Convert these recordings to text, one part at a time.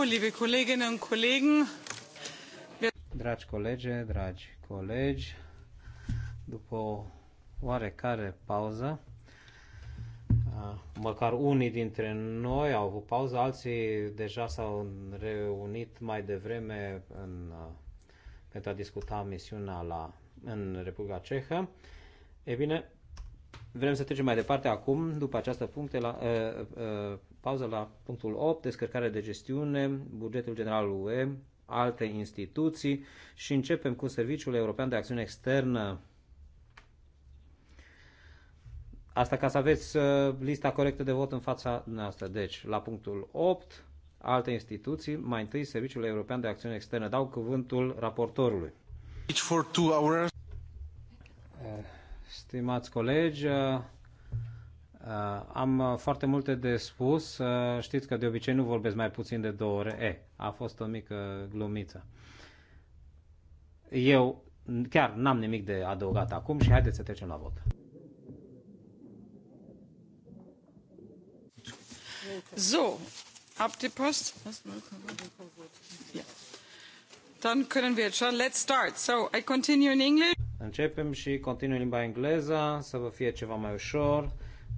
liebe Kolleginnen und Kollegen. Dragi colegi, dragi colegi, după o oarecare pauză, măcar unii dintre noi au avut pauză, alții deja s-au reunit mai devreme în, pentru a discuta misiunea la, în Republica Cehă. E bine, vrem să trecem mai departe acum, după această puncte, la, uh, uh, Pauză la punctul 8, descărcare de gestiune, bugetul general UE, alte instituții și începem cu Serviciul European de Acțiune Externă. Asta ca să aveți uh, lista corectă de vot în fața noastră. Deci, la punctul 8, alte instituții, mai întâi Serviciul European de Acțiune Externă. Dau cuvântul raportorului. Uh, stimați colegi, uh, Uh, am uh, foarte multe de spus. Uh, știți că de obicei nu vorbesc mai puțin de două ore. E, a fost o mică glumiță. Eu chiar n-am nimic de adăugat acum și haideți să trecem la vot. So, habt ihr Post. Dann können wir jetzt schon. Let's start. So, I continue in English. Începem și continui în limba engleză, să vă fie ceva mai ușor.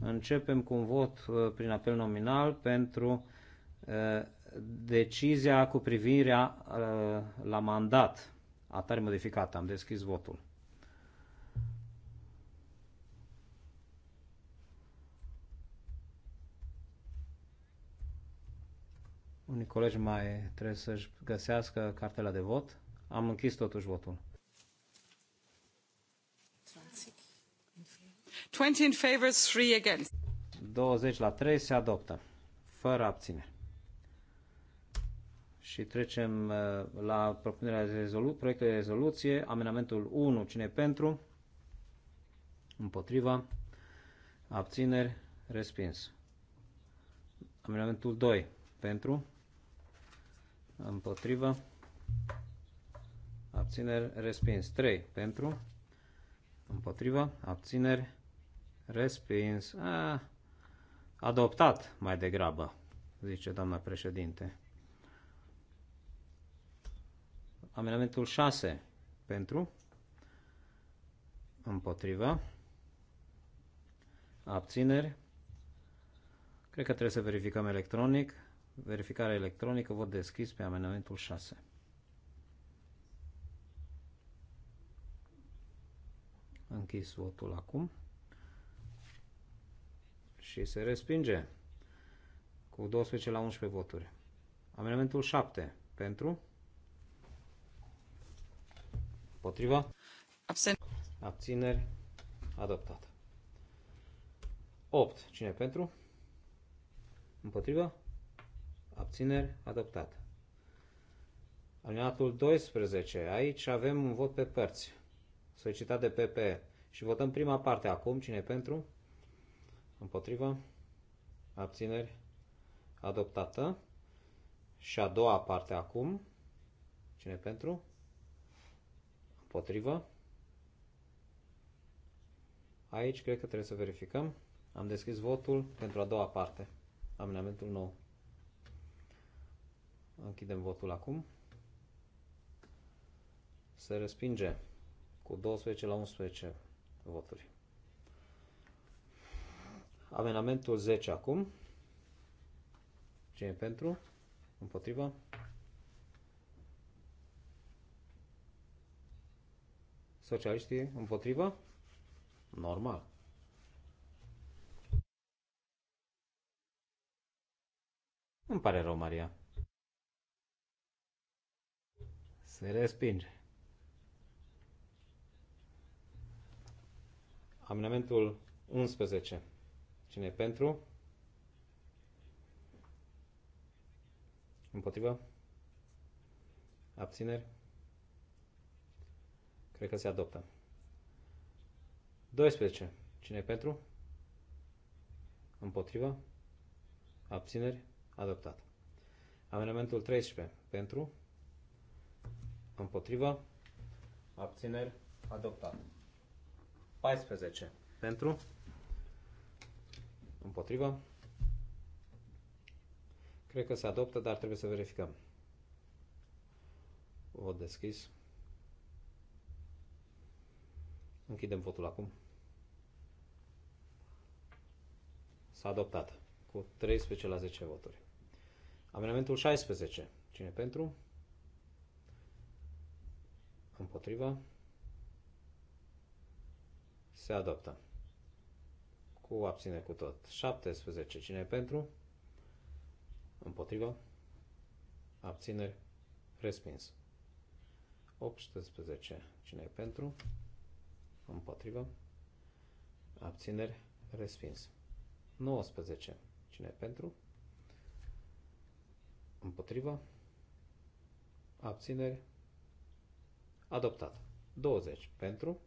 Începem cu un vot uh, prin apel nominal pentru uh, decizia cu privirea uh, la mandat. Atare modificată. Am deschis votul. Unii colegi mai trebuie să-și găsească cartela de vot. Am închis totuși votul. 20 in favor, 3 against. 20 la 3 se adoptă, fără abțineri. Și trecem uh, la propunerea de rezolu- proiectul de rezoluție, amenamentul 1, cine pentru, împotriva, abțineri, respins. Amendamentul 2. Pentru. Împotriva. Abțineri. Respins. 3. Pentru. Împotriva. Abțineri respins, a, adoptat mai degrabă, zice doamna președinte. Amendamentul 6 pentru, împotriva, abțineri, cred că trebuie să verificăm electronic, verificare electronică, vot deschis pe amendamentul 6. Închis votul acum și se respinge cu 12 la 11 voturi. Amendamentul 7 pentru Potriva? Abțin. Abțineri. Adoptat. 8. Cine pentru? Împotriva? Abțineri. Adoptat. Alineatul 12. Aici avem un vot pe părți. Solicitat de PP. Și votăm prima parte acum. Cine pentru? împotrivă, abțineri, adoptată. Și a doua parte acum, cine pentru, împotrivă. Aici cred că trebuie să verificăm. Am deschis votul pentru a doua parte, amendamentul nou. Închidem votul acum. Se respinge cu 12 la 11 voturi. Amenamentul 10 acum. Cine e pentru? Împotriva? Socialiștii împotriva? Normal. Îmi pare rău, Maria. Se respinge. Amenamentul 11. Cine e pentru? Împotrivă? Abțineri? Cred că se adoptă. 12. Cine e pentru? Împotrivă? Abțineri? Adoptat. Amendamentul 13. Pentru? Împotrivă? Abțineri? Adoptat. 14. Pentru? Împotrivă? Cred că se adoptă, dar trebuie să verificăm. Vot deschis. Închidem votul acum. S-a adoptat cu 13 la 10 voturi. Amendamentul 16. Cine pentru? Împotriva? Se adoptă cu abține cu tot. 17. Cine e pentru? Împotriva? Abțineri? Respins. 18. Cine e pentru? Împotriva? Abțineri? Respins. 19. Cine e pentru? Împotriva? Abțineri? Adoptat. 20. Pentru?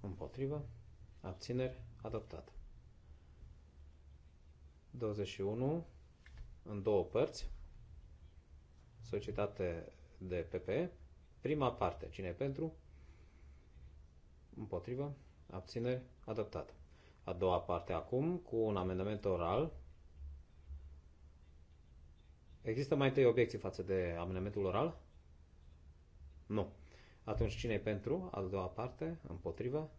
Împotriva? abțineri, adoptat. 21 în două părți, societate de PP, prima parte, cine e pentru, împotrivă, abțineri, adoptat. A doua parte acum, cu un amendament oral, Există mai întâi obiecții față de amendamentul oral? Nu. Atunci cine e pentru? A doua parte? Împotrivă?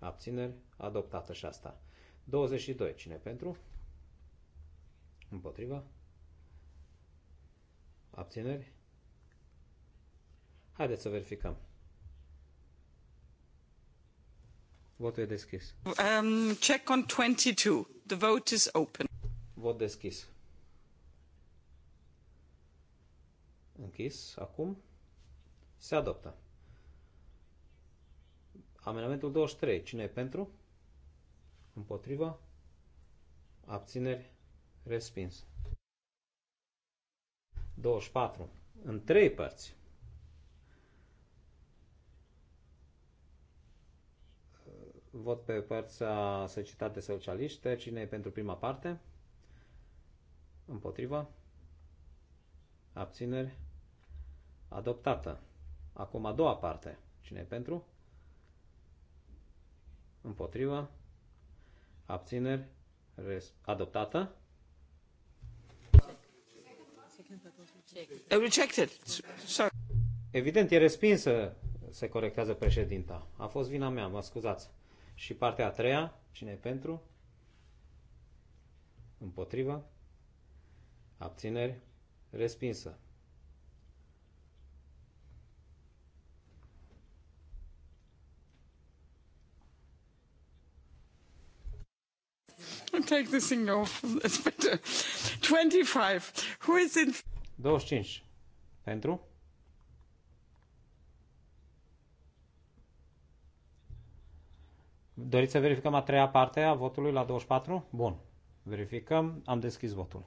abțineri, adoptată și asta. 22. Cine pentru? Împotriva? Abțineri? Haideți să verificăm. Votul e deschis. Um, check on 22. The vote is open. Vot deschis. Închis. Acum se adoptă. Amendamentul 23. Cine e pentru? Împotriva? Abțineri? Respins. 24. În trei părți. Vot pe părția Societate Socialiste. Cine e pentru prima parte? Împotriva? Abțineri? Adoptată. Acum a doua parte. Cine e pentru? împotrivă, abțineri, adoptată. Rejected. Evident, e respinsă, se corectează președinta. A fost vina mea, mă scuzați. Și partea a treia, cine e pentru? Împotrivă. Abțineri. Respinsă. take this thing off. That's better. 25. Who is in... 25. Pentru? Doriți să verificăm a treia parte a votului la 24? Bun. Verificăm. Am deschis votul.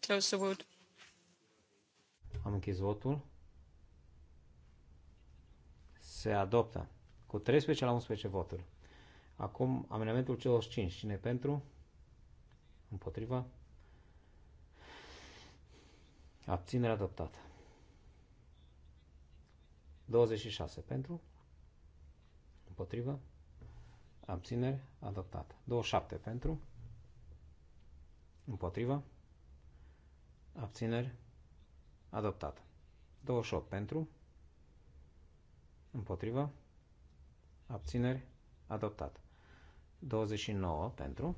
Close the vote. Am închis votul. Se adoptă cu 13 la 11 voturi. Acum amendamentul 25. Cine pentru? Împotriva? Abținere adoptată. 26 pentru? Împotriva? Abținere adoptată. 27 pentru? Împotriva? Abținere adoptată. 28 pentru? Împotriva? abțineri, adoptat. 29 pentru,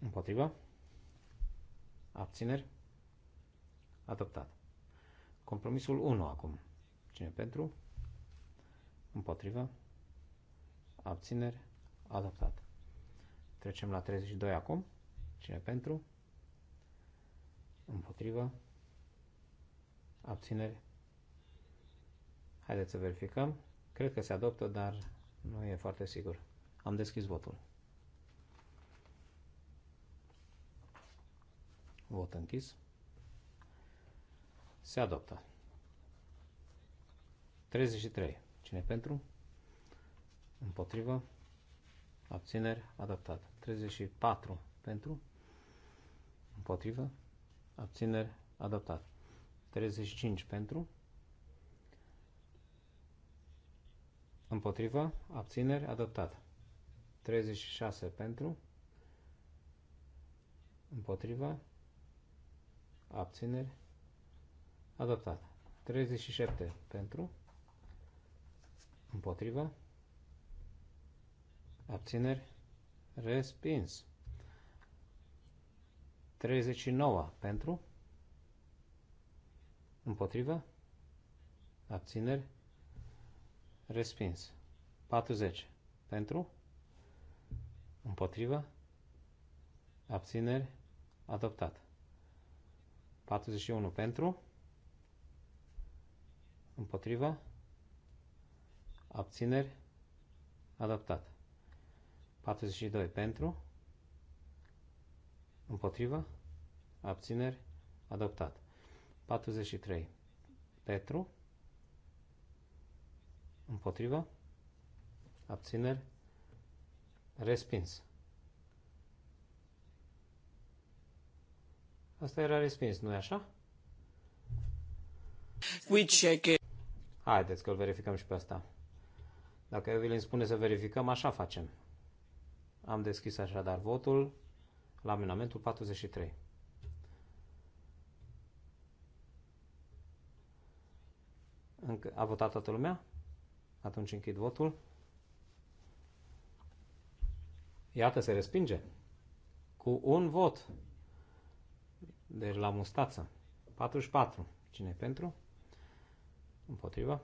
împotriva, abțineri, adoptat. Compromisul 1 acum. Cine pentru? Împotriva, abțineri, adoptat. Trecem la 32 acum. Cine pentru? Împotriva, abțineri, Haideți să verificăm. Cred că se adoptă, dar nu e foarte sigur. Am deschis votul. Vot închis. Se adoptă. 33. Cine pentru? Împotrivă. Abțineri. Adoptat. 34. Pentru. Împotrivă. Abțineri. Adoptat. 35. Pentru. Împotrivă, abțineri, adoptat. 36 pentru, împotrivă, abțineri, adoptat. 37 pentru, împotrivă, abțineri, respins. 39 pentru, împotrivă, abțineri, Respins. 40. Pentru? Împotrivă? Abțineri? Adoptat. 41 pentru? Împotrivă? Abțineri? Adoptat. 42 pentru? Împotrivă? Abțineri? Adoptat. 43 pentru? Împotrivă. Abțineri. Respins. Asta era respins, nu-i așa? We check it. Haideți că îl verificăm și pe asta. Dacă Evelyn spune să verificăm, așa facem. Am deschis așadar votul la amenamentul 43. Încă, a votat toată lumea? Atunci închid votul. Iată, se respinge. Cu un vot. Deci la mustață. 44. Cine pentru? Împotriva.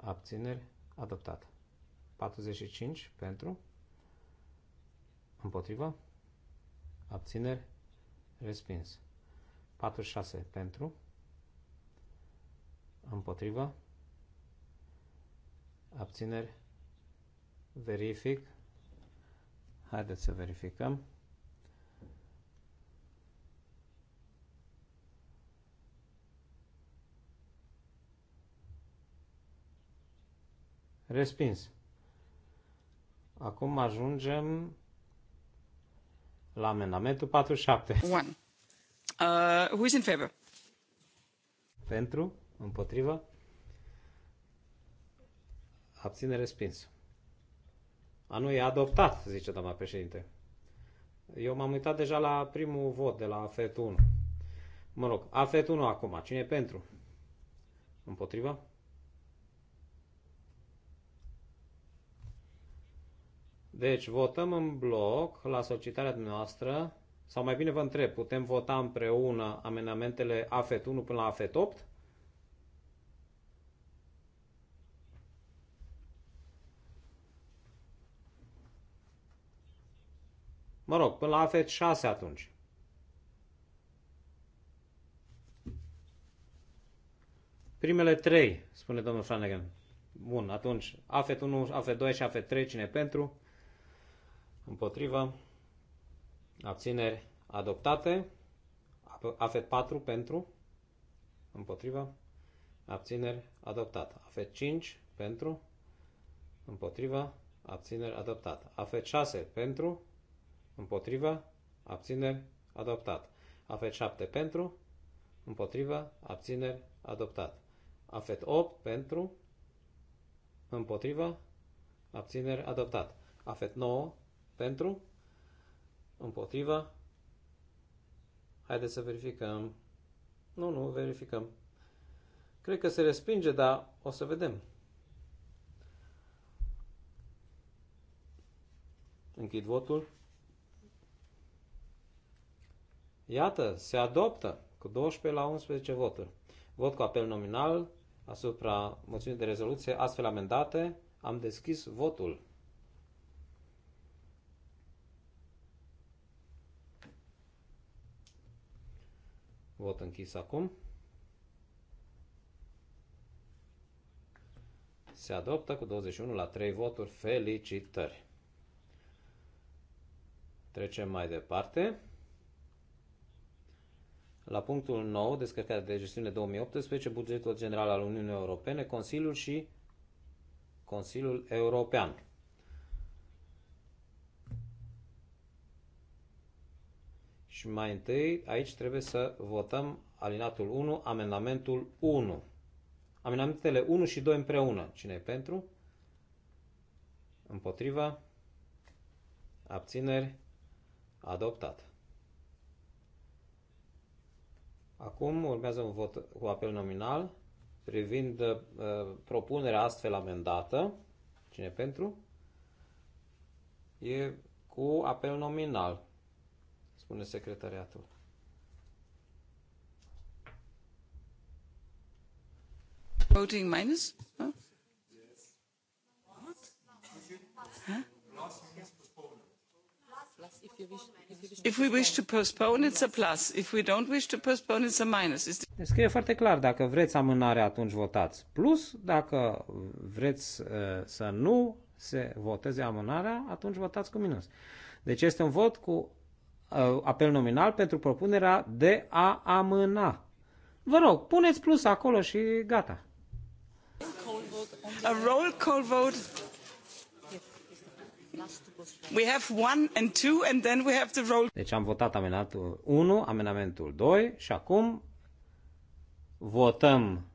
Abțineri. Adoptat. 45 pentru. Împotriva. Abțineri. Respins. 46 pentru. Împotriva abțineri, verific, haideți să verificăm. Respins. Acum ajungem la amendamentul 47. One. Uh, who is in favor? Pentru, împotrivă, Abține respins. A, nu, e adoptat, zice doamna președinte. Eu m-am uitat deja la primul vot de la AFET 1. Mă rog, AFET 1 acum. Cine e pentru? Împotriva? Deci votăm în bloc la solicitarea noastră, sau mai bine vă întreb, putem vota împreună amendamentele AFET 1 până la AFET 8? Mă rog, până la AFET 6 atunci. Primele trei, spune domnul Flanagan. Bun, atunci AFET 1, AFET 2 și AFET 3, cine pentru? Împotrivă. Abțineri adoptate. AFET 4 pentru. Împotrivă. Abțineri adoptat. AFET 5 pentru. Împotrivă. Abțineri adoptat. AFET 6 pentru împotrivă, abțineri, adoptat. Afet 7 pentru, împotrivă, abțineri, adoptat. Afet 8 pentru, împotrivă, abțineri, adoptat. Afet 9 pentru, împotrivă. Haideți să verificăm. Nu, nu, verificăm. Cred că se respinge, dar o să vedem. Închid votul. Iată, se adoptă cu 12 la 11 voturi. Vot cu apel nominal asupra moțiunii de rezoluție astfel amendate. Am deschis votul. Vot închis acum. Se adoptă cu 21 la 3 voturi. Felicitări! Trecem mai departe. La punctul 9, descărcarea de gestiune 2018, bugetul general al Uniunii Europene, Consiliul și Consiliul European. Și mai întâi, aici trebuie să votăm alinatul 1, amendamentul 1. Amendamentele 1 și 2 împreună. Cine e pentru? Împotriva? Abțineri? Adoptat. Acum urmează un vot cu apel nominal privind uh, propunerea astfel amendată. Cine pentru? E cu apel nominal, spune secretariatul. Voting minus? Huh? Yes. What? Huh? If we wish to postpone, it's a plus. If we don't wish to postpone, it's a minus. Deci scrie foarte clar, dacă vreți amânare, atunci votați plus, dacă vreți uh, să nu se voteze amânarea, atunci votați cu minus. Deci este un vot cu uh, apel nominal pentru propunerea de a amâna. Vă rog, puneți plus acolo și gata. A roll call vote We have one and two and then we have the roll. Deci am votat amendamentul 1, amendamentul 2 și acum votăm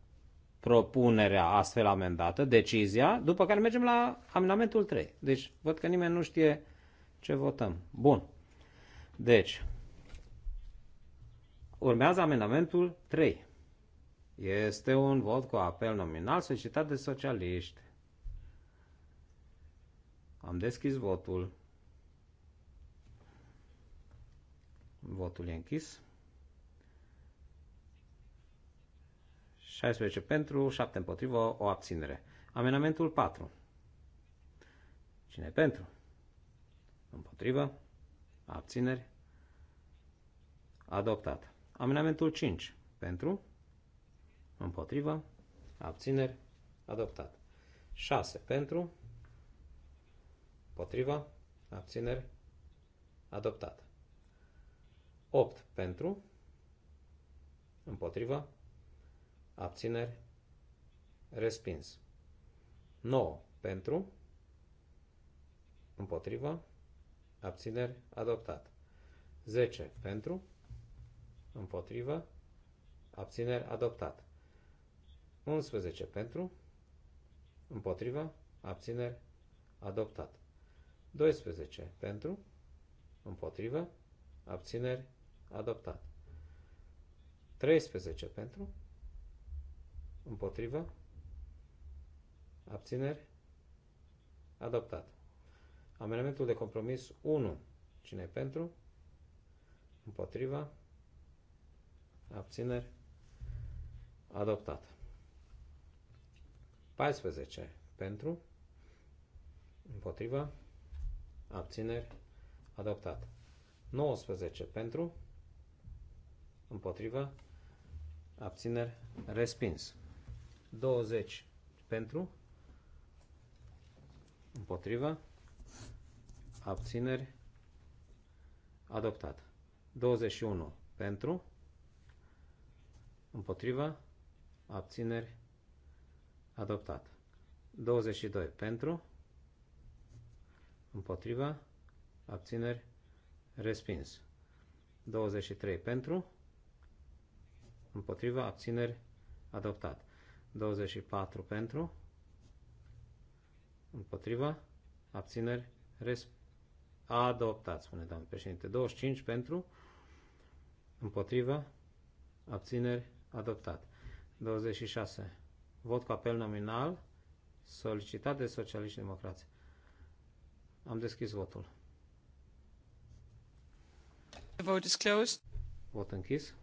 propunerea astfel amendată, decizia, după care mergem la amendamentul 3. Deci văd că nimeni nu știe ce votăm. Bun. Deci, urmează amendamentul 3. Este un vot cu apel nominal societate de socialiști. Am deschis votul. Votul e închis. 16 pentru, 7 împotrivă, o abținere. Amenamentul 4. Cine pentru? Împotrivă. Abțineri. Adoptat. Amenamentul 5. Pentru. Împotrivă. Abțineri. Adoptat. 6. Pentru. Împotrivă. Abțineri. Adoptat. 8 pentru. Împotrivă. Abțineri. Respins. 9 pentru. Împotrivă. Abțineri. Adoptat. 10 pentru. Împotrivă. Abțineri. Adoptat. 11 pentru. Împotrivă. Abțineri. Adoptat. 12 pentru, împotrivă, abțineri, adoptat. 13 pentru, împotrivă, abțineri, adoptat. Amendamentul de compromis 1, cine pentru, împotriva, abțineri, adoptat. 14 pentru, împotriva, abțineri, adoptat. 19 pentru, împotrivă, abțineri, respins. 20 pentru, împotrivă, abțineri, adoptat. 21 pentru, împotrivă, abțineri, adoptat. 22 pentru, împotriva, abțineri, respins. 23 pentru, împotriva, abțineri, adoptat. 24 pentru, împotriva, abțineri, respins. Adoptat, spune domnul președinte. 25 pentru, împotriva, abțineri, adoptat. 26. Vot cu apel nominal solicitat de socialiști democrați. Am deschis votul. The vote is closed. Vot închis.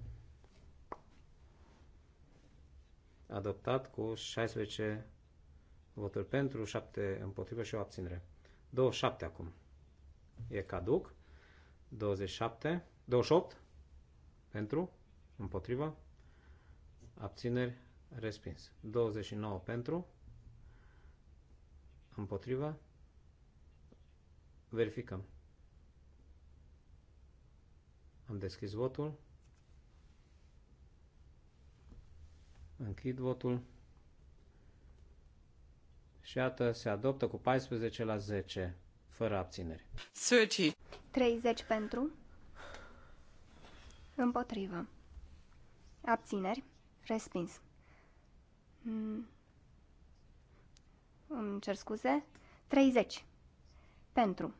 Adoptat cu 16 voturi pentru, 7 împotrivă și o abținere. 27 acum. E caduc. 27. 28 pentru, împotrivă. abțineri, respins. 29 pentru, împotrivă. Verificăm. Am deschis votul. Închid votul. Și iată, se adoptă cu 14 la 10, fără abțineri. 30. 30 pentru. Împotrivă. Abțineri. Respins. Mm. Îmi cer scuze. 30. Pentru.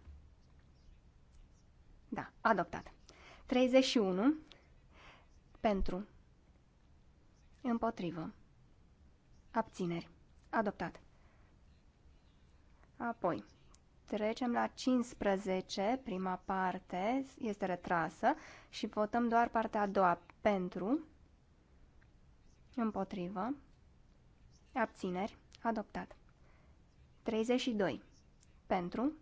Da, adoptat. 31 pentru împotrivă abțineri. Adoptat. Apoi trecem la 15, prima parte este retrasă și votăm doar partea a doua pentru împotrivă abțineri. Adoptat. 32 pentru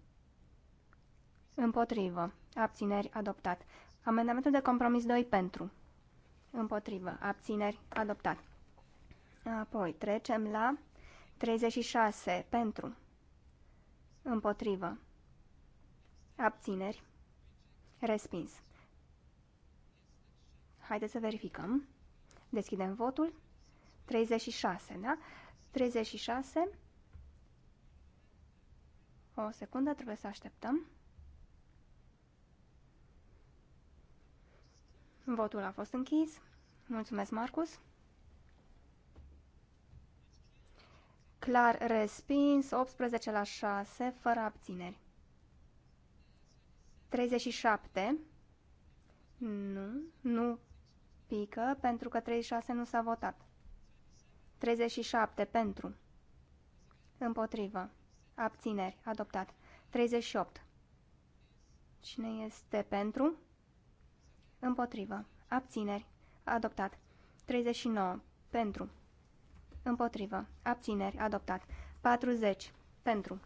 împotrivă Abțineri adoptat. Amendamentul de compromis 2 pentru. Împotrivă. Abțineri adoptat. Apoi trecem la 36 pentru. Împotrivă. Abțineri. Respins. Haideți să verificăm. Deschidem votul. 36, da? 36. O secundă, trebuie să așteptăm. Votul a fost închis. Mulțumesc, Marcus. Clar respins, 18 la 6, fără abțineri. 37. Nu, nu pică, pentru că 36 nu s-a votat. 37 pentru. Împotrivă. Abțineri. Adoptat. 38. Cine este pentru? Împotrivă. Abțineri. Adoptat. 39. Pentru. Împotrivă. Abțineri. Adoptat. 40. Pentru.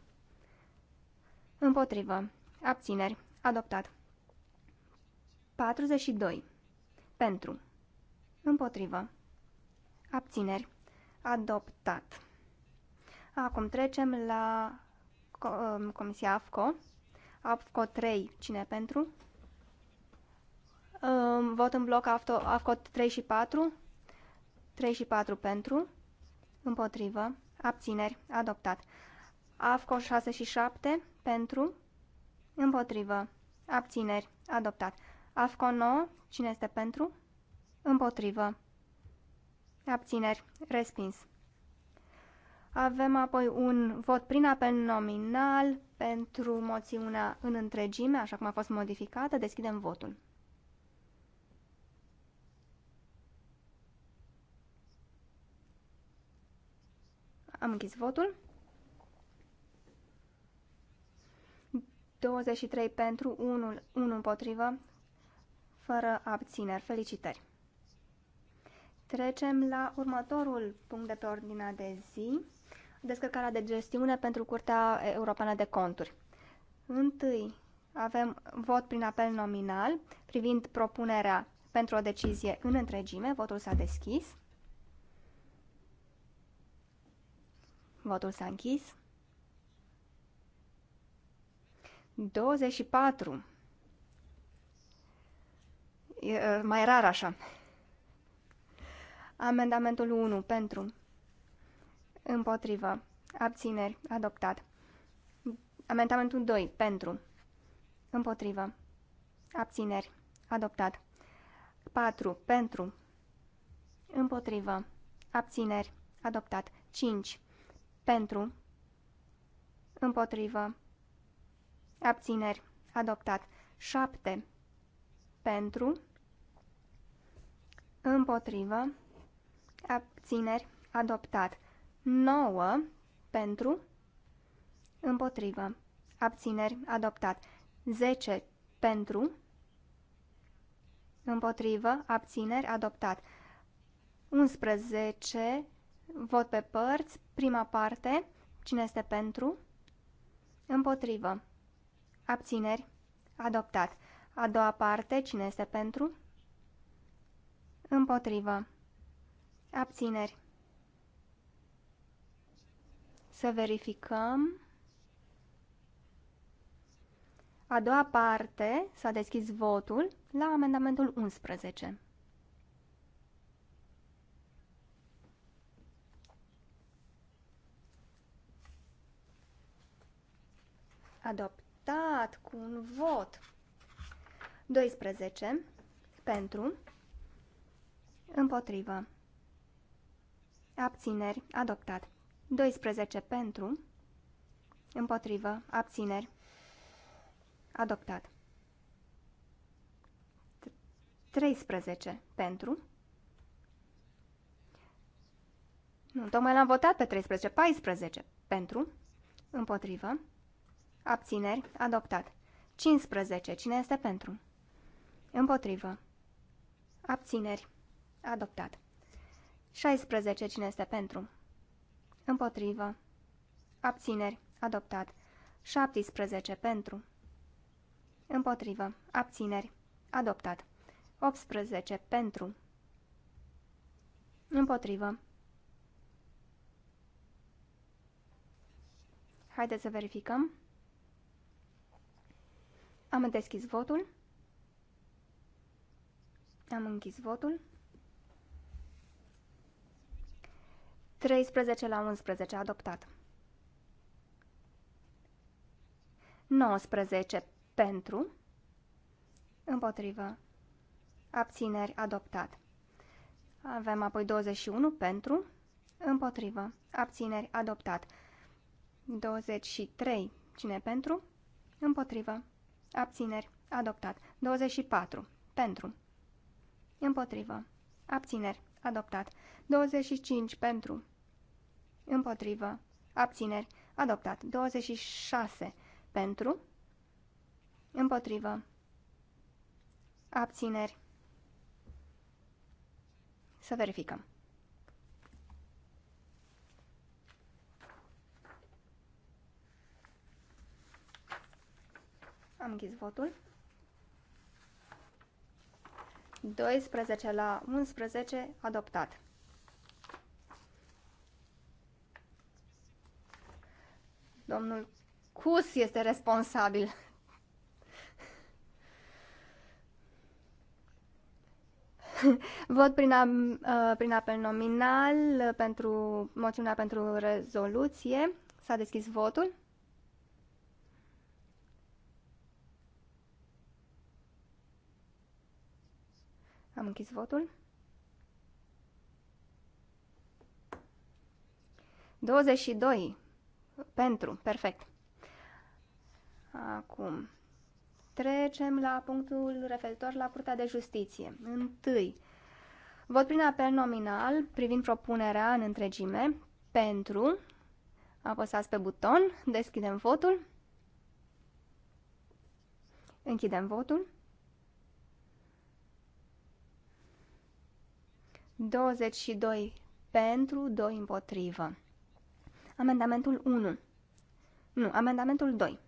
Împotrivă. Abțineri. Adoptat. 42. Pentru. Împotrivă. Abțineri. Adoptat. Acum trecem la um, Comisia AFCO. AFCO 3. Cine pentru? Um, vot în bloc AFCOT 3 și 4. 3 și 4 pentru. Împotrivă. Abțineri. Adoptat. AFCO 6 și 7 pentru. Împotrivă. Abțineri. Adoptat. AFCO 9. Cine este pentru? Împotrivă. Abțineri. Respins. Avem apoi un vot prin apel nominal pentru moțiunea în întregime, așa cum a fost modificată. Deschidem votul. Am închis votul. 23 pentru, 1, 1 împotrivă, fără abțineri. Felicitări! Trecem la următorul punct de pe ordinea de zi, descărcarea de gestiune pentru Curtea Europeană de Conturi. Întâi avem vot prin apel nominal privind propunerea pentru o decizie în întregime. Votul s-a deschis. Votul s-a închis. 24. E mai rar așa. Amendamentul 1 pentru. Împotrivă. Abțineri. Adoptat. Amendamentul 2 pentru. Împotrivă. Abțineri. Adoptat. 4 pentru. Împotrivă. Abțineri. Adoptat. 5 pentru. Împotrivă. Abțineri. Adoptat. 7. Pentru. Împotrivă. Abțineri. Adoptat. 9. Pentru. Împotrivă. Abțineri. Adoptat. 10. Pentru. Împotrivă. Abțineri. Adoptat. 11. Vot pe părți. Prima parte, cine este pentru? Împotrivă. Abțineri. Adoptat. A doua parte, cine este pentru? Împotrivă. Abțineri. Să verificăm. A doua parte s-a deschis votul la amendamentul 11. adoptat cu un vot. 12 pentru, împotrivă, abțineri, adoptat. 12 pentru, împotrivă, abțineri, adoptat. 13 pentru. Nu, tocmai l-am votat pe 13. 14 pentru, împotrivă, Abțineri. Adoptat. 15. Cine este pentru? Împotrivă. Abțineri. Adoptat. 16. Cine este pentru? Împotrivă. Abțineri. Adoptat. 17. Pentru. Împotrivă. Abțineri. Adoptat. 18. Pentru. Împotrivă. Haideți să verificăm. Am deschis votul. Am închis votul. 13 la 11, adoptat. 19 pentru, împotrivă, abțineri, adoptat. Avem apoi 21 pentru, împotrivă, abțineri, adoptat. 23, cine pentru, împotrivă, Abțineri. Adoptat. 24. Pentru. Împotrivă. Abțineri. Adoptat. 25. Pentru. Împotrivă. Abțineri. Adoptat. 26. Pentru. Împotrivă. Abțineri. Să verificăm. Am închis votul. 12 la 11, adoptat. Domnul Cus este responsabil. Vot prin, a, prin apel nominal pentru moțiunea pentru rezoluție. S-a deschis votul. Am închis votul. 22 pentru, perfect. Acum, trecem la punctul referitor la Curtea de Justiție. Întâi, vot prin apel nominal privind propunerea în întregime pentru. Apăsați pe buton, deschidem votul. Închidem votul. 22 pentru, 2 împotrivă. Amendamentul 1. Nu, amendamentul 2.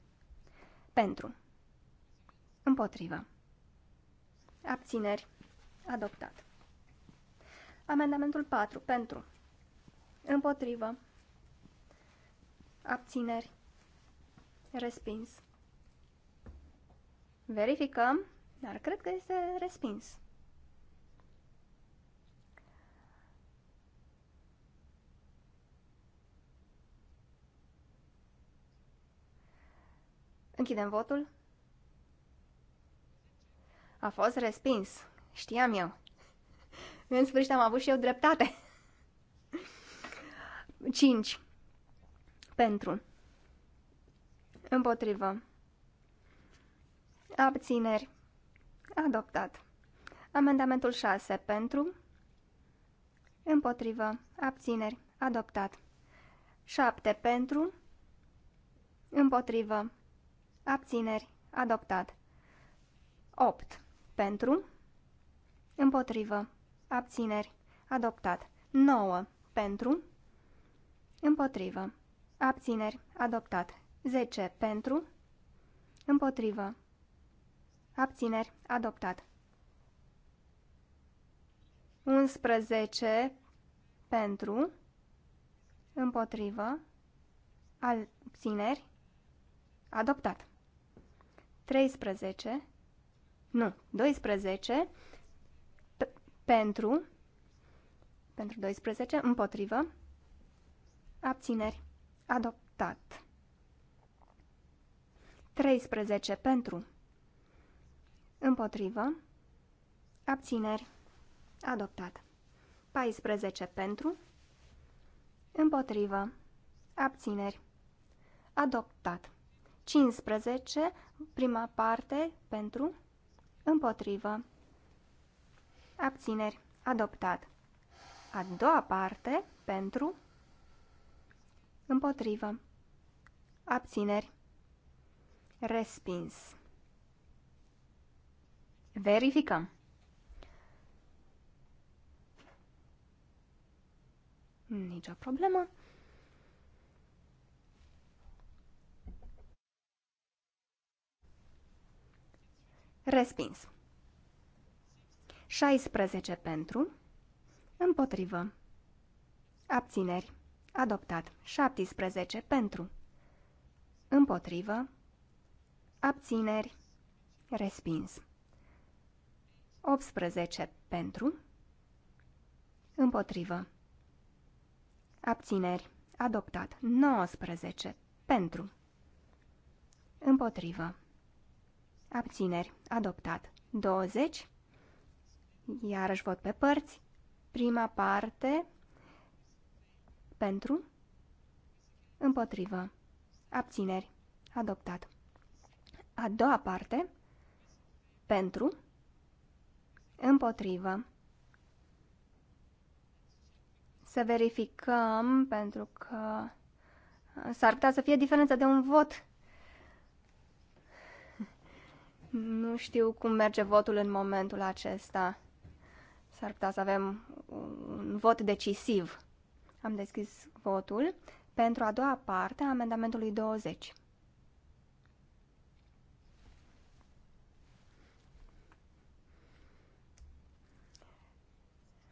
Pentru. Împotrivă. Abțineri. Adoptat. Amendamentul 4. Pentru. Împotrivă. Abțineri. Respins. Verificăm, dar cred că este respins. Închidem votul. A fost respins. Știam eu. În sfârșit am avut și eu dreptate. 5. Pentru. Împotrivă. Abțineri. Adoptat. Amendamentul 6. Pentru. Împotrivă. Abțineri. Adoptat. 7. Pentru. Împotrivă. Abțineri. Adoptat. 8. Pentru. Împotrivă. Abțineri. Adoptat. 9. Pentru. Împotrivă. Abțineri. Adoptat. 10. Pentru. Împotrivă. Abțineri. Adoptat. 11. Pentru. Împotrivă. Abțineri. Adoptat. 13, nu, 12, pentru, pentru 12, împotrivă, abțineri, adoptat. 13 pentru, împotrivă, abțineri, adoptat. 14 pentru, împotrivă, abțineri, adoptat. 15 Prima parte, pentru, împotrivă, abțineri, adoptat. A doua parte, pentru, împotrivă, abțineri, respins. Verificăm. Nicio problemă. Respins. 16 pentru. Împotrivă. Abțineri. Adoptat. 17 pentru. Împotrivă. Abțineri. Respins. 18 pentru. Împotrivă. Abțineri. Adoptat. 19 pentru. Împotrivă. Abțineri. Adoptat. 20. Iarăși vot pe părți. Prima parte. Pentru. Împotrivă. Abțineri. Adoptat. A doua parte. Pentru. Împotrivă. Să verificăm, pentru că s-ar putea să fie diferența de un vot nu știu cum merge votul în momentul acesta. S-ar putea să avem un vot decisiv. Am deschis votul pentru a doua parte a amendamentului 20.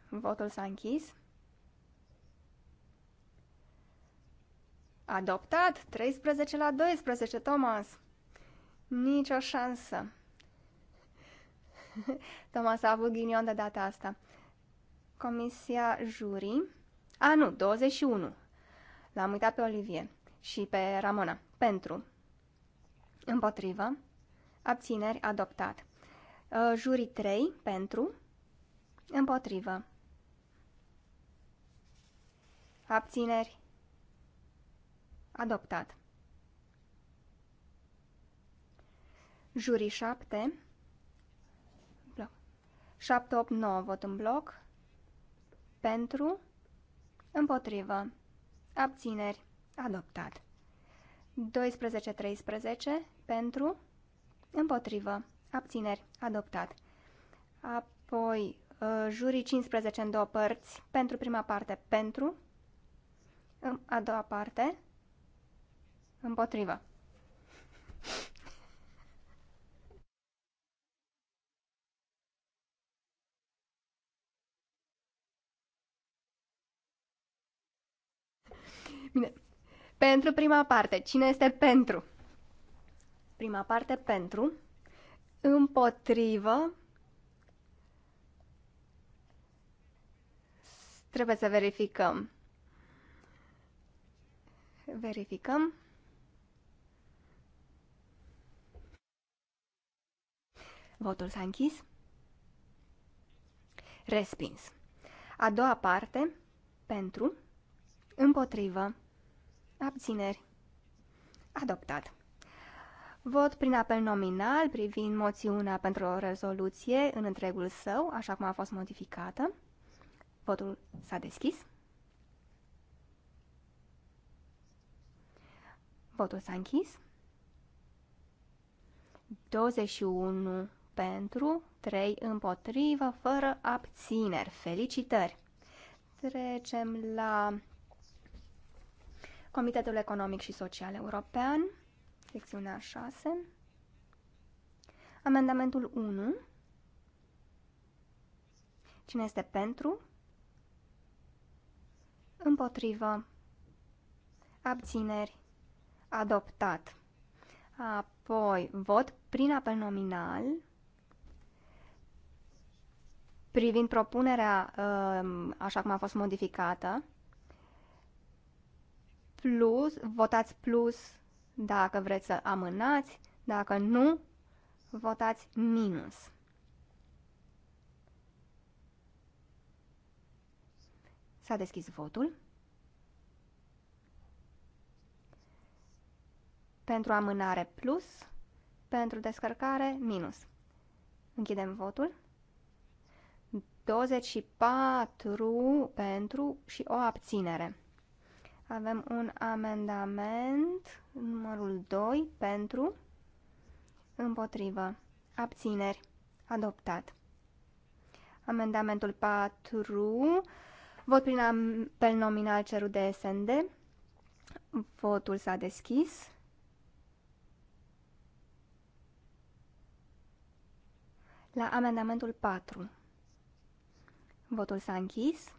Votul s-a închis. Adoptat 13 la 12, Thomas. Nicio șansă. Thomas a avut ghinion de data asta. Comisia jurii. A, nu, 21. L-am uitat pe Olivier și pe Ramona. Pentru. Împotrivă. Abțineri adoptat. Uh, jurii 3. Pentru. Împotrivă. Abțineri. Adoptat. Jurii 7. 7, 8, 9 vot în bloc. Pentru. Împotrivă. Abțineri. Adoptat. 12-13 pentru. Împotrivă. Abțineri. Adoptat. Apoi, uh, jurii 15 în două părți. Pentru prima parte, pentru. A doua parte, împotrivă. Bine. Pentru prima parte. Cine este pentru? Prima parte pentru. Împotrivă. Trebuie să verificăm. Verificăm. Votul s-a închis. Respins. A doua parte, pentru, Împotrivă. Abțineri. Adoptat. Vot prin apel nominal privind moțiunea pentru o rezoluție în întregul său, așa cum a fost modificată. Votul s-a deschis. Votul s-a închis. 21 pentru, 3 împotrivă, fără abțineri. Felicitări! Trecem la Comitetul Economic și Social European, secțiunea 6, amendamentul 1, cine este pentru, împotrivă, abțineri, adoptat. Apoi, vot prin apel nominal privind propunerea um, așa cum a fost modificată plus, votați plus dacă vreți să amânați, dacă nu, votați minus. S-a deschis votul. Pentru amânare plus, pentru descărcare minus. Închidem votul. 24 pentru și o abținere. Avem un amendament, numărul 2, pentru, împotrivă, abțineri, adoptat. Amendamentul 4, vot prin apel nominal cerut de SND, votul s-a deschis. La amendamentul 4, votul s-a închis.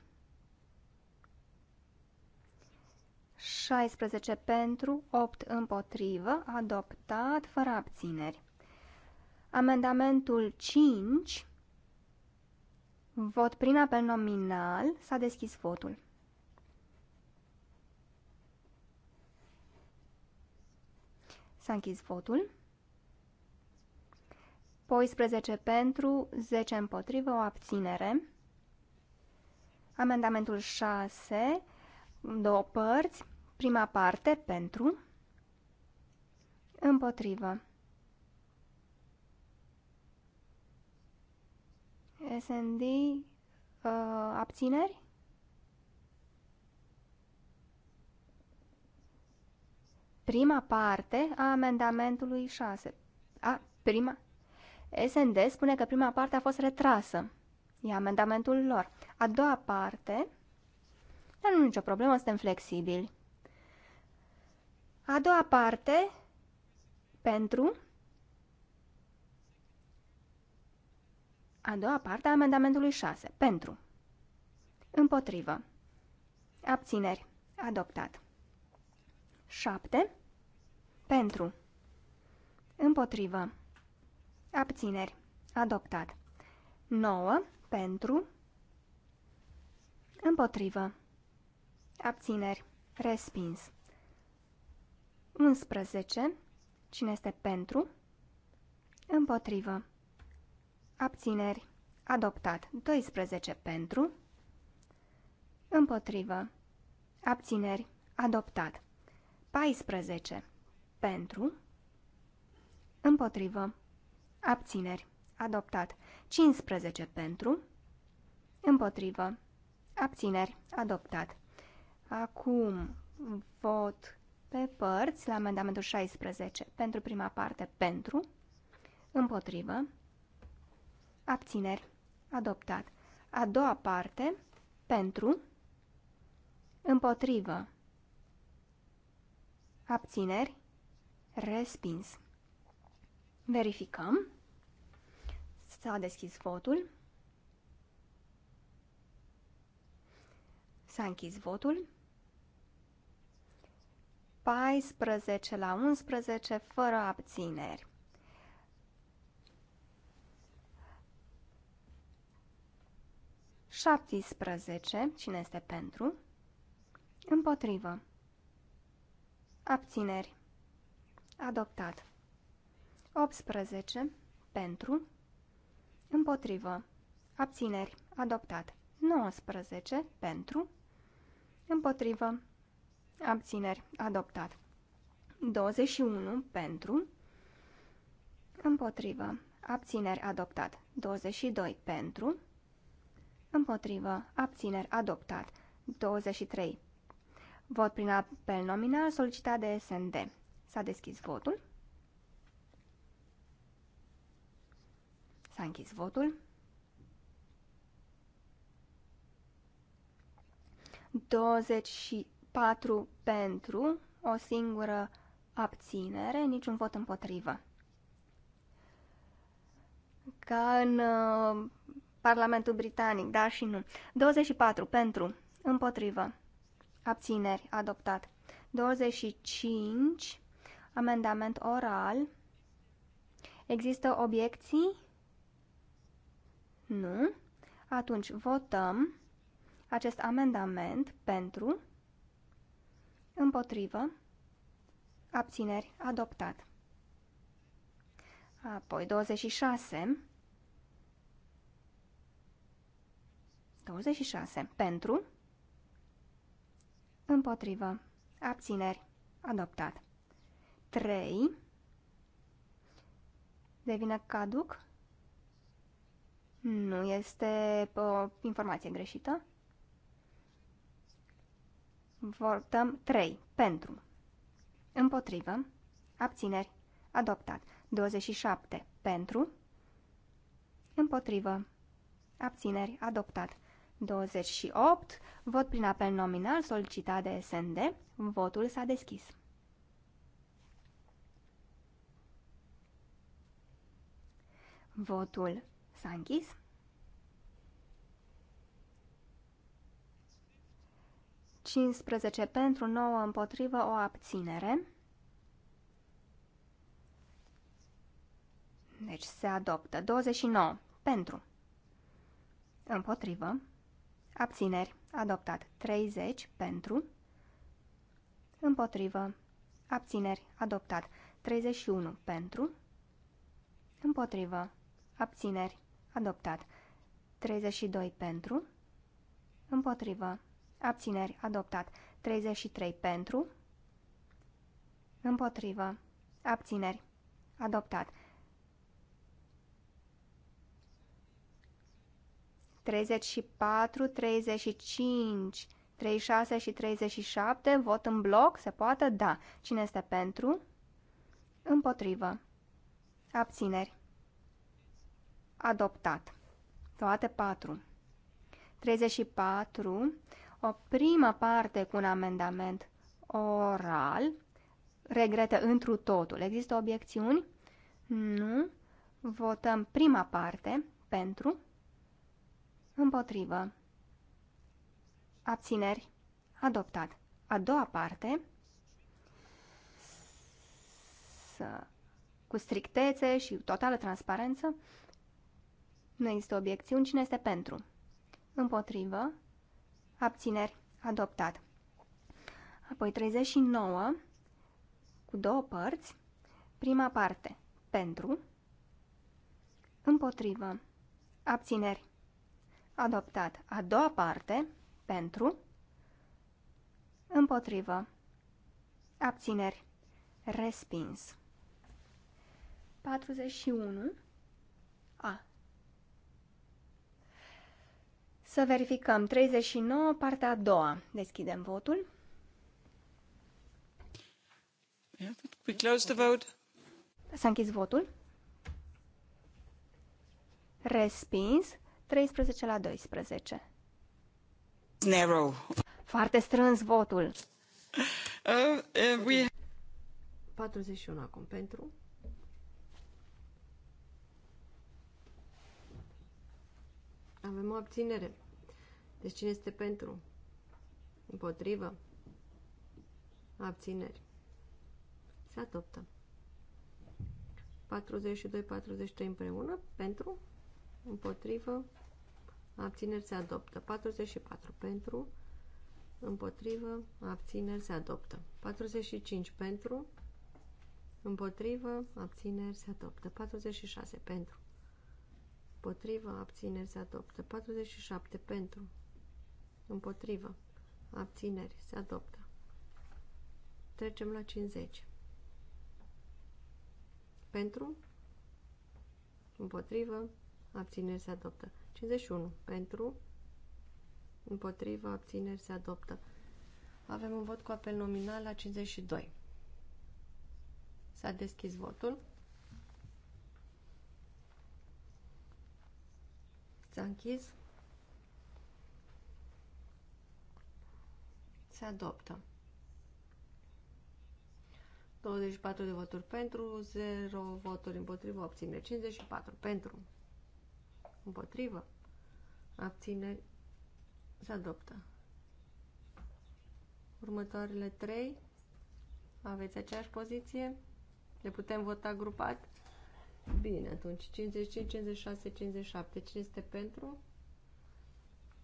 16 pentru, 8 împotrivă, adoptat fără abțineri. Amendamentul 5, vot prin apel nominal, s-a deschis votul. S-a închis votul. 14 pentru, 10 împotrivă, o abținere. Amendamentul 6, două părți. Prima parte pentru, împotrivă. SND uh, abțineri? Prima parte a amendamentului 6. A, prima. SND spune că prima parte a fost retrasă. E amendamentul lor. A doua parte dar nu nicio problemă, suntem flexibili. A doua parte, pentru a doua parte a amendamentului 6, pentru împotrivă abțineri, adoptat 7, pentru împotrivă abțineri, adoptat 9, pentru împotrivă Abțineri. Respins. 11. Cine este pentru? Împotrivă. Abțineri. Adoptat. 12 pentru. Împotrivă. Abțineri. Adoptat. 14. Pentru. Împotrivă. Abțineri. Adoptat. 15 pentru. Împotrivă. Abțineri. Adoptat. Acum vot pe părți la amendamentul 16 pentru prima parte pentru, împotrivă, abțineri, adoptat. A doua parte pentru, împotrivă, abțineri, respins. Verificăm. S-a deschis votul. S-a închis votul. 14 la 11 fără abțineri. Șaptisprezece, cine este pentru? Împotrivă. Abțineri. Adoptat. 18. Pentru. Împotrivă. Abțineri. Adoptat. 19. Pentru. Împotrivă abțineri, adoptat. 21 pentru, împotrivă, abțineri, adoptat. 22 pentru, împotrivă, abțineri, adoptat. 23. Vot prin apel nominal solicitat de SND. S-a deschis votul. S-a închis votul. 20 4 pentru, o singură abținere, niciun vot împotrivă. Ca în uh, Parlamentul Britanic, da și nu. 24 pentru, împotrivă, abțineri, adoptat. 25, amendament oral. Există obiecții? Nu. Atunci votăm acest amendament pentru Împotrivă. Abțineri. Adoptat. Apoi 26. 26. Pentru. Împotrivă. Abțineri. Adoptat. 3. Devine caduc. Nu este o uh, informație greșită. Votăm 3. Pentru. Împotrivă. Abțineri. Adoptat. 27. Pentru. Împotrivă. Abțineri. Adoptat. 28. Vot prin apel nominal solicitat de SND. Votul s-a deschis. Votul s-a închis. 15 pentru, 9 împotrivă, o abținere. Deci se adoptă. 29 pentru, împotrivă, abțineri, adoptat. 30 pentru, împotrivă, abțineri, adoptat. 31 pentru, împotrivă, abțineri, adoptat. 32 pentru, împotrivă, Abțineri. Adoptat. 33 pentru. Împotrivă. Abțineri. Adoptat. 34, 35, 36 și 37. Vot în bloc? Se poate? Da. Cine este pentru? Împotrivă. Abțineri. Adoptat. Toate patru. 34 o primă parte cu un amendament oral, regretă întru totul. Există obiecțiuni? Nu. Votăm prima parte pentru, împotrivă, abțineri, adoptat. A doua parte, să, cu strictețe și totală transparență, nu există obiecțiuni. Cine este pentru? Împotrivă, abțineri, adoptat. Apoi 39 cu două părți, prima parte pentru, împotrivă, abțineri, adoptat. A doua parte pentru, împotrivă, abțineri, respins. 41 Să verificăm. 39, partea a doua. Deschidem votul. We close the vote. S-a închis votul. Respins. 13 la 12. Narrow. Foarte strâns votul. Uh, uh, we... 41 acum pentru. Avem o abținere. Deci cine este pentru? Împotrivă? Abțineri. Se adoptă. 42-43 împreună. Pentru? Împotrivă? Abțineri se adoptă. 44 pentru? Împotrivă? Abțineri se adoptă. 45 pentru? Împotrivă? Abțineri se adoptă. 46 pentru? Împotrivă, abțineri se adoptă. 47 pentru. Împotrivă, abțineri se adoptă. Trecem la 50. Pentru. Împotrivă, abțineri se adoptă. 51. Pentru. Împotrivă, abțineri se adoptă. Avem un vot cu apel nominal la 52. S-a deschis votul. S-a închis. Se adoptă. 24 de voturi pentru, 0 voturi împotrivă, obține 54 pentru, împotrivă, abține, se adoptă. Următoarele 3, aveți aceeași poziție, le putem vota grupat. Bine, atunci 55, 56, 57. Cine este pentru?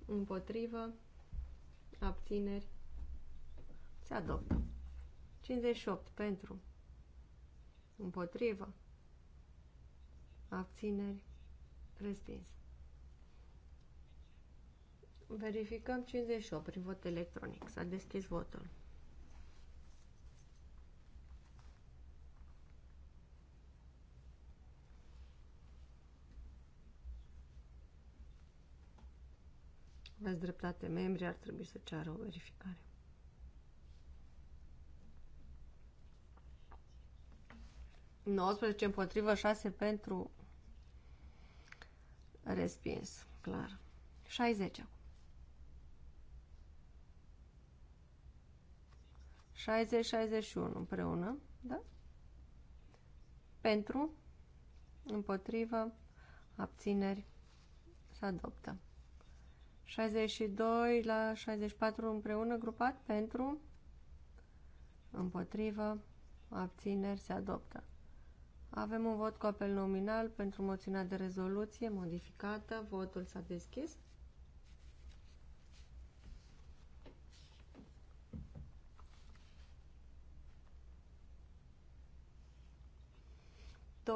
Împotrivă? Abțineri? Se adoptă. 58 pentru. Împotrivă. Abțineri. Respins. Verificăm 58 prin vot electronic. S-a deschis votul. aveți dreptate, membrii ar trebui să ceară o verificare. Nouăsprezece împotrivă, 6 pentru respins, clar. 60 acum. 60-61 împreună, da? Pentru, împotrivă, abțineri, se adoptă. 62 la 64 împreună grupat pentru, împotrivă, abțineri se adoptă. Avem un vot cu apel nominal pentru moțiunea de rezoluție modificată. Votul s-a deschis.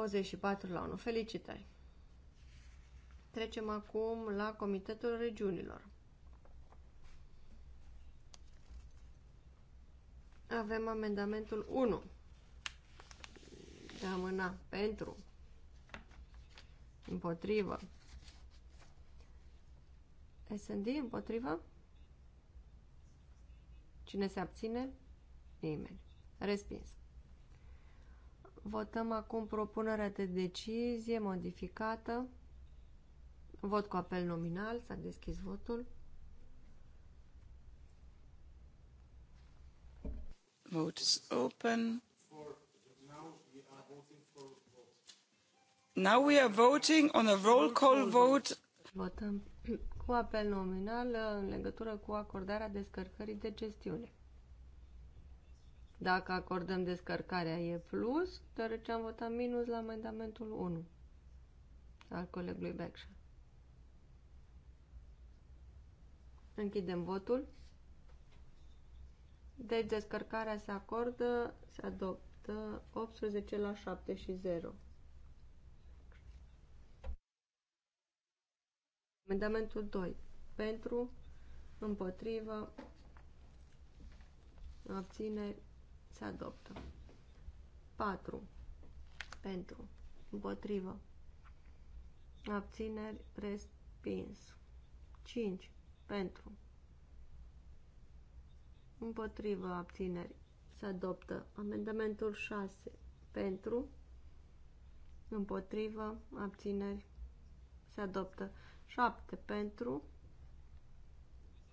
...24 la unu. Felicitări! Trecem acum la Comitetul Regiunilor. Avem amendamentul 1 de amâna pentru, împotrivă, Snd împotrivă? Cine se abține? Nimeni. Respins. Votăm acum propunerea de decizie modificată Vot cu apel nominal, s-a deschis votul. Vote is open. Now we are voting on a roll call vote. Votăm cu apel nominal uh, în legătură cu acordarea descărcării de gestiune. Dacă acordăm descărcarea e plus, deoarece am votat minus la amendamentul 1 al colegului Becșa. Închidem votul. Deci descărcarea se acordă, se adoptă 18 la 7 și 0. Amendamentul 2. Pentru, împotrivă, abțineri, se adoptă. 4. Pentru, împotrivă, abțineri, respins. 5. Pentru. Împotrivă abțineri. Se adoptă. Amendamentul 6. Pentru. Împotrivă abțineri. Se adoptă. 7. Pentru.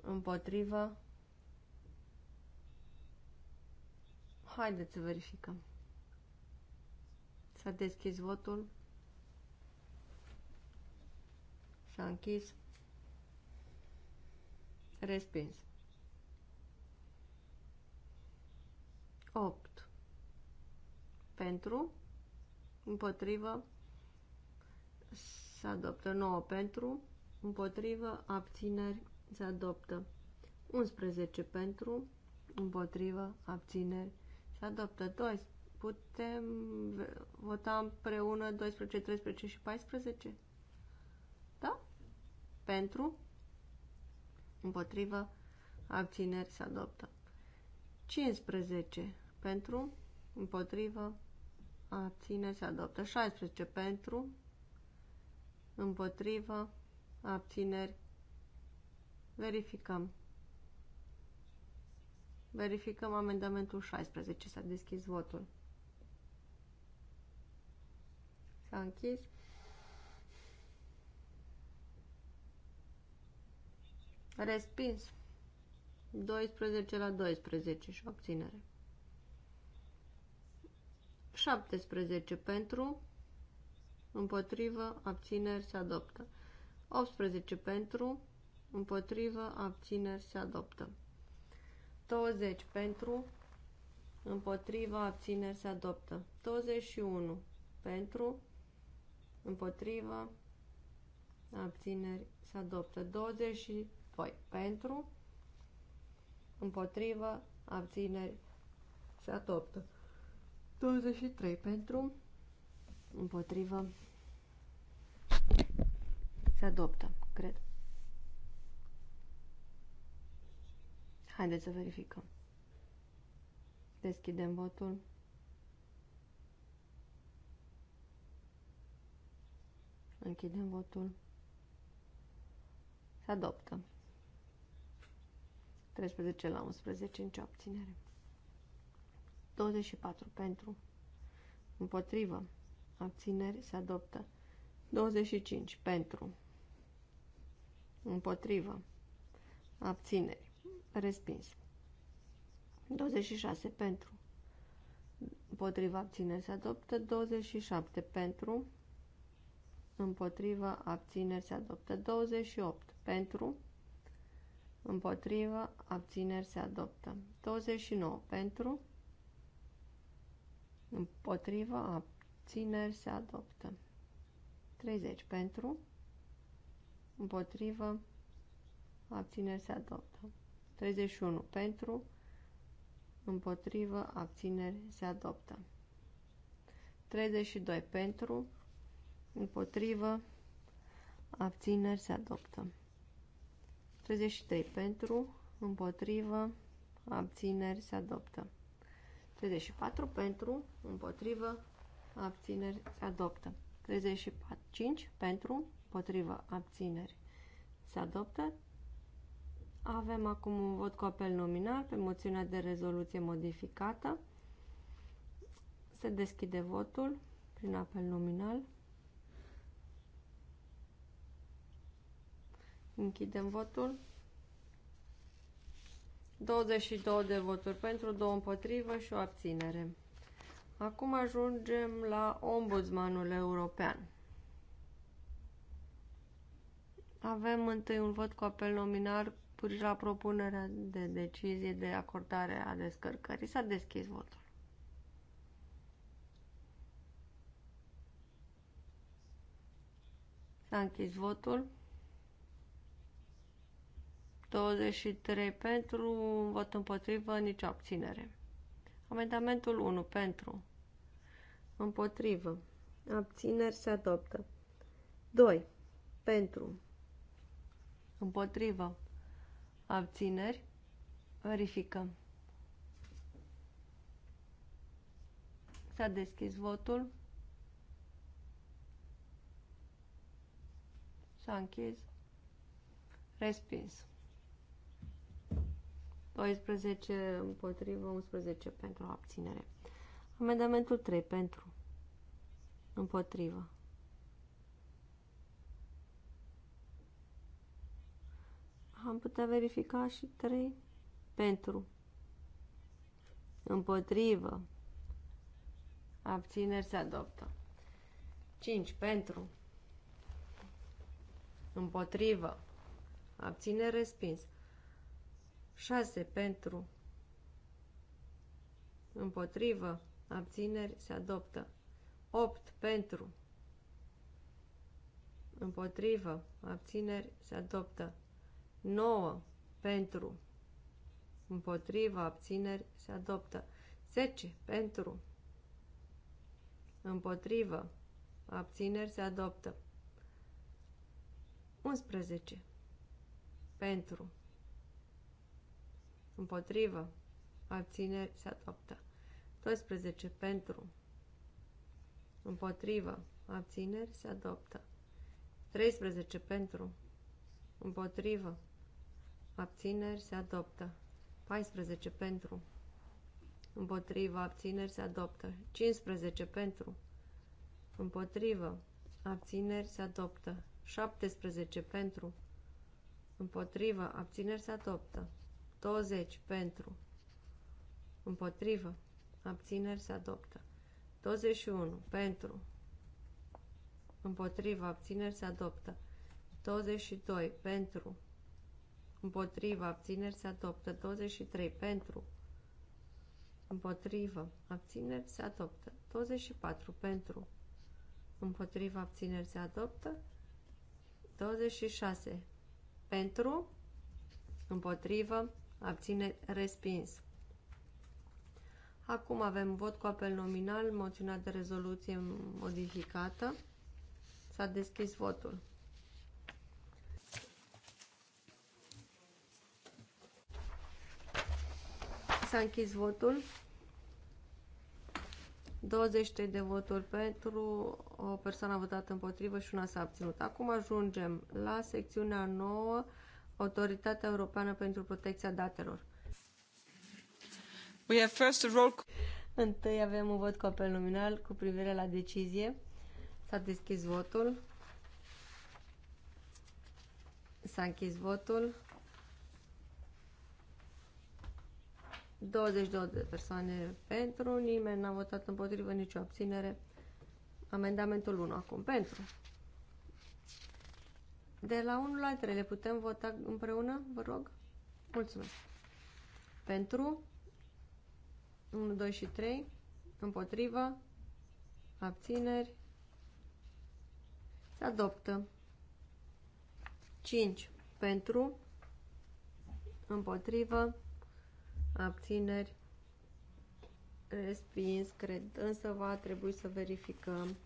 Împotrivă. Haideți să verificăm. S-a deschis votul. S-a închis. Respins. 8. Pentru. Împotrivă. Se adoptă 9 pentru. Împotrivă. Abțineri. Se adoptă 11 pentru. Împotrivă. Abțineri. Se adoptă 2. Putem vota împreună 12, 13 și 14? Da? Pentru? Împotrivă. Abțineri se adoptă. 15 pentru. Împotrivă. Abțineri se adoptă. 16 pentru. Împotrivă. Abțineri. Verificăm. Verificăm amendamentul 16. S-a deschis votul. S-a închis. Respins. 12 la 12 și obținere. 17 pentru, împotrivă, abțineri, se adoptă. 18 pentru, împotrivă, abțineri, se adoptă. 20 pentru, împotrivă, abțineri, se adoptă. 21 pentru, împotrivă, abțineri, se adoptă. 20 voi pentru, împotrivă, abțineri, se adoptă. 23 pentru, împotrivă, se adoptă, cred. Haideți să verificăm. Deschidem votul. Închidem votul. Se adoptă. 13 la 11, nicio abținere. 24 pentru, împotrivă, abțineri, se adoptă. 25 pentru, împotrivă, abțineri, respins. 26 pentru, împotriva abțineri se adoptă, 27 pentru, împotriva abțineri se adoptă, 28 pentru, Împotrivă, abțineri se adoptă. 29 pentru. Împotrivă, abțineri se adoptă. 30 pentru. Împotrivă, abțineri se adoptă. 31 pentru. Împotrivă, abțineri se adoptă. 32 pentru. Împotrivă, abțineri se adoptă. 33 pentru, împotrivă, abțineri, se adoptă. 34 pentru, împotrivă, abțineri, se adoptă. 35 pentru, împotrivă, abțineri, se adoptă. Avem acum un vot cu apel nominal pe moțiunea de rezoluție modificată. Se deschide votul prin apel nominal. Închidem votul. 22 de voturi pentru, 2 împotrivă și o abținere. Acum ajungem la ombudsmanul european. Avem întâi un vot cu apel nominal până la propunerea de decizie de acordare a descărcării. S-a deschis votul. S-a închis votul. 23 pentru, un vot împotrivă, nicio abținere. Amendamentul 1 pentru, împotrivă, abțineri se adoptă. 2 pentru, împotrivă, abțineri, verificăm. S-a deschis votul. S-a închis. Respins. 12 împotrivă, 11 pentru abținere. Amendamentul 3 pentru împotrivă. Am putea verifica și 3 pentru împotrivă. Abțineri se adoptă. 5 pentru împotrivă. Abținere respins. 6 pentru, împotrivă, abțineri, se adoptă. 8 pentru, împotrivă, abțineri, se adoptă. 9 pentru, împotrivă, abțineri, se adoptă. 10 pentru, împotrivă, abțineri, se adoptă. 11 pentru, Împotrivă. Abține se adoptă. 12 pentru. Împotrivă. Abțineri se adoptă. 13 pentru. Împotrivă. Abțineri se adoptă. 14 pentru. Împotrivă. Abțineri se adoptă. 15 pentru. Împotrivă. Abțineri se adoptă. 17 pentru. Împotrivă. Abțineri se adoptă. 20 pentru, împotrivă, abțineri se adoptă. 21 pentru, împotrivă, abțineri se adoptă. 22 pentru, împotrivă, abțineri se adoptă. 23 pentru, împotrivă, abțineri se adoptă. 24 pentru, împotrivă, abțineri se adoptă. 26 pentru, împotrivă, abțineri, respins. Acum avem vot cu apel nominal, moțiunea de rezoluție modificată. S-a deschis votul. S-a închis votul. 23 de voturi pentru, o persoană a votat împotrivă și una s-a abținut. Acum ajungem la secțiunea 9, Autoritatea Europeană pentru Protecția Datelor. We have first a roll... Întâi avem un vot cu apel nominal cu privire la decizie. S-a deschis votul. S-a închis votul. 22 de persoane pentru, nimeni n-a votat împotrivă, nicio abținere. Amendamentul 1 acum pentru. De la 1 la 3 le putem vota împreună, vă rog? Mulțumesc. Pentru 1, 2 și 3, împotrivă, abțineri, se adoptă. 5 pentru, împotrivă, abțineri, respins, cred, însă va trebui să verificăm.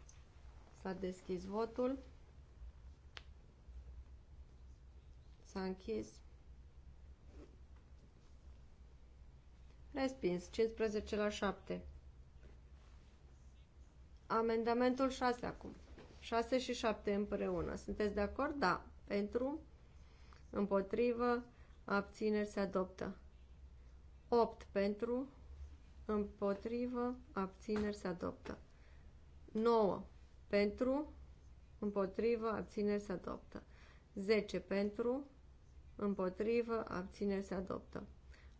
S-a deschis votul. S-a închis. Respins. 15 la 7. Amendamentul 6 acum. 6 și 7 împreună. Sunteți de acord? Da. Pentru, împotrivă, abțineri se adoptă. 8 pentru, împotrivă, abțineri se adoptă. 9 pentru, împotrivă, abțineri se adoptă. 10 pentru, împotrivă, abțineri se adoptă.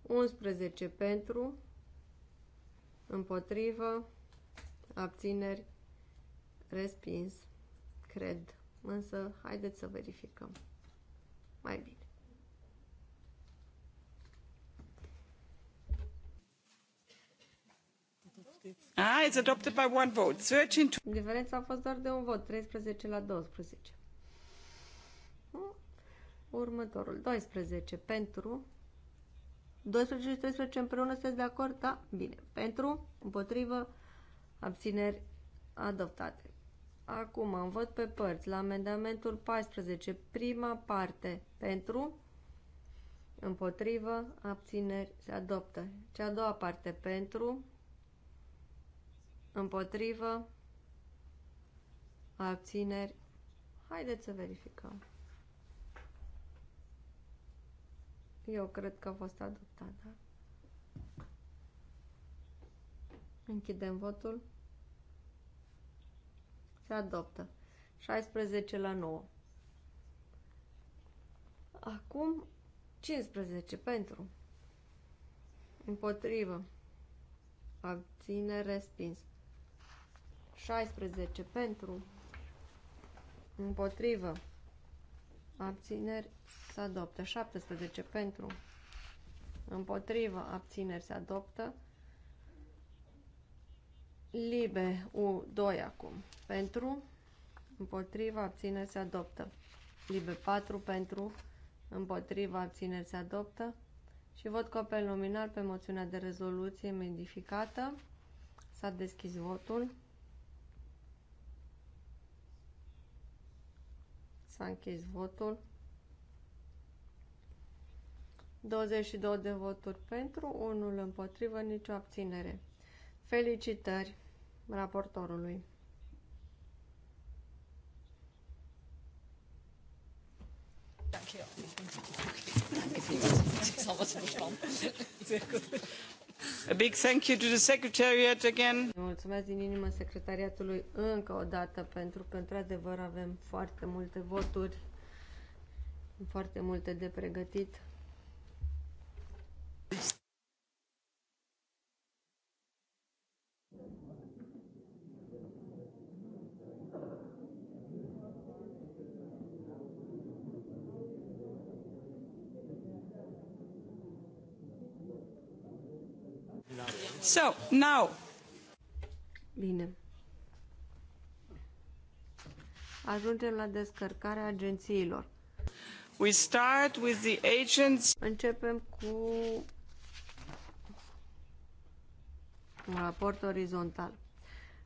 11 pentru, împotrivă, abțineri, respins, cred. Însă, haideți să verificăm. Mai bine. Ah, it's adopted by one vote. Searching to... Diferența a fost doar de un vot, 13 la 12 următorul. 12 pentru 12 și 13 împreună sunteți de acord? Da? Bine. Pentru, împotrivă, abțineri adoptate. Acum am văd pe părți la amendamentul 14, prima parte, pentru, împotrivă, abțineri, se adoptă. Cea a doua parte, pentru, împotrivă, abțineri. Haideți să verificăm. Eu cred că a fost adoptat, da? Închidem votul. Se adoptă. 16 la 9. Acum 15 pentru. Împotrivă. Abține respins. 16 pentru. Împotrivă abțineri, se adoptă. 17 pentru, împotrivă, abțineri, se adoptă. Libe U2 acum, pentru, împotrivă, abțineri, se adoptă. Libe 4 pentru, împotrivă, abțineri, se adoptă. Și vot cu apel nominal pe moțiunea de rezoluție modificată. S-a deschis votul. S-a închis votul. 22 de voturi pentru, 1 împotrivă, nicio abținere. Felicitări raportorului. Danke. Sehr gut. A big thank you to the secretariat again. Mulțumesc din inimă secretariatului încă o dată pentru că într-adevăr avem foarte multe voturi, foarte multe de pregătit. So, now. Bine. Ajungem la descărcarea agențiilor. We start with the agents. Începem cu un raport orizontal.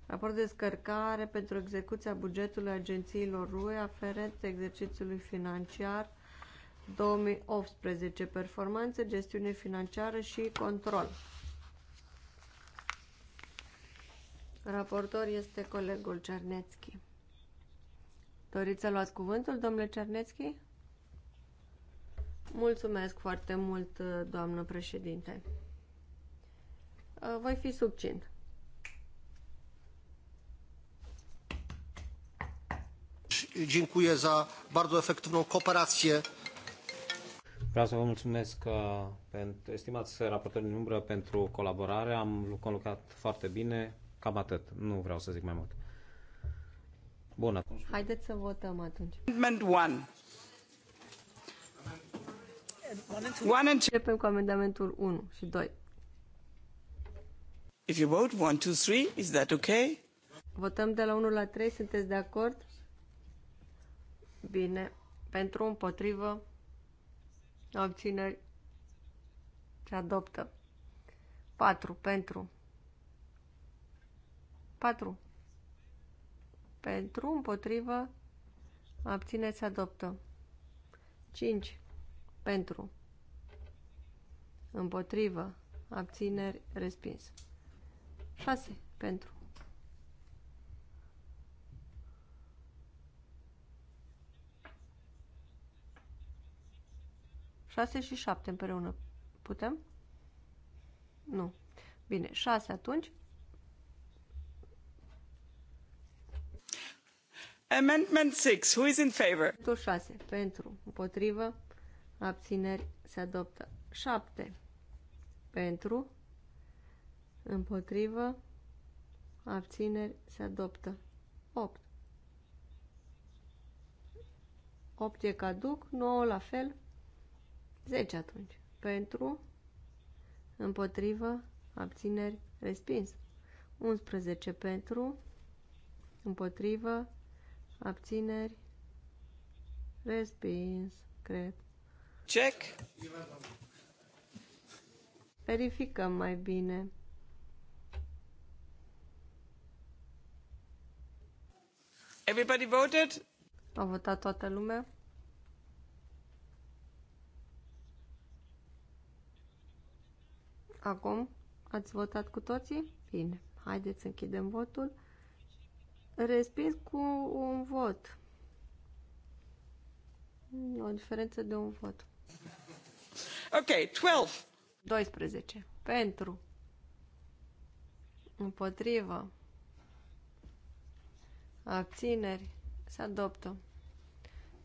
Raport de descărcare pentru execuția bugetului agențiilor UE aferent exercițiului financiar 2018, performanțe, gestiune financiară și control. Raportor este colegul Cernețchi. Doriți să luați cuvântul, domnule Cernețchi? Mulțumesc foarte mult, doamnă președinte. Uh, voi fi subțint. Dziękuję za bardzo efektywną kooperację. Vreau să vă mulțumesc, uh, pentru, estimați raportorii din umbră, pentru colaborare. Am lucrat foarte bine Cam atât. Nu vreau să zic mai mult. Bun, atunci. Haideți să votăm atunci. Amendment 1. Începem cu amendamentul 1 și 2. If you vote 1, 2, 3, is that okay? Votăm de la 1 la 3, sunteți de acord? Bine. Pentru, împotrivă, obțineri, se adoptă. 4 pentru, 4. Pentru, împotrivă, abțineți, adoptă. 5. Pentru, împotrivă, abțineri, respins. 6. Pentru. Șase și șapte împreună. Putem? Nu. Bine, șase atunci. Amendment 6. Who is in favor? 6. Pentru. Împotrivă. Abțineri. Se adoptă. 7. Pentru. Împotrivă. Abțineri. Se adoptă. 8. 8 e caduc. 9 la fel. 10 atunci. Pentru. Împotrivă. Abțineri. Respins. 11 pentru. Împotrivă abțineri, respins, cred. Check. Verificăm mai bine. Everybody voted? A votat toată lumea? Acum? Ați votat cu toții? Bine. Haideți să închidem votul. Respins cu un vot. O diferență de un vot. Ok, 12. 12. Pentru. Împotrivă. Abțineri. Se adoptă.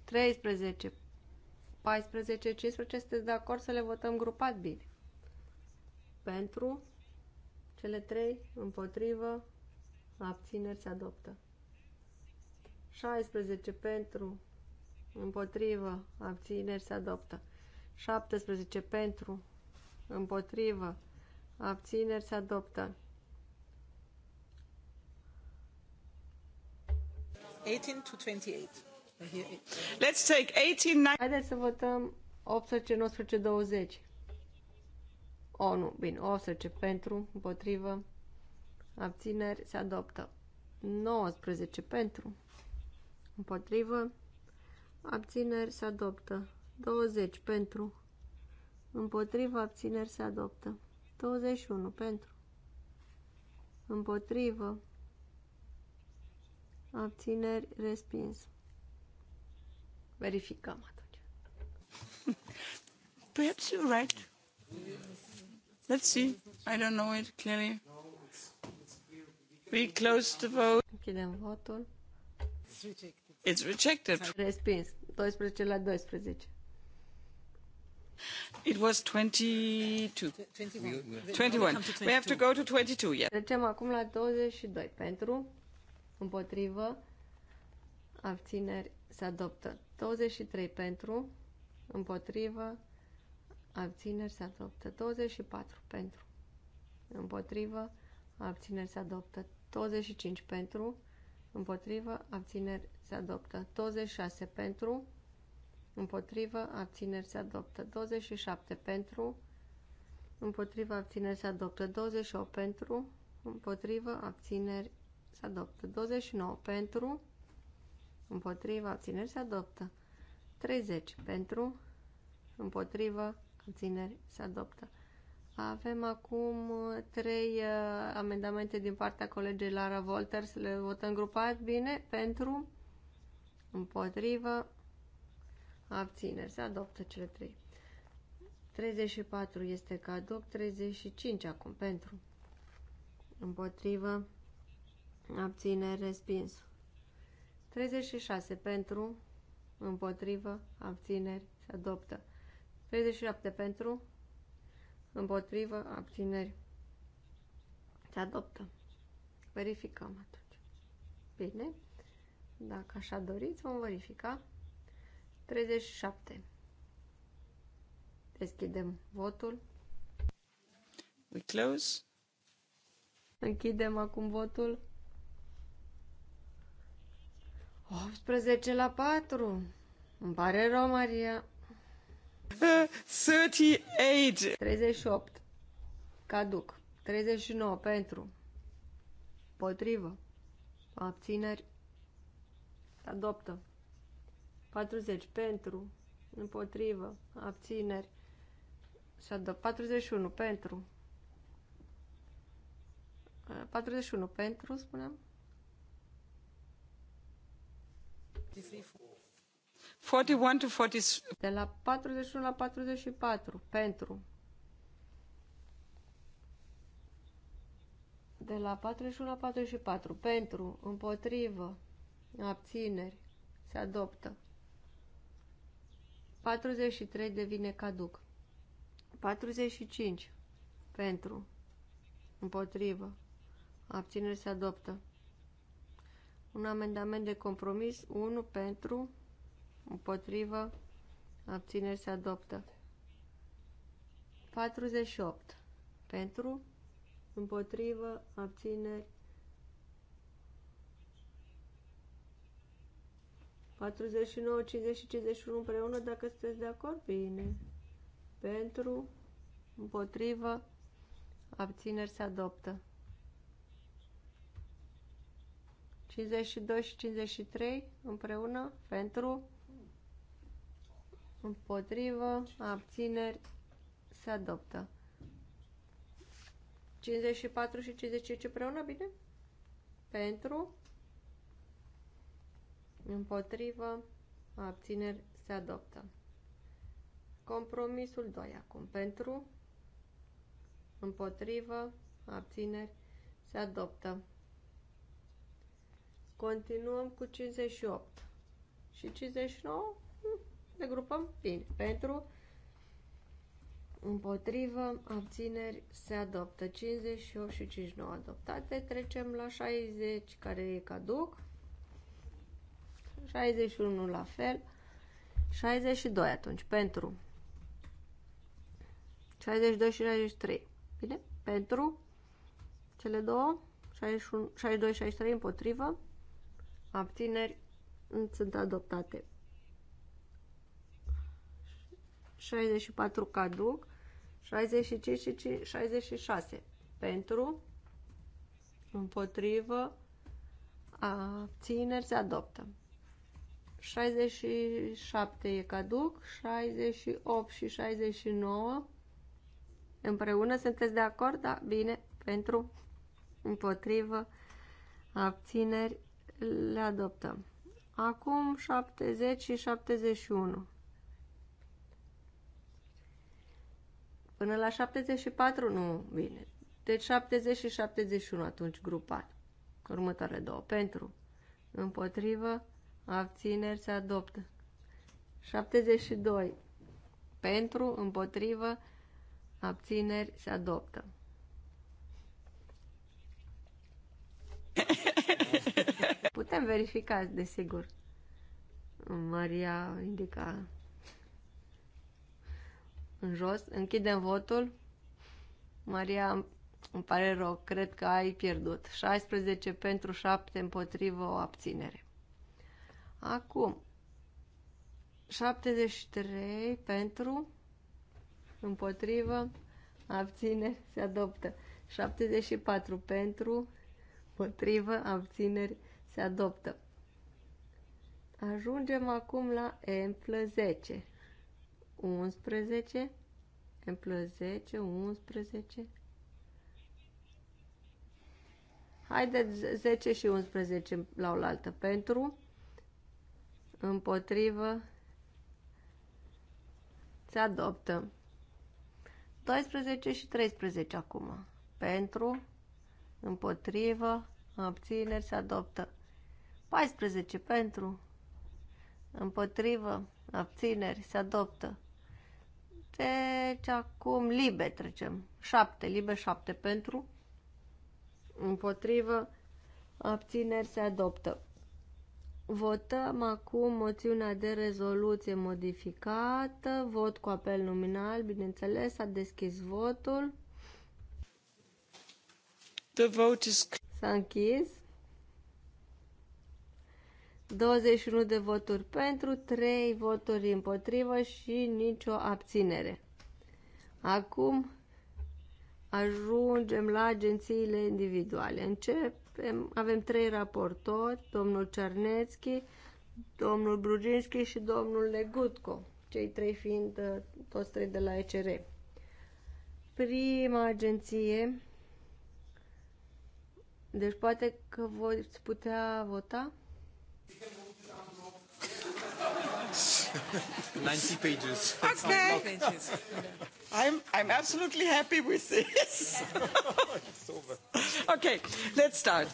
13. 14, 15. Sunteți de acord să le votăm grupat bine? Pentru. Cele trei. Împotrivă abțineri, se adoptă. 16 pentru, împotrivă, abțineri, se adoptă. 17 pentru, împotrivă, abțineri, se adoptă. 18 to 28. Let's take 18, 9... Haideți să votăm 18, 19, 20. O, nu, bine, 18 pentru, împotrivă, abțineri, se adoptă. 19 pentru, împotrivă, abțineri, se adoptă. 20 pentru, împotrivă, abțineri, se adoptă. 21 pentru, împotrivă, abțineri, respins. Verificăm atunci. Perhaps you're right. Let's see. I don't know it clearly. We close the vote. Închidem votul. It's rejected. Respins. 12 la 12. It was 22. 21. 21. We have to go to 22, yeah. Trecem acum la 22. Pentru, împotrivă, abțineri, se adoptă. 23 pentru, împotrivă, abțineri, se adoptă. 24 pentru, împotrivă, abțineri, se adoptă. 25 pentru, împotrivă, abțineri se adoptă. 26 pentru, împotrivă, abțineri se adoptă. 27 pentru, împotrivă, abțineri se adoptă. 28 pentru, împotrivă, abțineri se adoptă. 29 pentru, împotrivă, abțineri se adoptă. 30 pentru, împotrivă, abțineri se adoptă. Avem acum uh, trei uh, amendamente din partea colegii Lara Volter, să le votăm grupat, bine, pentru, împotrivă, abțineri. Se adoptă cele trei. 34 este caduc, 35 acum, pentru, împotrivă, abțineri, respins. 36 pentru, împotrivă, abțineri, se adoptă. 37 pentru, Împotrivă, abțineri. Se adoptă. Verificăm atunci. Bine. Dacă așa doriți, vom verifica. 37. Deschidem votul. We close. Închidem acum votul. 18 la 4. Îmi pare rău, Maria. 38. 38. Caduc. 39 pentru. Potrivă. Abțineri. Adoptă. 40 pentru. Împotrivă. Abțineri. Și adoptă. 41 pentru. 41 pentru, spunem. 43 41 to 40... De la 41 la 44. Pentru. De la 41 la 44. Pentru. Împotrivă. Abțineri. Se adoptă. 43 devine caduc. 45. Pentru. Împotrivă. Abțineri se adoptă. Un amendament de compromis. 1 pentru. Împotrivă. Abțineri se adoptă. 48. Pentru. Împotrivă. Abțineri. 49, 50 și 51 împreună, dacă sunteți de acord, bine. Pentru, împotrivă, abțineri se adoptă. 52 și 53 împreună, pentru, împotrivă, abțineri, se adoptă. 54 și 55 împreună, bine? Pentru, împotrivă, abțineri, se adoptă. Compromisul 2 acum. Pentru, împotrivă, abțineri, se adoptă. Continuăm cu 58. Și 59? le grupăm bine. Pentru, împotrivă, abțineri, se adoptă 58 și 59 adoptate. Trecem la 60 care e caduc. 61 la fel. 62 atunci, pentru 62 și 63. Bine? Pentru cele două, 62-63 împotrivă, abțineri sunt adoptate. 64 caduc, 65 și 66 pentru, împotrivă, abțineri se adoptă. 67 e caduc, 68 și 69 împreună sunteți de acord? Da, bine, pentru, împotrivă, abțineri le adoptăm. Acum 70 și 71 Până la 74 nu bine. Deci 70 și 71 atunci grupat. Următoarele două. Pentru, împotrivă, abțineri se adoptă. 72. Pentru, împotrivă, abțineri se adoptă. Putem verifica, desigur. Maria indica în jos. Închidem votul. Maria, îmi pare rău, cred că ai pierdut. 16 pentru 7 împotrivă o abținere. Acum, 73 pentru împotrivă abțineri se adoptă. 74 pentru împotrivă abțineri, se adoptă. Ajungem acum la M 10. 11, în plus 10, 11. Haideți 10 și 11 la oaltă. Pentru, împotrivă, se adoptă. 12 și 13 acum. Pentru, împotrivă, abțineri, se adoptă. 14 pentru, împotrivă, abțineri, se adoptă. Deci acum libe trecem. 7, libe 7 pentru. Împotrivă. Abțineri se adoptă. Votăm acum moțiunea de rezoluție modificată. Vot cu apel nominal, bineînțeles. S-a deschis votul. The vote is... S-a închis. 21 de voturi pentru, 3 voturi împotrivă și nicio abținere. Acum ajungem la agențiile individuale. Începem, avem trei raportori, domnul Cernețchi, domnul Brujinski și domnul Legutko, cei trei fiind uh, toți trei de la ECR. Prima agenție, deci poate că voi putea vota 90 pages. Okay. I'm, I'm absolutely happy with this. okay, let's start.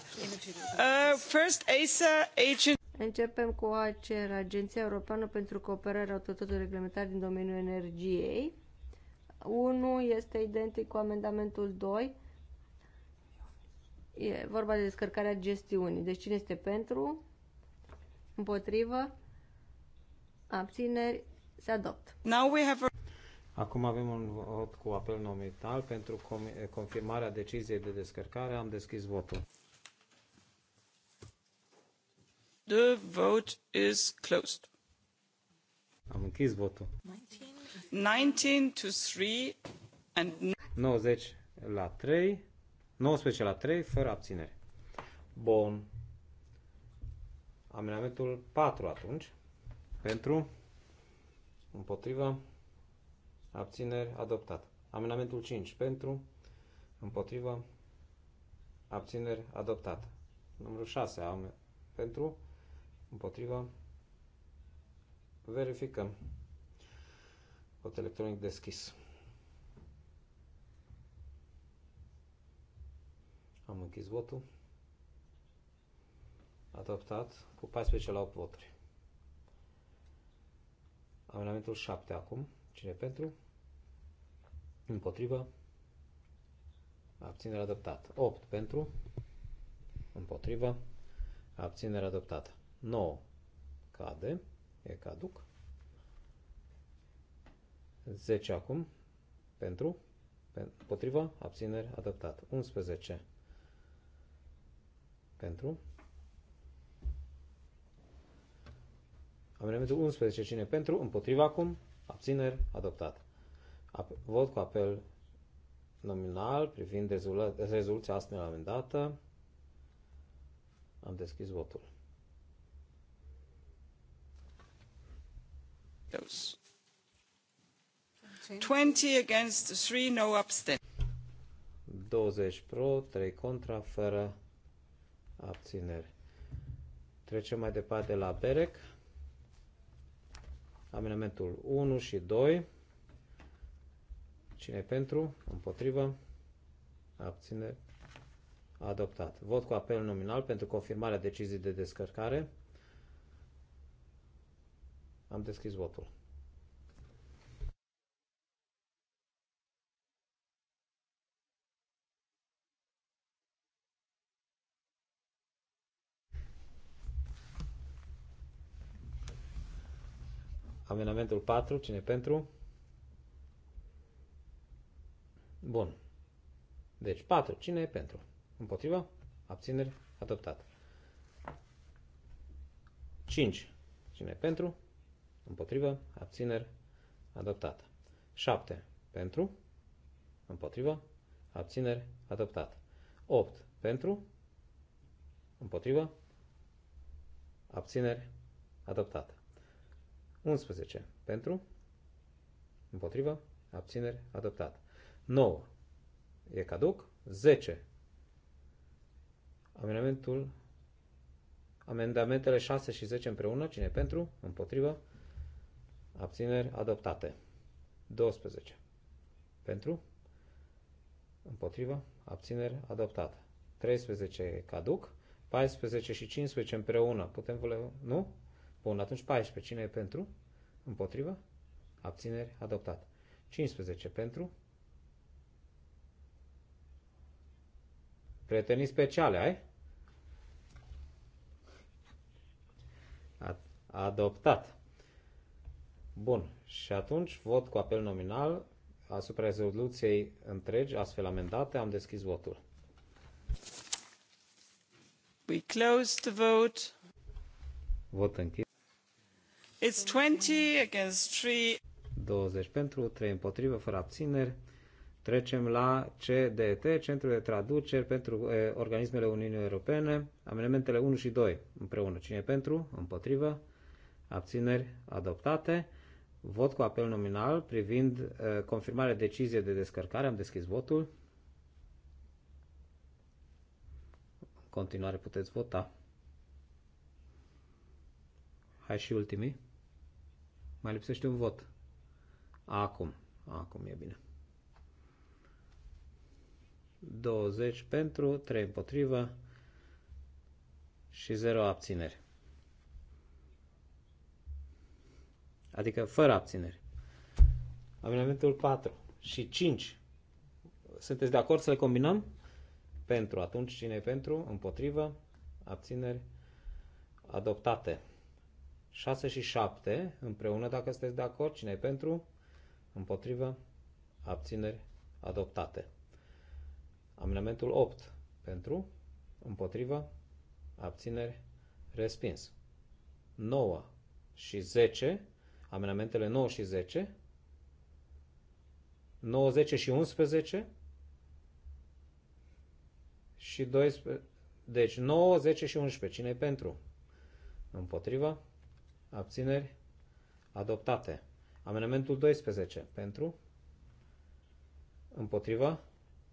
Uh, first, ASA agent. Începem cu ACER, Agenția Europeană pentru Cooperarea Autorităților Reglementare din domeniul energiei. 1 este identic cu amendamentul 2. E vorba de descărcarea gestiunii. Deci cine este pentru? Împotrivă. Abțineri. Se adoptă. Now we have a... Acum avem un vot cu apel nominal pentru confirmarea deciziei de descărcare. Am deschis votul. The vote is closed. Am închis votul. 19 to 3 and 90 la 3, 19 la 3 fără abținere. Bun amenamentul 4 atunci. Pentru. Împotriva. Abțineri. Adoptat. Amenamentul 5. Pentru. Împotriva. Abțineri. Adoptat. Numărul 6. Am, pentru. Împotriva. Verificăm. Vot electronic deschis. Am închis votul adoptat cu 14 la 8 voturi. Amendamentul 7 acum. Cine pentru? Împotrivă. Abținere adoptată. 8 pentru. Împotrivă. Abținere adoptată. 9 cade. E caduc. 10 acum. Pentru. Împotrivă. Abținere adoptată. 11 pentru. Amendamentul 11. Cine pentru? Împotriva acum? Abțineri? Adoptat. Ap- vot cu apel nominal privind rezolu rezoluția astfel amendată. Am deschis votul. Those. 20 against 3, no abstain. 20 pro, 3 contra, fără abțineri. Trecem mai departe la BEREC amenamentul 1 și 2. Cine pentru? Împotrivă? Abține? Adoptat. Vot cu apel nominal pentru confirmarea deciziei de descărcare. Am deschis votul. Amenamentul 4, cine pentru? Bun. Deci 4, cine e pentru? Împotrivă? Abțineri? Adoptat. 5, cine e pentru? Împotrivă? Abțineri? Adoptat. 7, pentru? Împotrivă? Abțineri? Adoptat. 8, pentru? Împotrivă? Abțineri? Adoptat. 11. Pentru? Împotrivă? Abțineri? Adoptat. 9. E caduc. 10. Amendamentul, amendamentele 6 și 10 împreună. Cine pentru? Împotrivă? Abțineri? Adoptate. 12. Pentru? Împotrivă? Abțineri? Adoptat. 13. Caduc. 14 și 15 împreună. Putem, vă nu? Bun, atunci 14. Cine e pentru? Împotrivă? Abțineri? Adoptat. 15. Pentru? Prietenii speciale ai? Adoptat. Bun. Și atunci vot cu apel nominal asupra rezoluției întregi, astfel amendate. Am deschis votul. We close the vote. Vot închis. It's 20 against 3. 20 pentru, 3 împotrivă, fără abțineri. Trecem la CDT, Centrul de Traduceri pentru eh, Organismele Uniunii Europene, amendamentele 1 și 2 împreună. Cine e pentru? Împotrivă? Abțineri adoptate. Vot cu apel nominal privind eh, confirmarea deciziei de descărcare. Am deschis votul. În continuare puteți vota. Hai și ultimii. Mai lipsește un vot. Acum. Acum e bine. 20 pentru, 3 împotrivă și 0 abțineri. Adică fără abțineri. Amendamentul 4 și 5. Sunteți de acord să le combinăm? Pentru. Atunci cine e pentru? Împotrivă? Abțineri? Adoptate. 6 și 7 împreună, dacă sunteți de acord, cine e pentru, împotrivă, abțineri, adoptate. Amendamentul 8 pentru, împotrivă, abțineri, respins. 9 și 10, amendamentele 9 și 10, 9, 10 și 11 și 12, deci 9, 10 și 11, cine e pentru? Împotriva, abțineri, adoptate. Amendamentul 12, pentru, împotriva,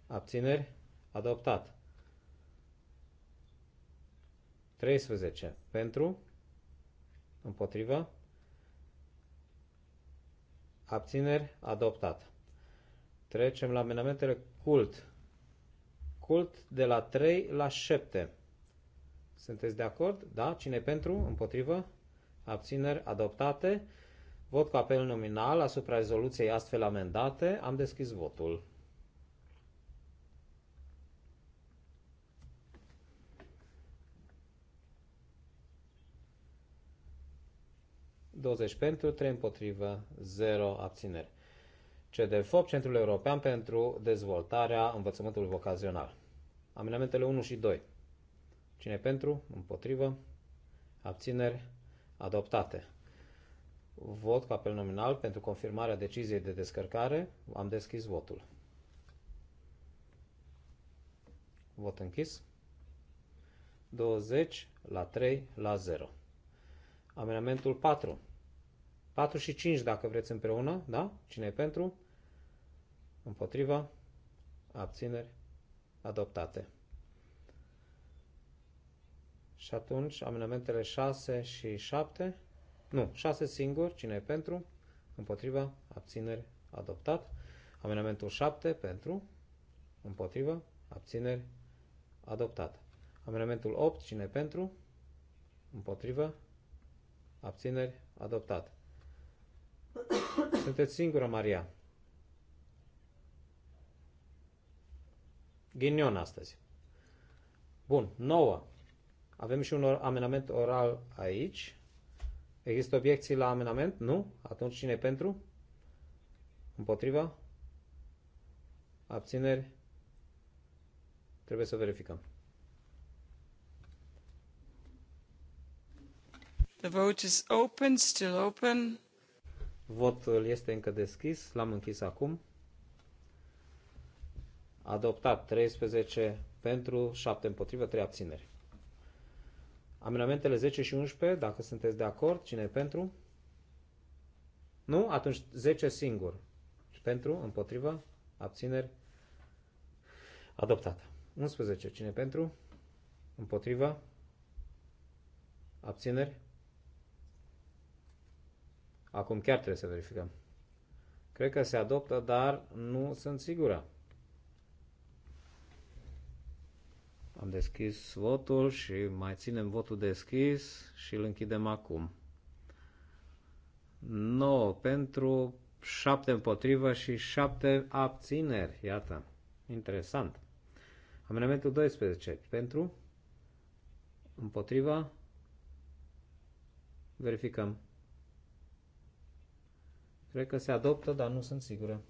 abțineri, adoptat. 13, pentru, împotriva, abțineri, adoptat. Trecem la amendamentele cult. Cult de la 3 la 7. Sunteți de acord? Da? Cine pentru? Împotrivă? abțineri adoptate. Vot cu apel nominal asupra rezoluției astfel amendate. Am deschis votul. ...20 pentru, 3 împotrivă, 0 abțineri. CDFOP, Centrul European pentru Dezvoltarea Învățământului Vocațional. Amendamentele 1 și 2. Cine pentru? Împotrivă? Abțineri? adoptate. Vot cu apel nominal pentru confirmarea deciziei de descărcare. Am deschis votul. Vot închis. 20 la 3 la 0. Amendamentul 4. 4 și 5 dacă vreți împreună, da? Cine e pentru? Împotriva? Abțineri? Adoptate. Și atunci amenamentele 6 și 7, nu, 6 singur, cine e pentru, împotriva, abțineri, adoptat. Amenamentul 7 pentru, împotriva, abțineri, adoptat. Amenamentul 8, cine e pentru, împotriva, abțineri, adoptat. Sunteți singură, Maria. Ghinion astăzi. Bun, 9. Avem și un amenament oral aici. Există obiecții la amenament? Nu? Atunci cine pentru? Împotriva? Abțineri? Trebuie să verificăm. The vote is open, still open. Votul este încă deschis, l-am închis acum. Adoptat 13 pentru, 7 împotrivă, 3 abțineri. Amendamentele 10 și 11, dacă sunteți de acord, cine e pentru? Nu? Atunci 10 singur. Pentru, împotrivă, abțineri, adoptat. 11. Cine pentru? Împotrivă, abțineri. Acum chiar trebuie să verificăm. Cred că se adoptă, dar nu sunt sigură. Am deschis votul și mai ținem votul deschis și îl închidem acum. 9 pentru, 7 împotrivă și 7 abțineri. Iată, interesant. Amendamentul 12 pentru, împotriva, verificăm. Cred că se adoptă, dar nu sunt sigură.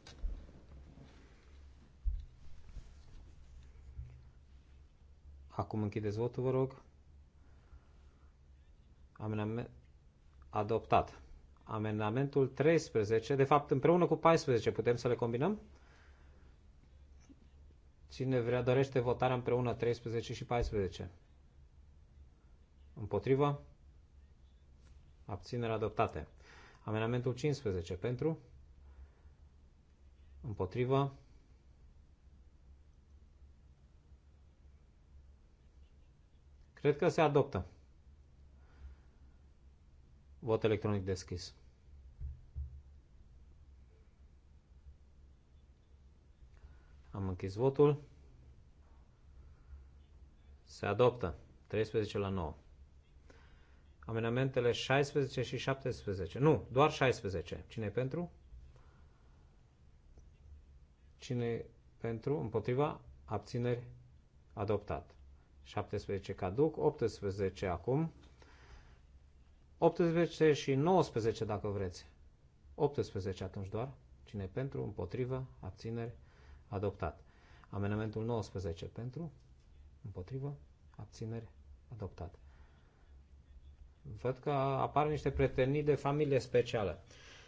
Acum închideți votul, vă rog. Amendament adoptat. Amendamentul 13, de fapt împreună cu 14 putem să le combinăm? Cine vrea dorește votarea împreună 13 și 14? Împotrivă? Abținere adoptate. Amendamentul 15 pentru? Împotrivă? Cred că se adoptă. Vot electronic deschis. Am închis votul. Se adoptă. 13 la 9. Amenamentele 16 și 17. Nu, doar 16. Cine e pentru? Cine e pentru? Împotriva? Abțineri? Adoptat. 17 caduc, 18 acum, 18 și 19 dacă vreți, 18 atunci doar, cine pentru, împotrivă, abțineri, adoptat. Amenamentul 19 pentru, împotrivă, abțineri, adoptat. Văd că apar niște pretenii de familie specială.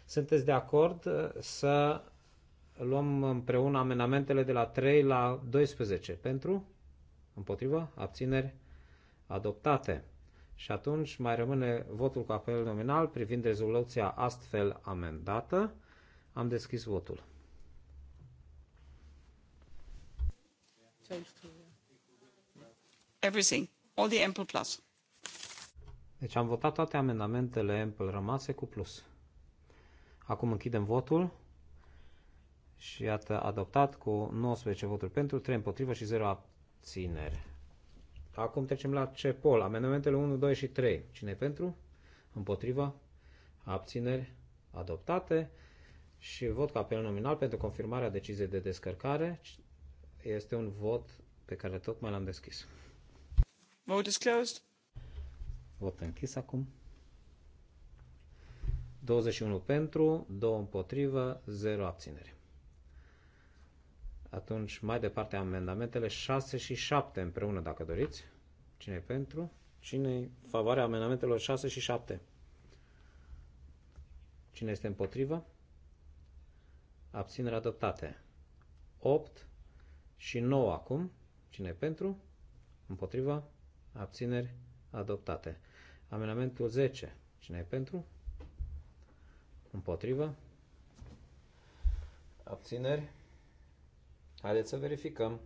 Sunteți de acord uh, să luăm împreună amenamentele de la 3 la 12 pentru? Împotrivă? Abțineri? Adoptate. Și atunci mai rămâne votul cu apel nominal privind rezoluția astfel amendată. Am deschis votul. Everything. All the ample plus. Deci am votat toate amendamentele ample rămase cu plus. Acum închidem votul și iată adoptat cu 19 voturi pentru, 3 împotrivă și 0 abțineri. Acum trecem la ce pol amendamentele 1, 2 și 3. Cine pentru? Împotriva? Abțineri? Adoptate. Și vot ca apel nominal pentru confirmarea deciziei de descărcare. Este un vot pe care tocmai l-am deschis. Vote is closed. Vot închis acum. 21 pentru, 2 împotrivă, 0 abțineri. Atunci, mai departe, amendamentele 6 și 7 împreună, dacă doriți. Cine e pentru? Cine e favoarea amendamentelor 6 și 7? Cine este împotrivă? Abținere adoptate. 8 și 9 acum. Cine e pentru? Împotrivă? Abțineri adoptate. Amendamentul 10. Cine e pentru? Împotrivă? Abțineri? Haideți să verificăm.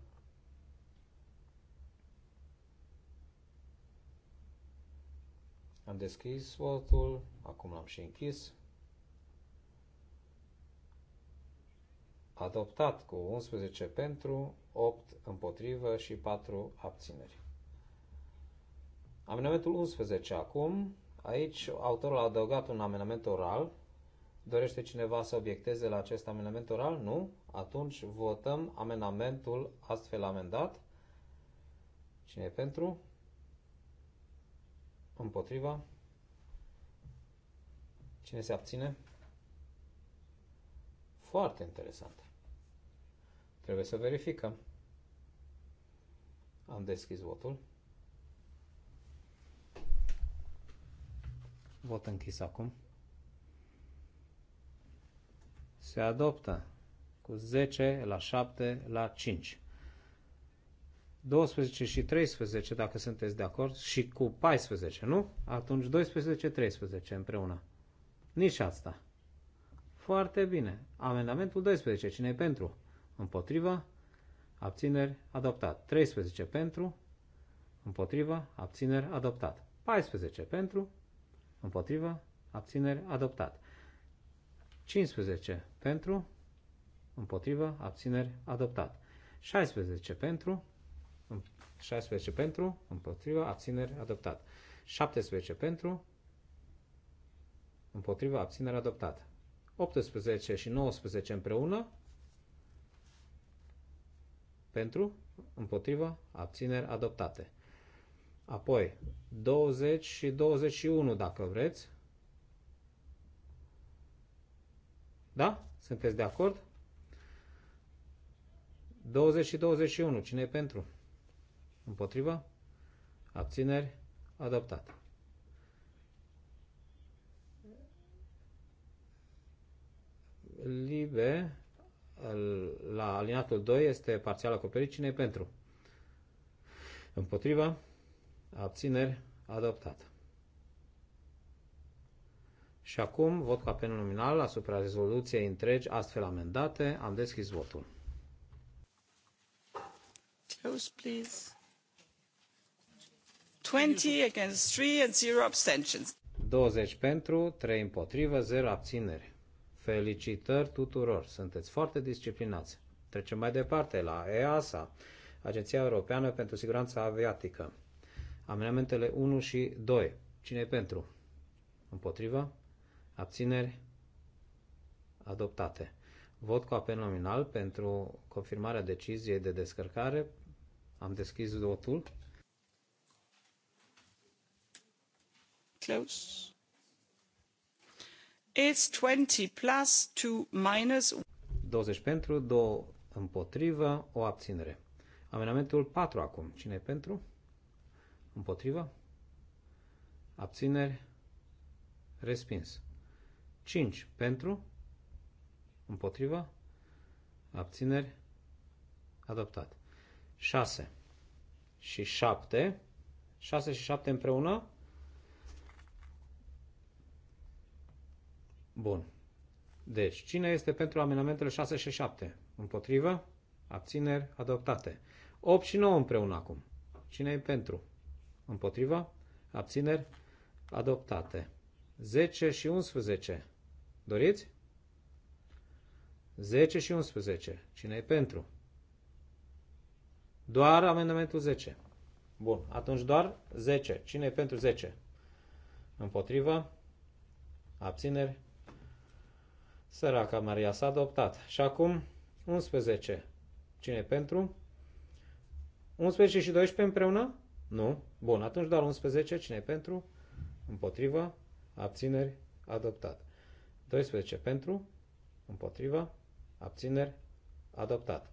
Am deschis votul, acum l-am și închis. Adoptat cu 11 pentru, 8 împotrivă și 4 abțineri. Amendamentul 11 acum. Aici autorul a adăugat un amendament oral. Dorește cineva să obiecteze la acest amendament oral? Nu? Atunci votăm amenamentul astfel amendat. Cine e pentru? Împotriva? Cine se abține? Foarte interesant. Trebuie să verificăm. Am deschis votul. Vot închis acum. Se adoptă cu 10 la 7 la 5. 12 și 13, dacă sunteți de acord, și cu 14, nu? Atunci 12-13 împreună. Nici asta. Foarte bine. Amendamentul 12. Cine e pentru? Împotriva? Abțineri? Adoptat. 13 pentru? Împotriva? Abțineri? Adoptat. 14 pentru? Împotriva? Abțineri? Adoptat. 15 pentru? împotrivă, abțineri, adoptat. 16 pentru, 16 pentru, împotrivă, abțineri, adoptat. 17 pentru, împotrivă, abțineri, adoptat. 18 și 19 împreună, pentru, împotrivă, abțineri, adoptate. Apoi, 20 și 21, dacă vreți. Da? Sunteți de acord? 20 și 21. Cine e pentru? Împotrivă? Abțineri? Adoptat. Libe la alinatul 2 este parțial acoperit. Cine e pentru? Împotrivă? Abțineri? Adoptat. Și acum vot ca penul nominal asupra rezoluției întregi astfel amendate. Am deschis votul. Close, please. 20 against 3 and 0 abstentions. 20 pentru, 3 împotrivă, 0 abțineri. Felicitări tuturor, sunteți foarte disciplinați. Trecem mai departe la EASA, Agenția Europeană pentru Siguranța Aviatică. Amendamentele 1 și 2. Cine e pentru? Împotrivă? Abțineri? Adoptate. Vot cu apel nominal pentru confirmarea deciziei de descărcare am deschis lotul. Close. It's 20 plus 2 minus 20 pentru, 2 împotrivă, o abținere. Amenamentul 4 acum. Cine e pentru? Împotrivă? Abțineri? Respins. 5 pentru? Împotrivă? Abțineri? Adoptat. 6 și 7. 6 și 7 împreună. Bun. Deci, cine este pentru amenamentele 6 și 7? Împotrivă? Abțineri? Adoptate. 8 și 9 împreună acum. Cine e pentru? Împotrivă? Abțineri? Adoptate. 10 și 11. Doriți? 10 și 11. Cine e pentru? Doar amendamentul 10. Bun, atunci doar 10. Cine e pentru 10? Împotrivă? Abțineri? Săraca Maria s-a adoptat. Și acum 11. Cine e pentru? 11 și 12 împreună? Nu. Bun, atunci doar 11. Cine e pentru? Împotrivă? Abțineri? Adoptat. 12 pentru? Împotrivă? Abțineri? Adoptat.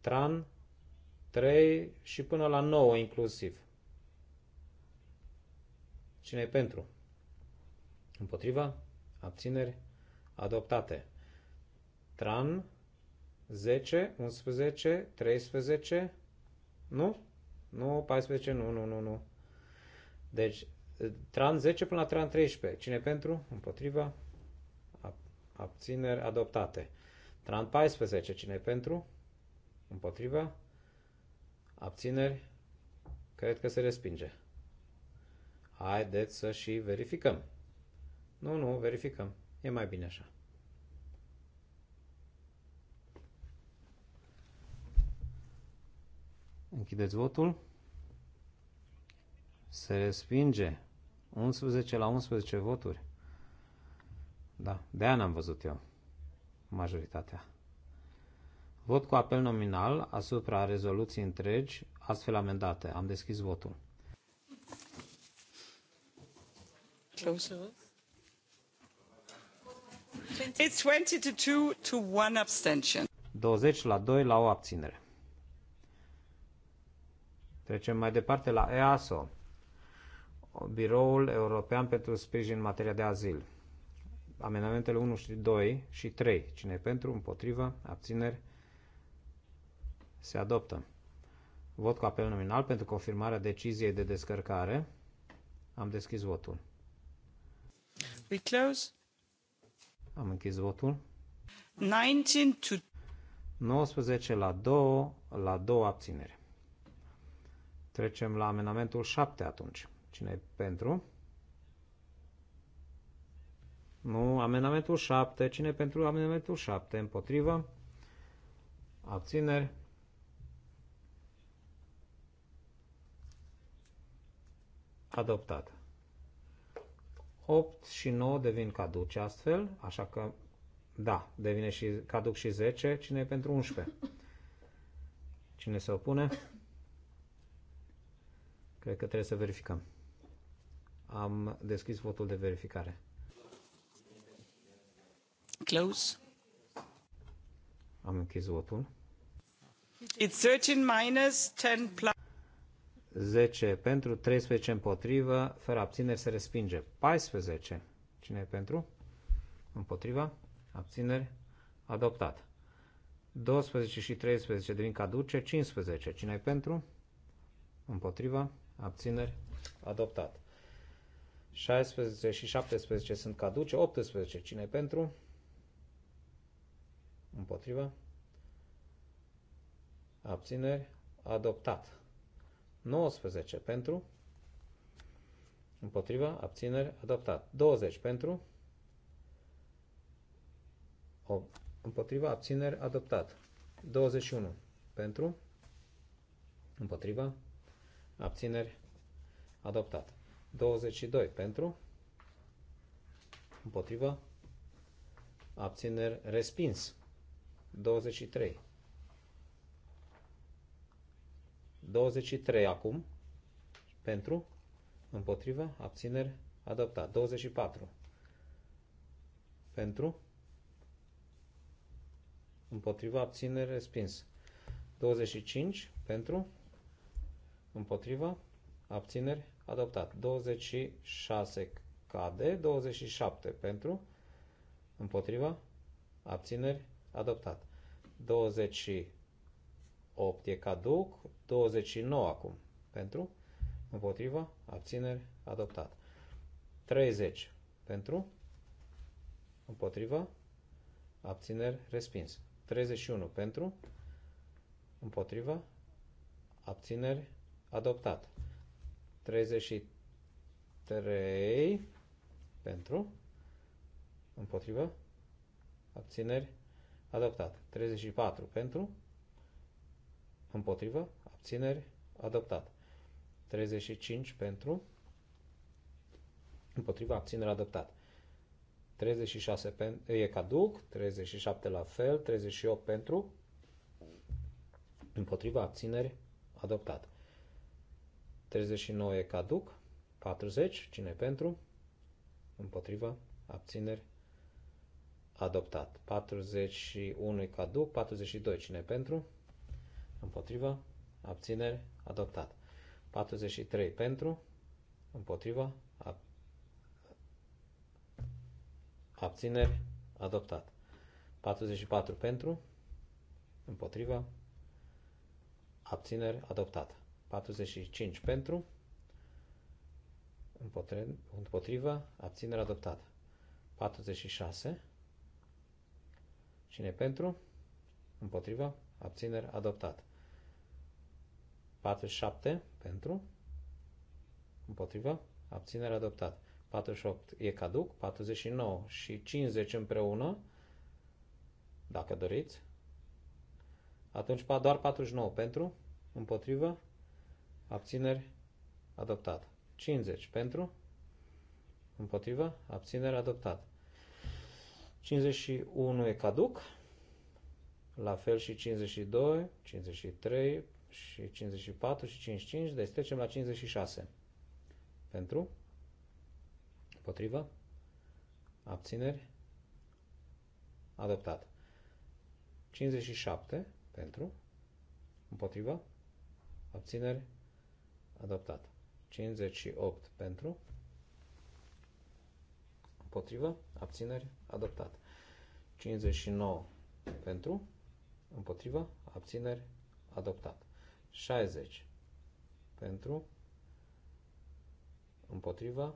Tran 3 și până la 9 inclusiv. Cine e pentru? Împotriva? Abțineri? Adoptate. Tran 10, 11, 13, nu? Nu, 14, nu, nu, nu, nu. Deci, tran 10 până la tran 13. Cine pentru? Împotriva? Abțineri adoptate. Tran 14. Cine pentru? Împotriva? abțineri, cred că se respinge. Haideți să și verificăm. Nu, nu, verificăm. E mai bine așa. Închideți votul. Se respinge 11 la 11 voturi. Da, de aia n-am văzut eu majoritatea. Vot cu apel nominal asupra rezoluției întregi, astfel amendate. Am deschis votul. Closer. It's 20 to 2 to 1 abstention. 20 la 2 la o abținere. Trecem mai departe la EASO, Biroul European pentru Sprijin în materia de azil. Amendamentele 1 și 2 și 3. Cine pentru, împotrivă, abțineri, se adoptă. Vot cu apel nominal pentru confirmarea deciziei de descărcare. Am deschis votul. We close. Am închis votul. 19 to 19 la 2, la 2 abțineri. Trecem la amenamentul 7 atunci. cine e pentru? Nu, amenamentul 7. cine e pentru amenamentul 7? Împotrivă? Abțineri? adoptat. 8 și 9 devin caduce astfel, așa că da, devine și caduc și 10, cine e pentru 11? Cine se opune? Cred că trebuie să verificăm. Am deschis votul de verificare. Close. Am închis votul. It's 13 minus 10 plus. 10 pentru, 13 împotrivă, fără abțineri se respinge. 14. Cine e pentru? Împotriva? Abțineri? Adoptat. 12 și 13 devin caduce, 15. Cine e pentru? Împotriva? Abțineri? Adoptat. 16 și 17 sunt caduce, 18. Cine e pentru? Împotriva? Abțineri? Adoptat. 19 pentru, împotriva, abțineri, adoptat. 20 pentru, o, împotriva, abțineri, adoptat. 21 pentru, împotriva, abțineri, adoptat. 22 pentru, împotriva, abțineri, respins. 23 23 acum. Pentru. Împotrivă. Abțineri. Adoptat. 24. Pentru. Împotrivă. Abțineri. Respins. 25. Pentru. Împotrivă. Abțineri. Adoptat. 26 cade. 27 pentru. Împotrivă. Abțineri. Adoptat. 20 8 e caduc, 29 acum. Pentru, împotriva, abțineri, adoptat. 30 pentru, împotriva, abțineri, respins. 31 pentru, împotriva, abțineri, adoptat. 33 pentru, împotriva, abțineri, adoptat. 34 pentru, Împotrivă. Abțineri. Adoptat. 35 pentru. Împotrivă. Abțineri. Adoptat. 36 pentru, e caduc, 37 la fel, 38 pentru, împotriva abțineri, adoptat. 39 e caduc, 40, cine pentru, împotriva abțineri, adoptat. 41 e caduc, 42, cine pentru, Împotrivă. abțineri, adoptat. 43 pentru, Împotrivă. ab abțineri, adoptat. 44 pentru, Împotrivă. abțineri, adoptat. 45 pentru, Împotrivă. abținere adoptată. 46. Cine pentru? Împotriva, abțineri adoptată. 47 pentru, împotrivă, abținere adoptat. 48 e caduc, 49 și 50 împreună, dacă doriți. Atunci doar 49 pentru, împotrivă, abțineri, adoptat. 50 pentru, împotrivă, abțineri, adoptat. 51 e caduc, la fel și 52, 53, și 54 și 55, deci trecem la 56. Pentru, Potrivă? abțineri, adoptat. 57 pentru, împotrivă, abțineri, adoptat. 58 pentru, împotrivă, abțineri, adoptat. 59 pentru, împotrivă, abțineri, adoptat. 60 pentru, împotriva,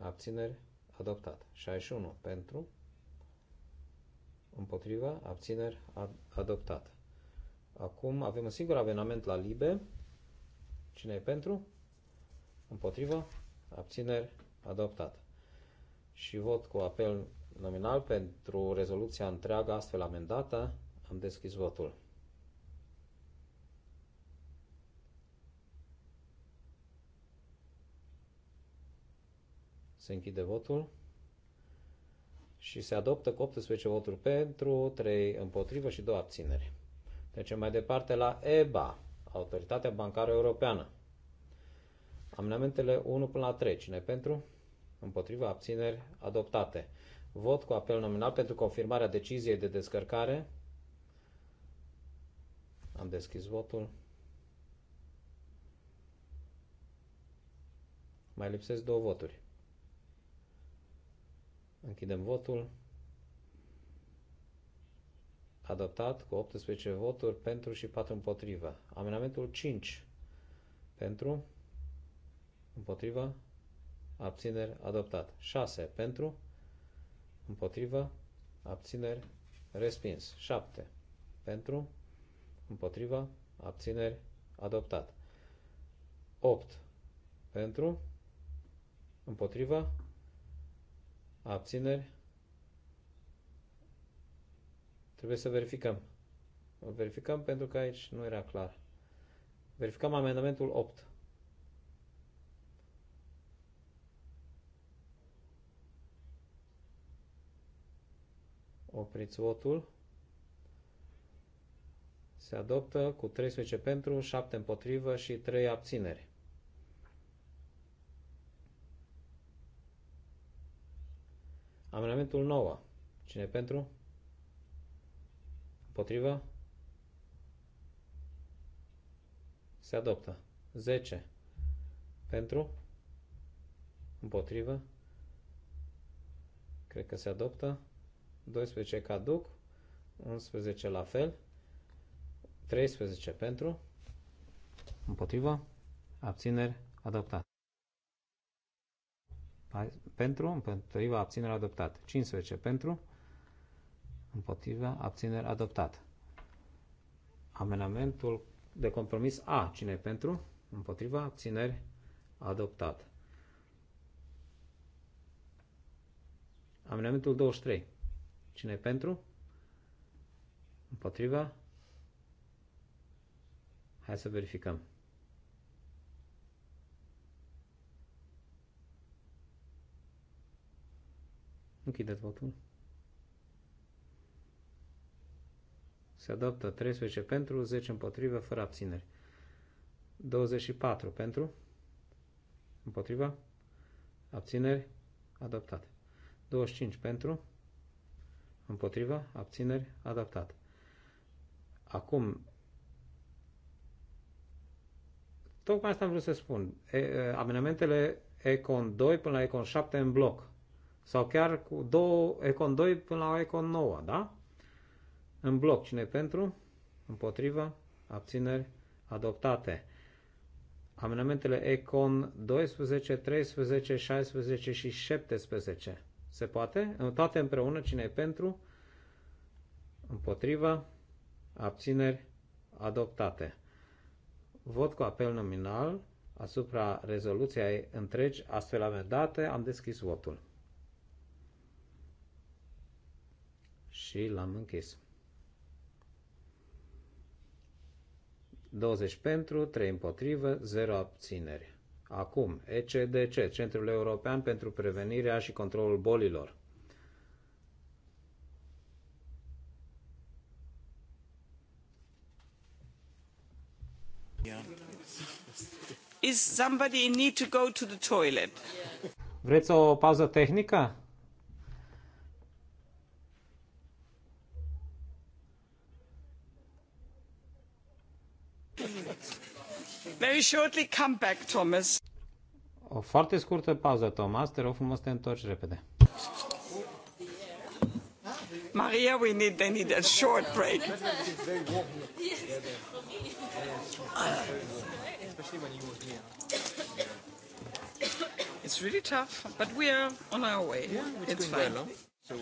abțineri, adoptat. 61 pentru, împotriva, abțineri, ad adoptat. Acum avem un singur avenament la libe. Cine e pentru? Împotriva, abțineri, adoptat. Și vot cu apel nominal pentru rezoluția întreagă astfel amendată. Am deschis votul. Se închide votul și se adoptă cu 18 voturi pentru, 3 împotrivă și 2 abțineri. Trecem mai departe la EBA, Autoritatea Bancară Europeană. Amendamentele 1 până la 3. Cine pentru? împotrivă, abțineri adoptate. Vot cu apel nominal pentru confirmarea deciziei de descărcare. Am deschis votul. Mai lipsesc două voturi. Închidem votul. Adoptat cu 18 voturi pentru și 4 împotrivă. Amendamentul 5 pentru, împotrivă, abțineri, adoptat. 6 pentru, împotrivă, abțineri, respins. 7 pentru, împotrivă, abțineri, adoptat. 8 pentru, împotrivă, Abțineri. Trebuie să verificăm. O verificăm pentru că aici nu era clar. Verificăm amendamentul 8. Opriți votul. Se adoptă cu 13 pentru, 7 împotrivă și 3 abțineri. Amendamentul 9. Cine pentru? Împotrivă? Se adoptă. 10. Pentru? Împotrivă? Cred că se adoptă. 12 caduc. 11 la fel. 13 pentru. Împotrivă? Abțineri? Adoptat pentru, împotriva, abținere, adoptat. 15 pentru, împotriva, abținere, adoptat. Amenamentul de compromis A. Cine e pentru? Împotriva, abțineri, adoptat. Amenamentul 23. Cine e pentru? Împotriva? Hai să verificăm. Închideți votul. Se adoptă 13 pentru, 10 împotrivă, fără abțineri. 24 pentru, împotrivă, abțineri, adoptat. 25 pentru, împotrivă, abțineri, adoptat. Acum, tocmai asta am vrut să spun. E, amenamentele Econ 2 până la Econ 7 în bloc. Sau chiar cu două, Econ 2 până la Econ 9, da? În bloc, cine pentru? Împotrivă? Abțineri? Adoptate. Amendamentele Econ 12, 13, 16 și 17. Se poate? În Toate împreună, cine e pentru? Împotrivă? Abțineri? Adoptate. Vot cu apel nominal asupra rezoluției întregi astfel amendate. Am deschis votul. și l-am închis. 20 pentru, 3 împotrivă, 0 abțineri. Acum, ECDC, Centrul European pentru Prevenirea și Controlul Bolilor. Is somebody in need to go to the toilet? Vreți o pauză tehnică? very shortly come back, Thomas. O foarte scurtă pauză, Thomas. Te rog frumos, te întorci repede. Maria, we need, they need a short break. It's really tough, but we are on our way. Yeah, it's, it's fine. Well, no? so...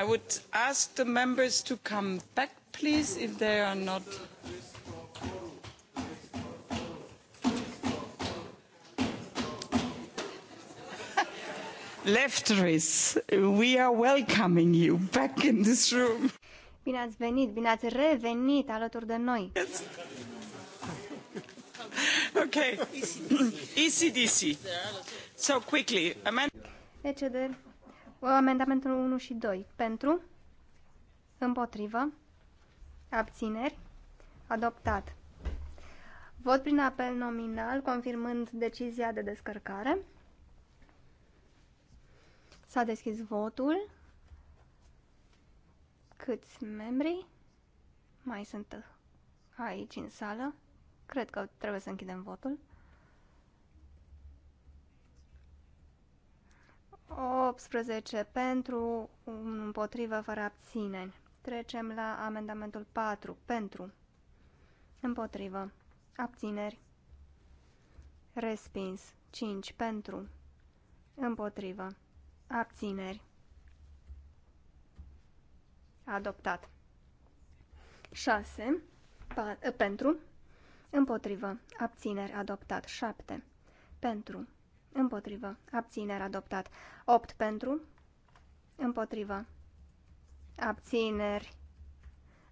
I would ask the members to come back, please, if they are not. Lefteris, we are welcoming you back in this room. Bine ați venit, bine ați revenit alături de noi. Yes. Okay. ECDC. So quickly. Amend- ECDR Amendamentul 1 și 2. Pentru, împotrivă, abțineri, adoptat. Vot prin apel nominal, confirmând decizia de descărcare. S-a deschis votul. Câți membri mai sunt aici în sală? Cred că trebuie să închidem votul. 18 pentru, împotrivă, fără abțineri. Trecem la amendamentul 4. Pentru, împotrivă, abțineri, respins. 5 pentru, împotrivă, abțineri, adoptat. 6 pentru, împotrivă, abțineri, adoptat. 7 pentru, Împotrivă. Abțineri adoptat. 8 pentru. Împotrivă. Abțineri.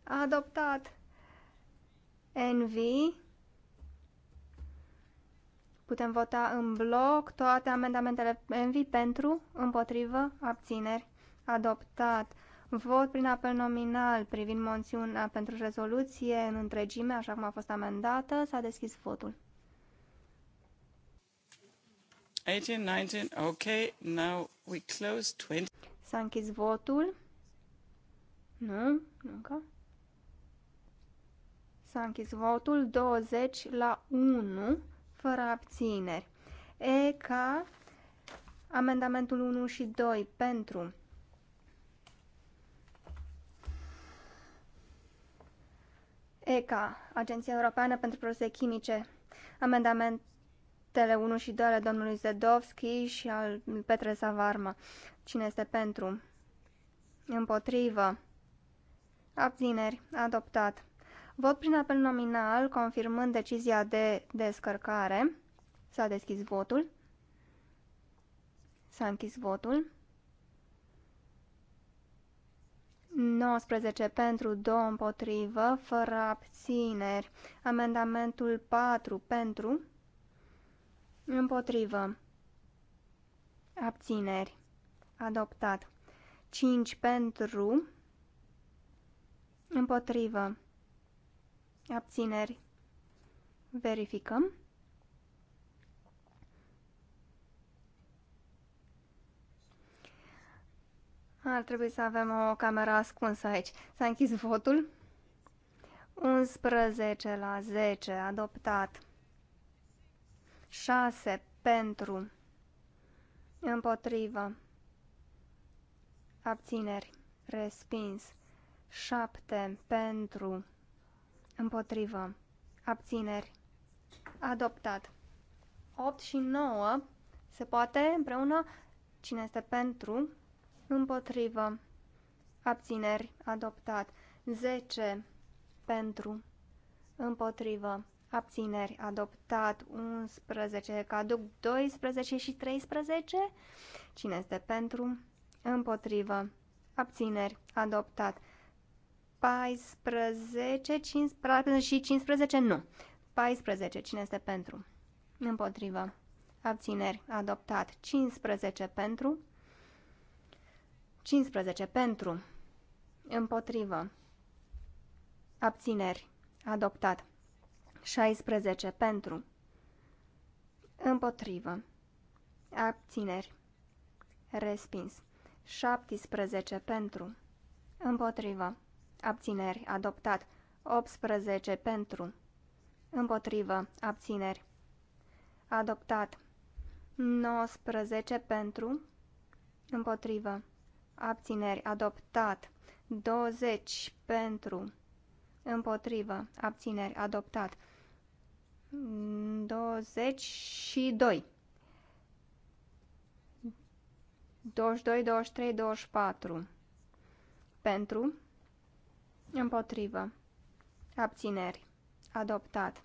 Adoptat. NV. Putem vota în bloc toate amendamentele NV pentru, împotrivă, abțineri. Adoptat. Vot prin apel nominal privind moțiunea pentru rezoluție în întregime, așa cum a fost amendată, s-a deschis votul. 18, 19, ok, now we close 20. S-a închis votul. Nu, nu încă. S-a închis votul 20 la 1, fără abțineri. E ca amendamentul 1 și 2 pentru ECA, Agenția Europeană pentru Produse Chimice, amendament Punctele 1 și 2 ale domnului Zedovski și al Petre Savarma. Cine este pentru? Împotrivă. Abțineri. Adoptat. Vot prin apel nominal, confirmând decizia de descărcare. S-a deschis votul. S-a închis votul. 19 pentru, 2 împotrivă, fără abțineri. Amendamentul 4 pentru, Împotrivă. Abțineri. Adoptat. 5 pentru. Împotrivă. Abțineri. Verificăm. Ar trebui să avem o cameră ascunsă aici. S-a închis votul. 11 la 10, adoptat. 6 pentru, împotrivă, abțineri, respins. 7 pentru, împotrivă, abțineri, adoptat. 8 și 9 se poate împreună cine este pentru, împotrivă, abțineri, adoptat. 10 pentru, împotrivă, abțineri adoptat 11, caduc 12 și 13. Cine este pentru? Împotrivă. Abțineri adoptat 14, 15 și 15 nu. 14. Cine este pentru? Împotrivă. Abțineri adoptat 15 pentru. 15 pentru. Împotrivă. Abțineri adoptat 16 pentru. Împotrivă. Abțineri. Respins. 17 pentru. Împotrivă. Abțineri. Adoptat. 18 pentru. Împotrivă. Abțineri. Adoptat. 19 pentru. Împotrivă. Abțineri. Adoptat. 20 pentru. Împotrivă. Abțineri. Adoptat. 22. 22, 23, 24. Pentru. Împotrivă. Abțineri. Adoptat.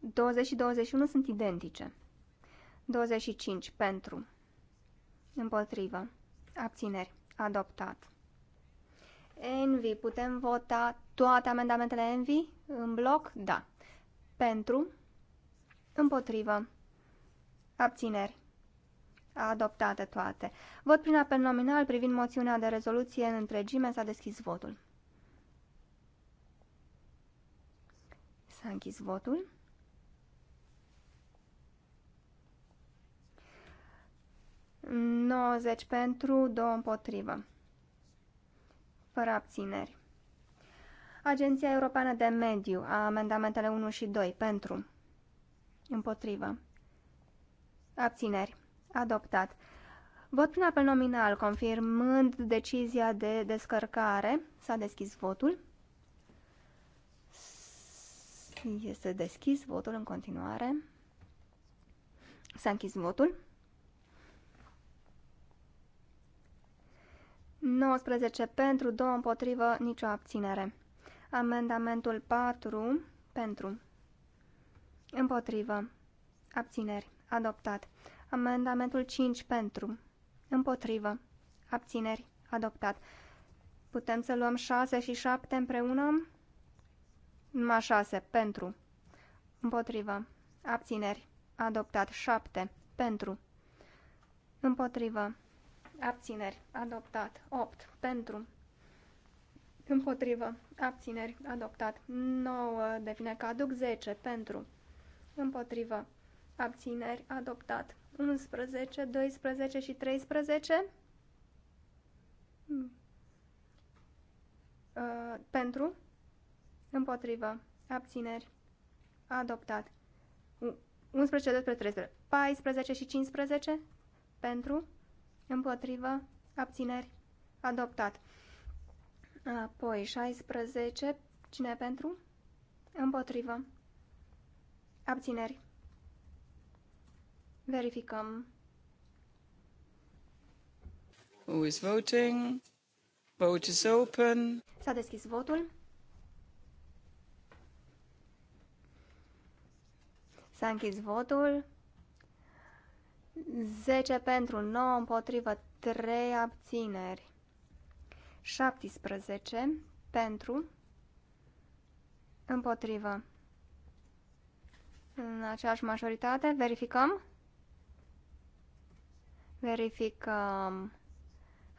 Douăzeci și douăzeci și unu sunt identice. Douăzeci și cinci. Pentru. Împotrivă. Abțineri. Adoptat. Envy, putem vota toate amendamentele Envy în bloc? Da. Pentru, împotrivă, abțineri. Adoptate toate. Vot prin apel nominal privind moțiunea de rezoluție în întregime. S-a deschis votul. S-a închis votul. Nouăzeci pentru, două împotrivă fără abțineri. Agenția Europeană de Mediu, a amendamentele 1 și 2, pentru, împotrivă, abțineri, adoptat. Vot prin apel nominal, confirmând decizia de descărcare, s-a deschis votul. Este deschis votul în continuare. S-a închis votul. 19 pentru, 2 împotrivă, nicio abținere. Amendamentul 4 pentru, împotrivă, abțineri, adoptat. Amendamentul 5 pentru, împotrivă, abțineri, adoptat. Putem să luăm 6 și 7 împreună? Numai 6 pentru, împotrivă, abțineri, adoptat. 7 pentru, împotrivă, abțineri, adoptat. 8 pentru, împotrivă, abțineri, adoptat. 9 devine caduc, 10 pentru, împotrivă, abțineri, adoptat. 11, 12 și 13 hmm. uh, pentru, împotrivă, abțineri, adoptat. 11, 12, 13, 14 și 15 pentru, împotrivă, abțineri, adoptat. Apoi 16, cine pentru, împotrivă, abțineri. Verificăm. Who is voting? Vote is open. S-a deschis votul. S-a închis votul. 10 pentru, 9 împotrivă, 3 abțineri. 17 pentru, împotrivă. În aceeași majoritate, verificăm? Verificăm.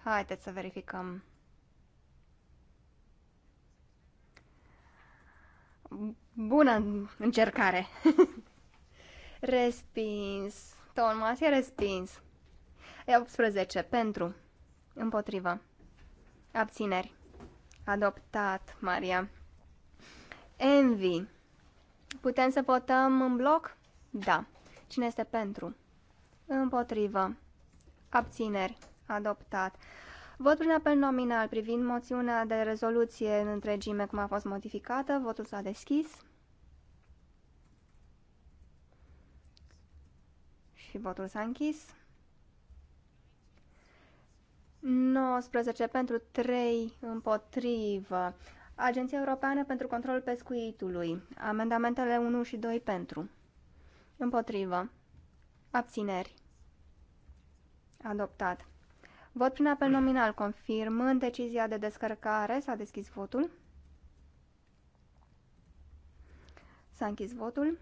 Haideți să verificăm. Bună încercare! Respins. Thomas e respins. E 18 pentru. Împotrivă. Abțineri. Adoptat, Maria. Envy. Putem să votăm în bloc? Da. Cine este pentru? Împotrivă. Abțineri. Adoptat. Vot prin apel nominal privind moțiunea de rezoluție în întregime cum a fost modificată. Votul s-a deschis. și votul s-a închis. 19 pentru 3 împotrivă. Agenția Europeană pentru Controlul Pescuitului. Amendamentele 1 și 2 pentru. Împotrivă. Abțineri. Adoptat. Vot prin apel nominal confirmând decizia de descărcare. S-a deschis votul. S-a închis votul.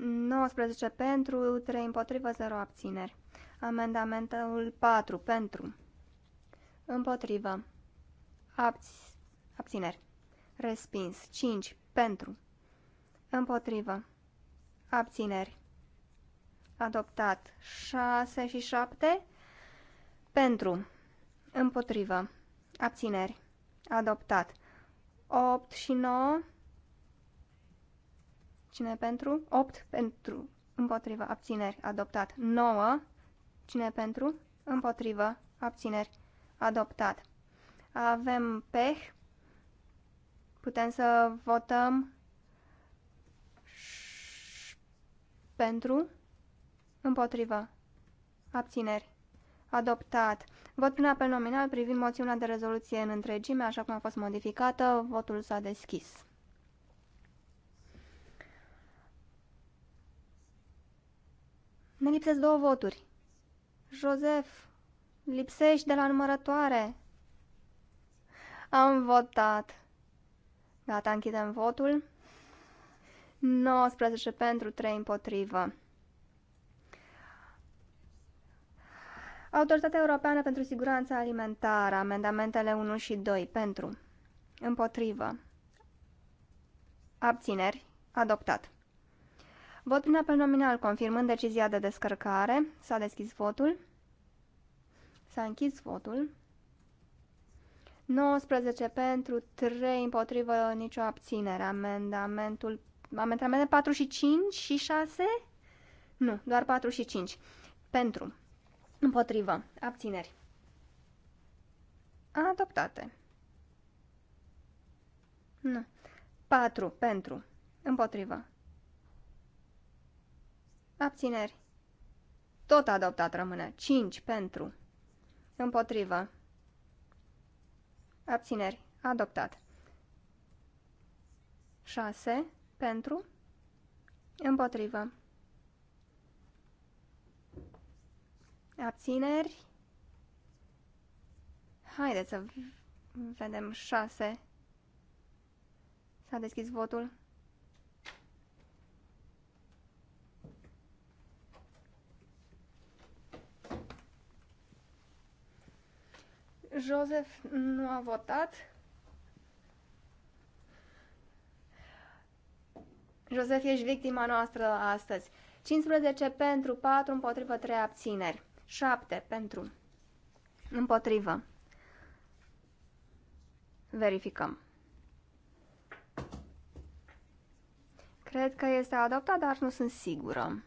19 pentru, 3 împotrivă, 0 abțineri. Amendamentul 4 pentru, împotrivă, Abț abțineri. Respins. 5 pentru, împotrivă, abțineri. Adoptat. 6 și 7 pentru, împotrivă, abțineri. Adoptat. 8 și 9 Cine pentru? 8 pentru. Împotrivă. Abțineri. Adoptat. 9. Cine pentru? Împotrivă. Abțineri. Adoptat. Avem PEH. Putem să votăm pentru. Împotrivă. Abțineri. Adoptat. Vot prin apel nominal privind moțiunea de rezoluție în întregime, așa cum a fost modificată. Votul s-a deschis. Ne lipsesc două voturi. Josef, lipsești de la numărătoare. Am votat. Gata, închidem votul. 19 pentru, 3 împotrivă. Autoritatea Europeană pentru Siguranța Alimentară, amendamentele 1 și 2 pentru, împotrivă, abțineri, adoptat. Vot prin apel nominal, confirmând decizia de descărcare. S-a deschis votul. S-a închis votul. 19 pentru, 3 împotrivă, nicio abținere. Amendamentul, amendamentul 4 și 5 și 6? Nu, doar 4 și 5. Pentru, împotrivă, abțineri. Adoptate. Nu. 4 pentru, împotrivă, Abțineri. Tot adoptat rămâne. 5 pentru. Împotrivă. Abțineri. Adoptat. 6 pentru. Împotrivă. Abțineri. Haideți să vedem 6. S-a deschis votul. Joseph nu a votat. Joseph, ești victima noastră astăzi. 15 pentru, 4 împotrivă, 3 abțineri. 7 pentru, împotrivă. Verificăm. Cred că este adoptat, dar nu sunt sigură.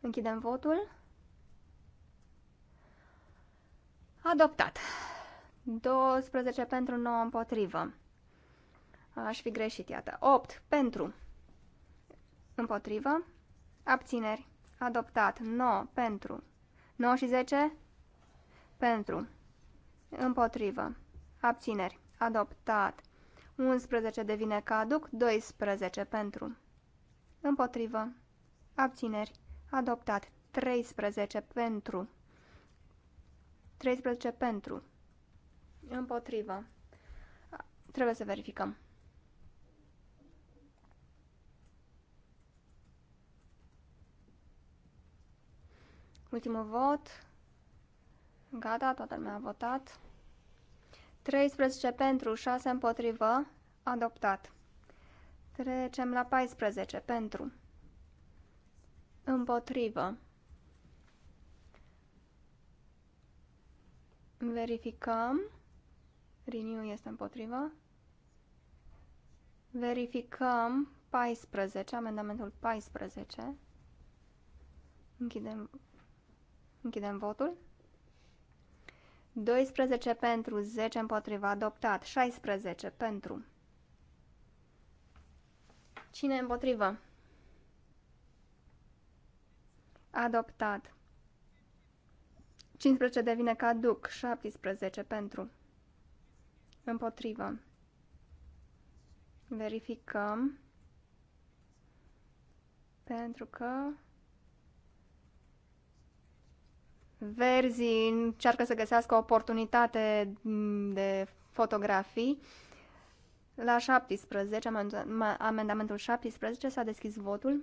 Închidem votul. Adoptat. 12 pentru 9 împotrivă. Aș fi greșit, iată. 8 pentru împotrivă. Abțineri. Adoptat. 9 pentru. 9 și 10 pentru. Împotrivă. Abțineri. Adoptat. 11 devine caduc. 12 pentru. Împotrivă. Abțineri. Adoptat. 13 pentru. 13 pentru. Împotrivă. Trebuie să verificăm. Ultimul vot. Gata, toată lumea a votat. 13 pentru, 6 împotrivă, adoptat. Trecem la 14 pentru. Împotrivă. Verificăm. Renew este împotrivă. Verificăm 14, amendamentul 14. Închidem, închidem votul. 12 pentru, 10 împotriva, adoptat. 16 pentru. Cine împotrivă? Adoptat. 15 devine caduc, 17 pentru. Împotrivă. Verificăm. Pentru că... Verzii încearcă să găsească o oportunitate de fotografii. La 17, amendamentul 17, s-a deschis votul.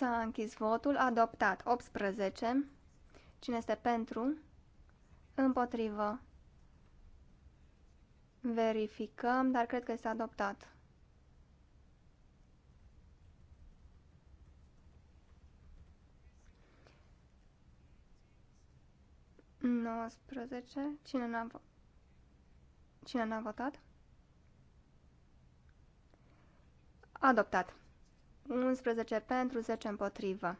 S-a închis votul. Adoptat. 18. Cine este pentru? Împotrivă. Verificăm, dar cred că este adoptat. Nouăsprezece. Cine n-a vo Cine n-a votat? Adoptat. 11 pentru, 10 împotrivă.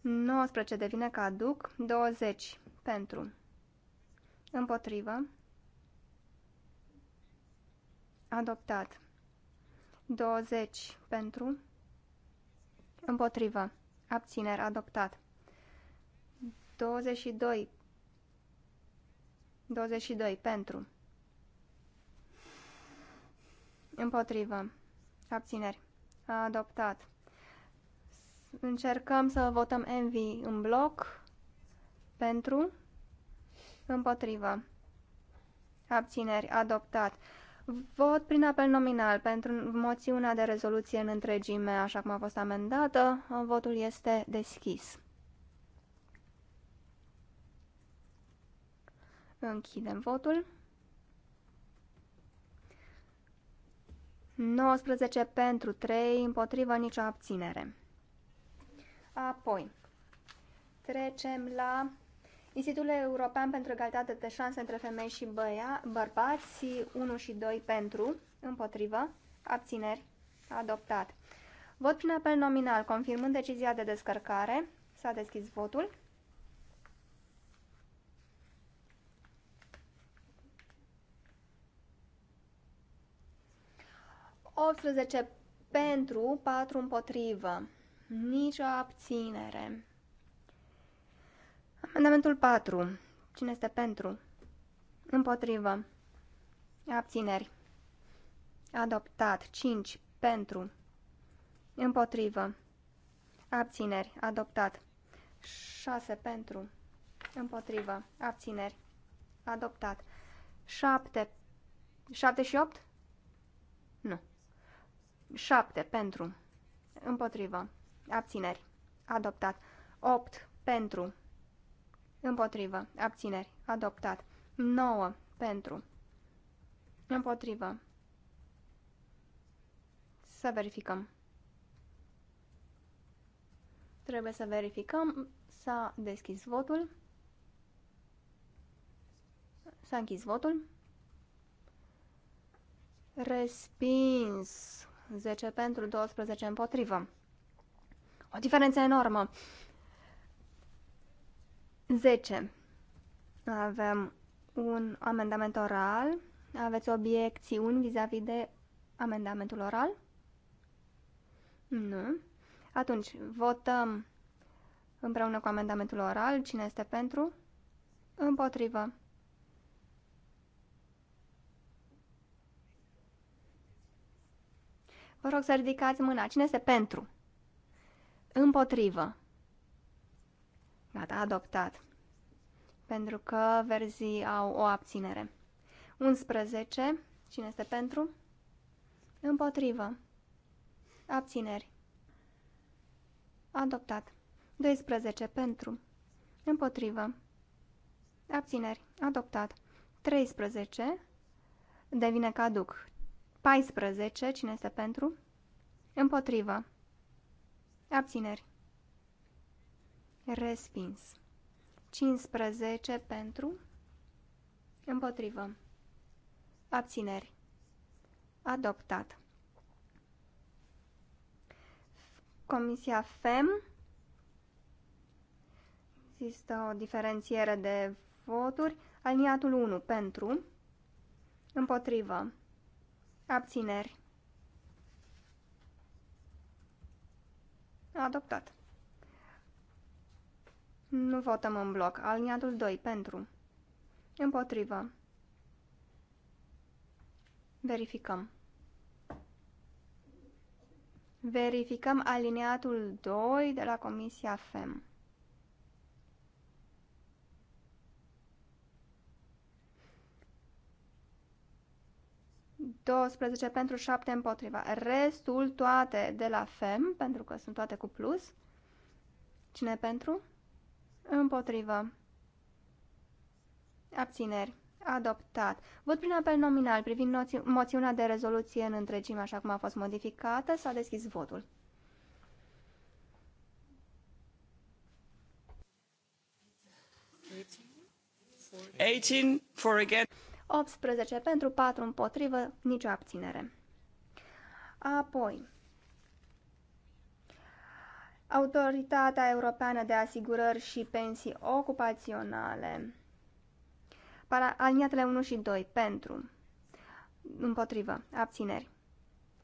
19 devine caduc, 20 pentru, împotrivă, adoptat. 20 pentru, împotrivă, abțineri, adoptat. 22 22 pentru, împotrivă, abțineri adoptat. Încercăm să votăm Envy în bloc pentru împotrivă. Abțineri adoptat. Vot prin apel nominal pentru moțiunea de rezoluție în întregime, așa cum a fost amendată. Votul este deschis. Închidem votul. 19 pentru 3, împotrivă nicio abținere. Apoi, trecem la Institutul European pentru Egalitate de Șanse între Femei și băia, Bărbați, 1 și 2 pentru, împotrivă, abțineri, adoptat. Vot prin apel nominal, confirmând decizia de descărcare, s-a deschis votul. 18 pentru, 4 împotrivă. Nici o abținere. Amendamentul 4. Cine este pentru? Împotrivă. Abțineri. Adoptat. 5. Pentru. Împotrivă. Abțineri. Adoptat. 6. Pentru. Împotrivă. Abțineri. Adoptat. 7. 7 și 8? Nu. 7 pentru, împotrivă, abțineri, adoptat. 8 pentru, împotrivă, abțineri, adoptat. 9 pentru, împotrivă. Să verificăm. Trebuie să verificăm. S-a deschis votul. S-a închis votul. Respins. 10 pentru, 12 împotrivă. O diferență enormă. 10. Avem un amendament oral. Aveți obiecțiuni vis-a-vis -vis de amendamentul oral? Nu. Atunci, votăm împreună cu amendamentul oral. Cine este pentru? Împotrivă. Vă rog să ridicați mâna. Cine este pentru? Împotrivă. Gata, adoptat. Pentru că verzii au o abținere. 11. Cine este pentru? Împotrivă. Abțineri. Adoptat. 12. Pentru. Împotrivă. Abțineri. Adoptat. 13. Devine caduc. 14. Cine este pentru? Împotrivă. Abțineri. Respins. 15 pentru. Împotrivă. Abțineri. Adoptat. Comisia FEM. Există o diferențiere de voturi. Aliniatul 1 pentru. Împotrivă. Abțineri. Adoptat. Nu votăm în bloc. Aliniatul 2. Pentru. Împotrivă. Verificăm. Verificăm aliniatul 2 de la Comisia FEM. 12 pentru 7 împotriva. Restul toate de la FEM, pentru că sunt toate cu plus. Cine pentru? Împotrivă. Abțineri. Adoptat. Vot prin apel nominal privind moțiunea de rezoluție în întregime așa cum a fost modificată. S-a deschis votul. Eighteen for again. 18 pentru 4 împotrivă, nicio abținere. Apoi, Autoritatea Europeană de Asigurări și Pensii Ocupaționale, para, aliniatele 1 și 2, pentru, împotrivă, abțineri,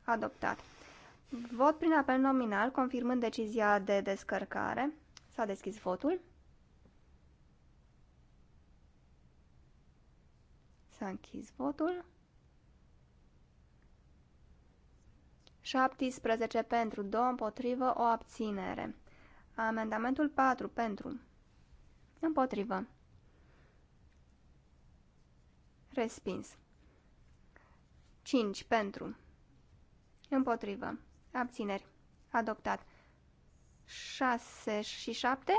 adoptat. Vot prin apel nominal, confirmând decizia de descărcare. S-a deschis votul. S-a închis votul. 17 pentru, 2 împotrivă, o abținere. Amendamentul 4 pentru, împotrivă. Respins. 5 pentru, împotrivă, abțineri, adoptat. 6 și 7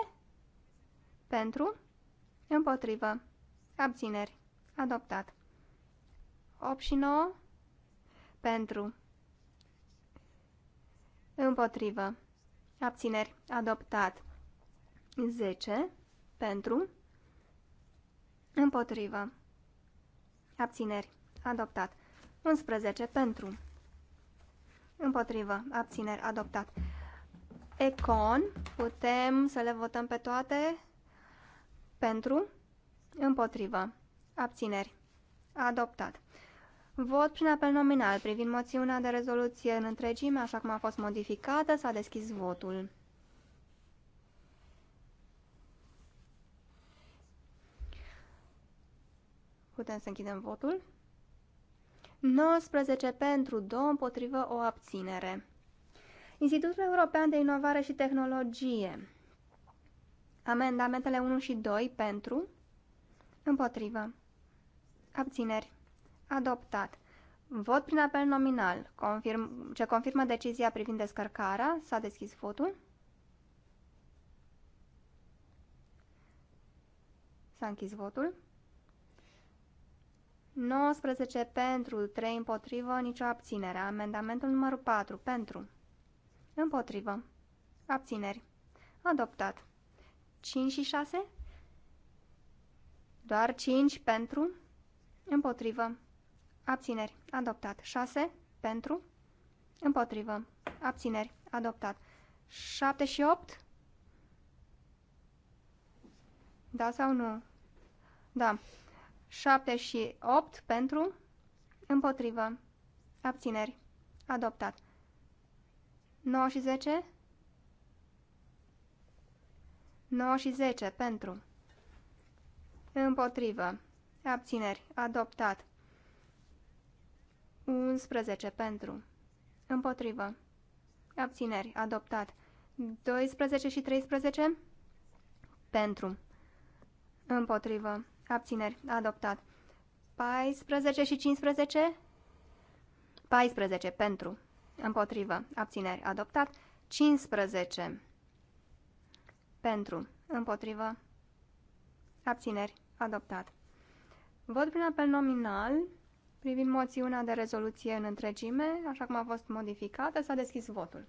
pentru, împotrivă, abțineri, Adoptat. 8 și 9. Pentru. Împotrivă. Abțineri. Adoptat. 10. Pentru. Împotrivă. Abțineri. Adoptat. 11. Pentru. Împotrivă. Abțineri. Adoptat. Econ. Putem să le votăm pe toate. Pentru. Împotrivă. Abțineri. Adoptat. Vot prin apel nominal privind moțiunea de rezoluție în întregime, așa cum a fost modificată, s-a deschis votul. Putem să închidem votul. 19 pentru, 2 împotrivă, o abținere. Institutul European de Inovare și Tehnologie. Amendamentele 1 și 2 pentru, împotrivă, Abțineri. Adoptat. Vot prin apel nominal. Confirm, ce confirmă decizia privind descărcarea. S-a deschis votul. S-a închis votul. 19 pentru, 3 împotrivă, nicio abținere. Amendamentul numărul 4 pentru. Împotrivă. Abțineri. Adoptat. 5 și 6? Doar 5 pentru? Împotrivă. Abțineri. Adoptat. 6. Pentru. Împotrivă. Abțineri. Adoptat. 7 și 8. Da sau nu? Da. 7 și 8 pentru. Împotrivă. Abțineri. Adoptat. 9 și 10. 9 și 10 pentru. Împotrivă. Abțineri. Adoptat. 11 pentru. Împotrivă. Abțineri. Adoptat. 12 și 13? Pentru. Împotrivă. Abțineri. Adoptat. 14 și 15? 14. Pentru. Împotrivă. Abțineri. Adoptat. 15. Pentru. Împotrivă. Abțineri. Adoptat. Vot prin apel nominal privind moțiunea de rezoluție în întregime, așa cum a fost modificată, s-a deschis votul.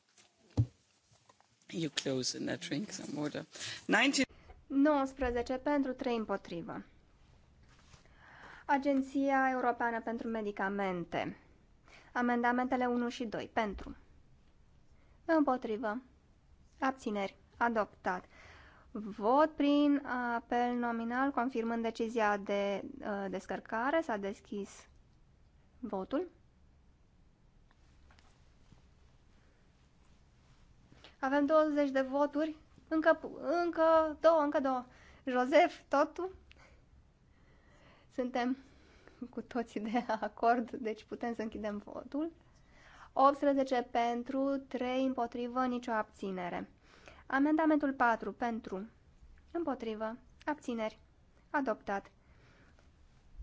You close and that drink some order. 19... 19 pentru 3 împotrivă. Agenția Europeană pentru Medicamente. Amendamentele 1 și 2 pentru. Împotrivă. Abțineri. Adoptat. Vot prin apel nominal, confirmând decizia de uh, descărcare. S-a deschis votul. Avem 20 de voturi. Încă, încă două, încă două. Josef, totul. Suntem cu toții de acord, deci putem să închidem votul. 18 pentru, 3 împotrivă, nicio abținere. Amendamentul 4. Pentru. Împotrivă. Abțineri. Adoptat.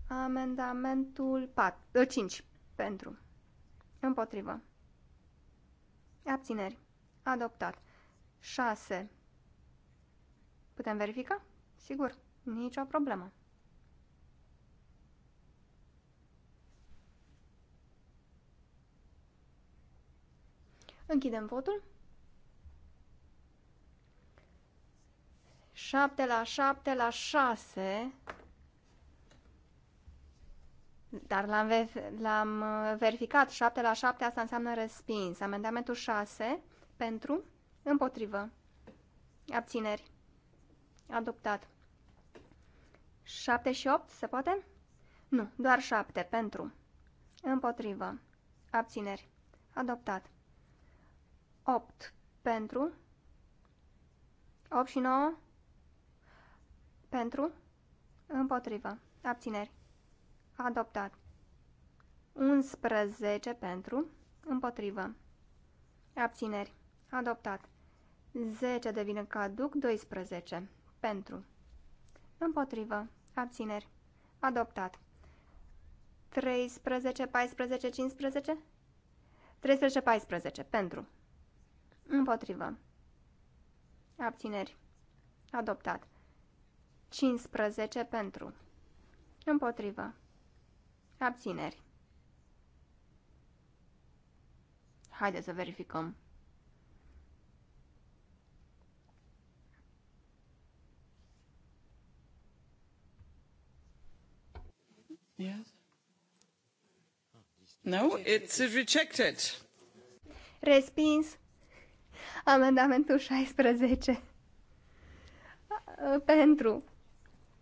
Amendamentul 4, 5. Ă, pentru. Împotrivă. Abțineri. Adoptat. 6. Putem verifica? Sigur. Nicio problemă. Închidem votul. 7 la 7 la 6, dar l-am, uh, verificat, 7 la 7 asta înseamnă respins. Amendamentul 6 pentru, împotrivă, abțineri, adoptat. 7 și 8 se poate? Nu, doar 7 pentru, împotrivă, abțineri, adoptat. 8 pentru, 8 și 9 pentru. Împotrivă. Abțineri. Adoptat. 11 pentru. Împotrivă. Abțineri. Adoptat. 10 devine caduc. 12. Pentru. Împotrivă. Abțineri. Adoptat. 13, 14, 15? 13, 14. Pentru. Împotrivă. Abțineri. Adoptat. 15 pentru. Împotrivă. Abțineri. Haide să verificăm. Yes. No, it's rejected. Respins amendamentul 16. Pentru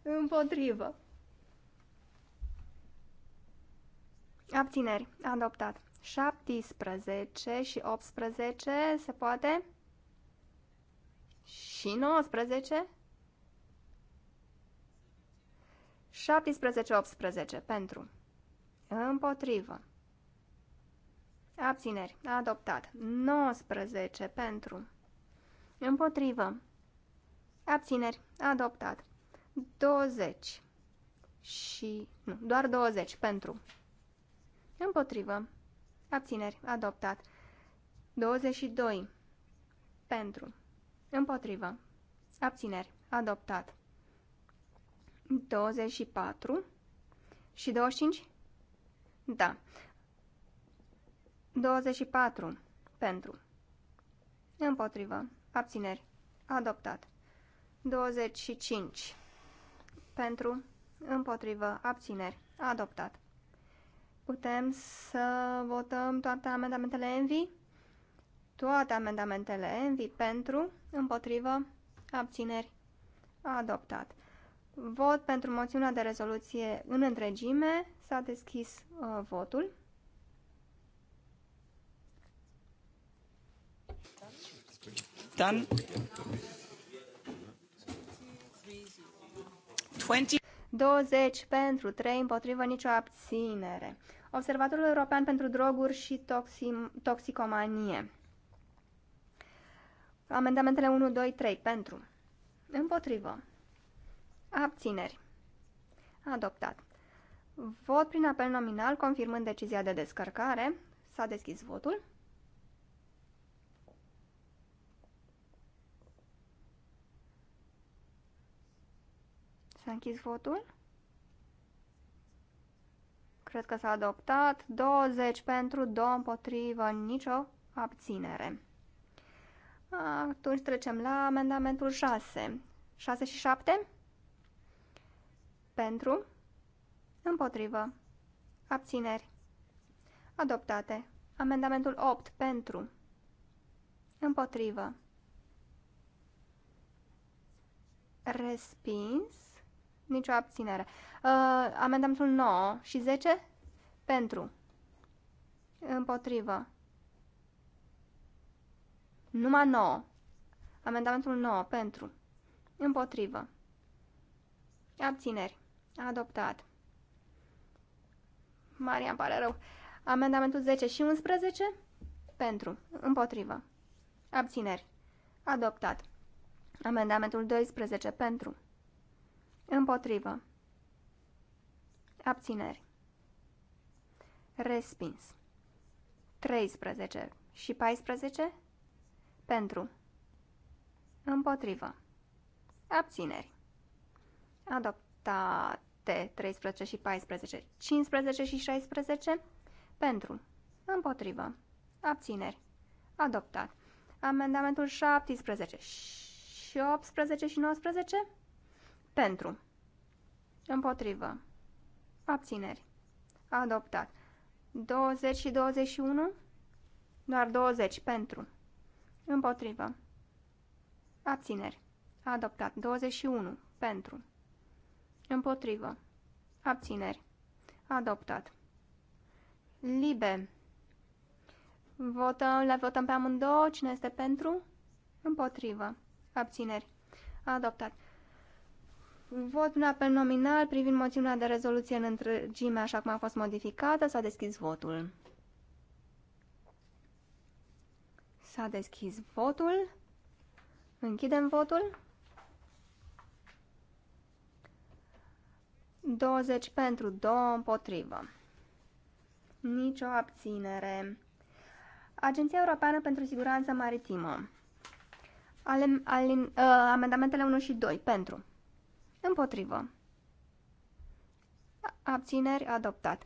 Împotrivă. Abțineri. Adoptat. 17 și 18 se poate? Și 19? 17-18 pentru. Împotrivă. Abțineri. Adoptat. 19 pentru. Împotrivă. Abțineri. Adoptat. 20 și... Nu, doar 20 pentru. Împotrivă. Abțineri. Adoptat. 22 pentru. Împotrivă. Abțineri. Adoptat. 24 și 25? Da. 24 pentru. Împotrivă. Abțineri. Adoptat. 25 pentru, împotrivă, abțineri, adoptat. Putem să votăm toate amendamentele Envi? Toate amendamentele Envi pentru, împotrivă, abțineri, adoptat. Vot pentru moțiunea de rezoluție în întregime. S-a deschis uh, votul. Dan. 20. 20 pentru, 3 împotrivă, nicio abținere. Observatorul European pentru Droguri și toxim, Toxicomanie. Amendamentele 1, 2, 3 pentru, împotrivă, abțineri. Adoptat. Vot prin apel nominal confirmând decizia de descărcare. S-a deschis votul. S-a închis votul. Cred că s-a adoptat. 20 pentru, 2 împotrivă, nicio abținere. Atunci trecem la amendamentul 6. 6 și 7? Pentru, împotrivă, abțineri, adoptate. Amendamentul 8 pentru, împotrivă, respins. Nicio abținere. Uh, amendamentul 9 și 10 pentru. Împotrivă. Numai 9. Amendamentul 9 pentru. Împotrivă. Abțineri. Adoptat. Maria, îmi pare rău. Amendamentul 10 și 11 pentru. Împotrivă. Abțineri. Adoptat. Amendamentul 12 pentru. Împotrivă. Abțineri. Respins. 13 și 14. Pentru. Împotrivă. Abțineri. Adoptate 13 și 14. 15 și 16. Pentru. Împotrivă. Abțineri. Adoptat. Amendamentul 17 și 18 și 19. Pentru. Împotrivă. Abțineri. Adoptat. 20 și 21? Doar 20. Pentru. Împotrivă. Abțineri. Adoptat. 21. Pentru. Împotrivă. Abțineri. Adoptat. Libe. Votăm, le votăm pe amândouă. Cine este pentru? Împotrivă. Abțineri. Adoptat. Vot la apel nominal privind moțiunea de rezoluție în întregime, așa cum a fost modificată. S-a deschis votul. S-a deschis votul. Închidem votul. 20 pentru 2 împotrivă. Nicio abținere. Agenția Europeană pentru Siguranță Maritimă. Ale, ale, uh, amendamentele 1 și 2 pentru. Împotrivă. Abțineri adoptat.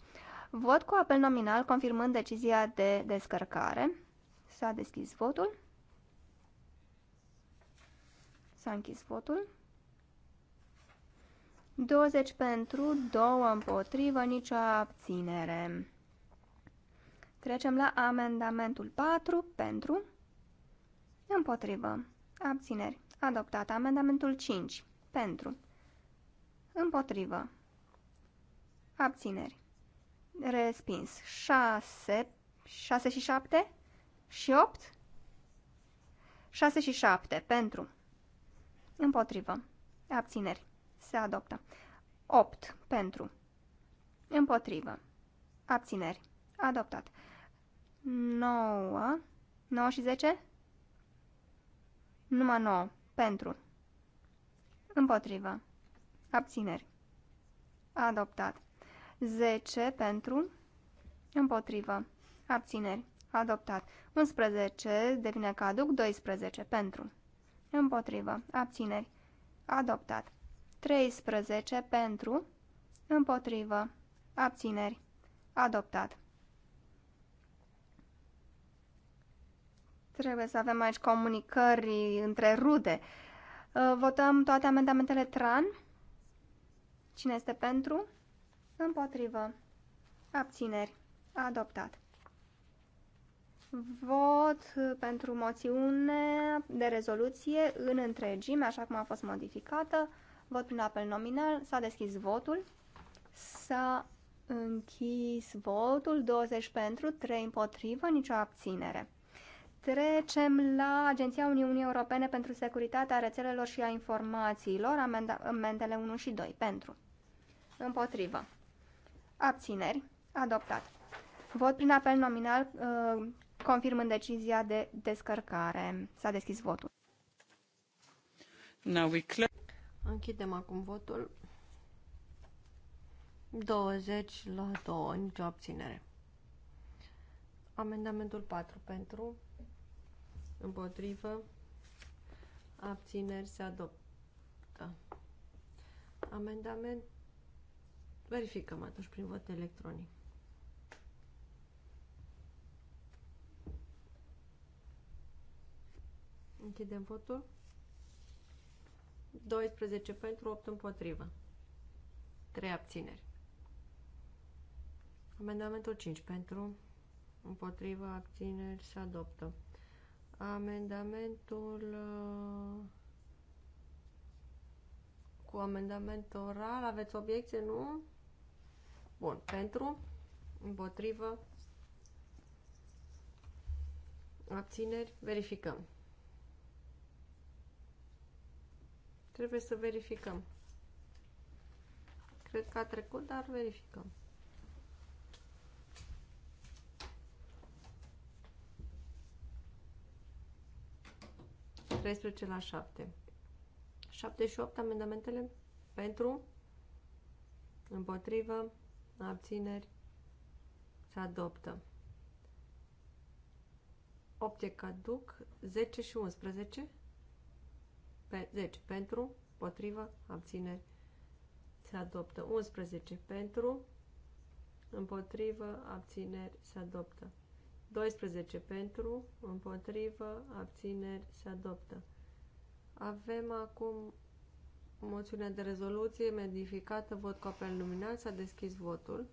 Vot cu apel nominal confirmând decizia de descărcare. S-a deschis votul. S-a închis votul. 20 pentru, 2 împotrivă, nicio abținere. Trecem la amendamentul 4 pentru, împotrivă, abțineri. Adoptat amendamentul 5 pentru, Împotrivă. Abțineri. Respins. 6, 6 și 7 și 8. 6 și 7 pentru. Împotrivă. Abțineri. Se adoptă. 8 pentru. Împotrivă. Abțineri. Adoptat. 9. 9 și 10? Numai 9. Pentru. Împotrivă. Abțineri. Adoptat. 10 pentru. Împotrivă. Abțineri. Adoptat. 11 devine caduc. 12 pentru. Împotrivă. Abțineri. Adoptat. 13 pentru. Împotrivă. Abțineri. Adoptat. Trebuie să avem aici comunicări între rude. Votăm toate amendamentele TRAN. Cine este pentru? Împotrivă. Abțineri. Adoptat. Vot pentru moțiune de rezoluție în întregime, așa cum a fost modificată. Vot prin apel nominal. S-a deschis votul. S-a închis votul. 20 pentru, 3 împotrivă, nicio abținere. Trecem la Agenția Uniunii Europene pentru Securitatea Rețelelor și a Informațiilor, amendele 1 și 2. Pentru. Împotrivă. Abțineri. Adoptat. Vot prin apel nominal, uh, confirmând decizia de descărcare. S-a deschis votul. Now we Închidem acum votul. 20 la 2, nicio abținere. Amendamentul 4 pentru, împotrivă, abțineri se adoptă. Amendament Verificăm atunci prin vot electronic. Închidem votul. 12 pentru, 8 împotrivă. 3 abțineri. Amendamentul 5 pentru, împotrivă, abțineri, se adoptă. Amendamentul uh, cu amendament oral aveți obiecție, nu? Bun, pentru, împotrivă, abțineri, verificăm. Trebuie să verificăm. Cred că a trecut, dar verificăm. Treisprezece la 7. 78 amendamentele pentru, împotrivă, abțineri, se adoptă. 8 e caduc, 10 și 11, pe, 10 pentru, potrivă, abțineri, se adoptă. 11 pentru, împotrivă, abțineri, se adoptă. 12 pentru, împotrivă, abțineri, se adoptă. Avem acum Moțiunea de rezoluție modificată, vot cu apel nominal, s-a deschis votul.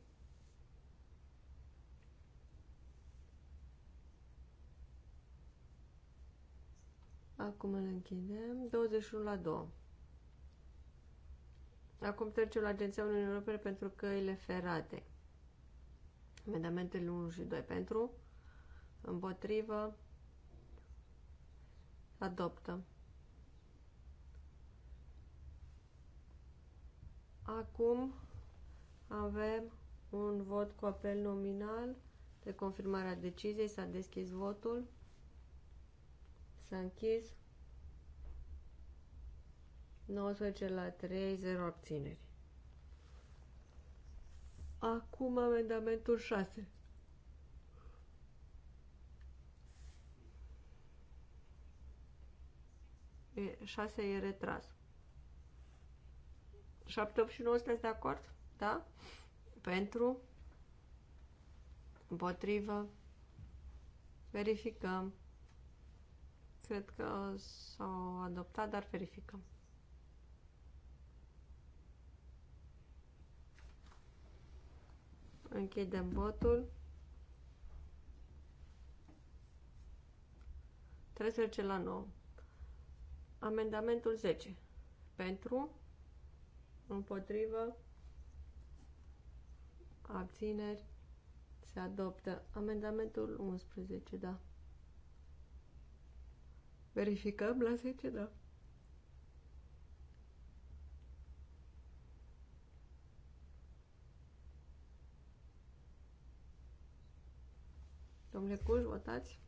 Acum îl închidem. 21 la 2. Acum trecem la Agenția Uniunii Europene pentru căile ferate. Amendamentele 1 și 2 pentru, împotrivă, adoptă. Acum avem un vot cu apel nominal de confirmare a deciziei. S-a deschis votul. S-a închis. 19 la 3, 0 abțineri. Acum amendamentul 6. E, 6 e retras. 7, 8 și 9 sunteți de acord? Da? Pentru? Împotrivă? Verificăm. Cred că s-au adoptat, dar verificăm. Închidem botul. Trebuie să la 9. Amendamentul 10. Pentru? împotrivă, abțineri, se adoptă. Amendamentul 11, da. Verificăm la 10, da. Domnule Cuj, votați.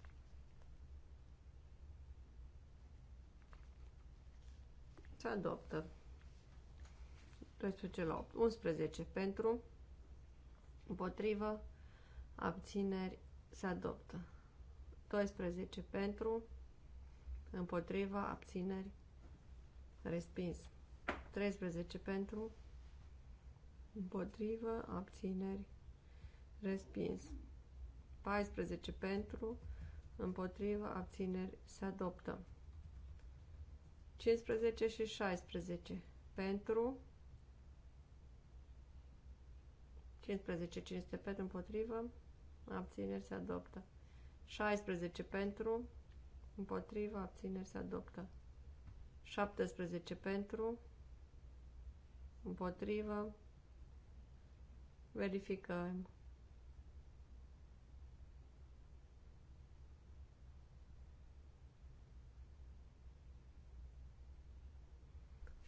Se adoptă. 12 la 8. 11 pentru, împotrivă, abțineri, se adoptă. 12 pentru, împotrivă, abțineri, respins. 13 pentru, împotrivă, abțineri, respins. 14 pentru, împotrivă, abțineri, se adoptă. 15 și 16 pentru, 15. Cine este pentru împotrivă? Abțineri se adoptă. 16 pentru, împotrivă, abțineri se adoptă. 17 pentru, împotrivă, verificăm.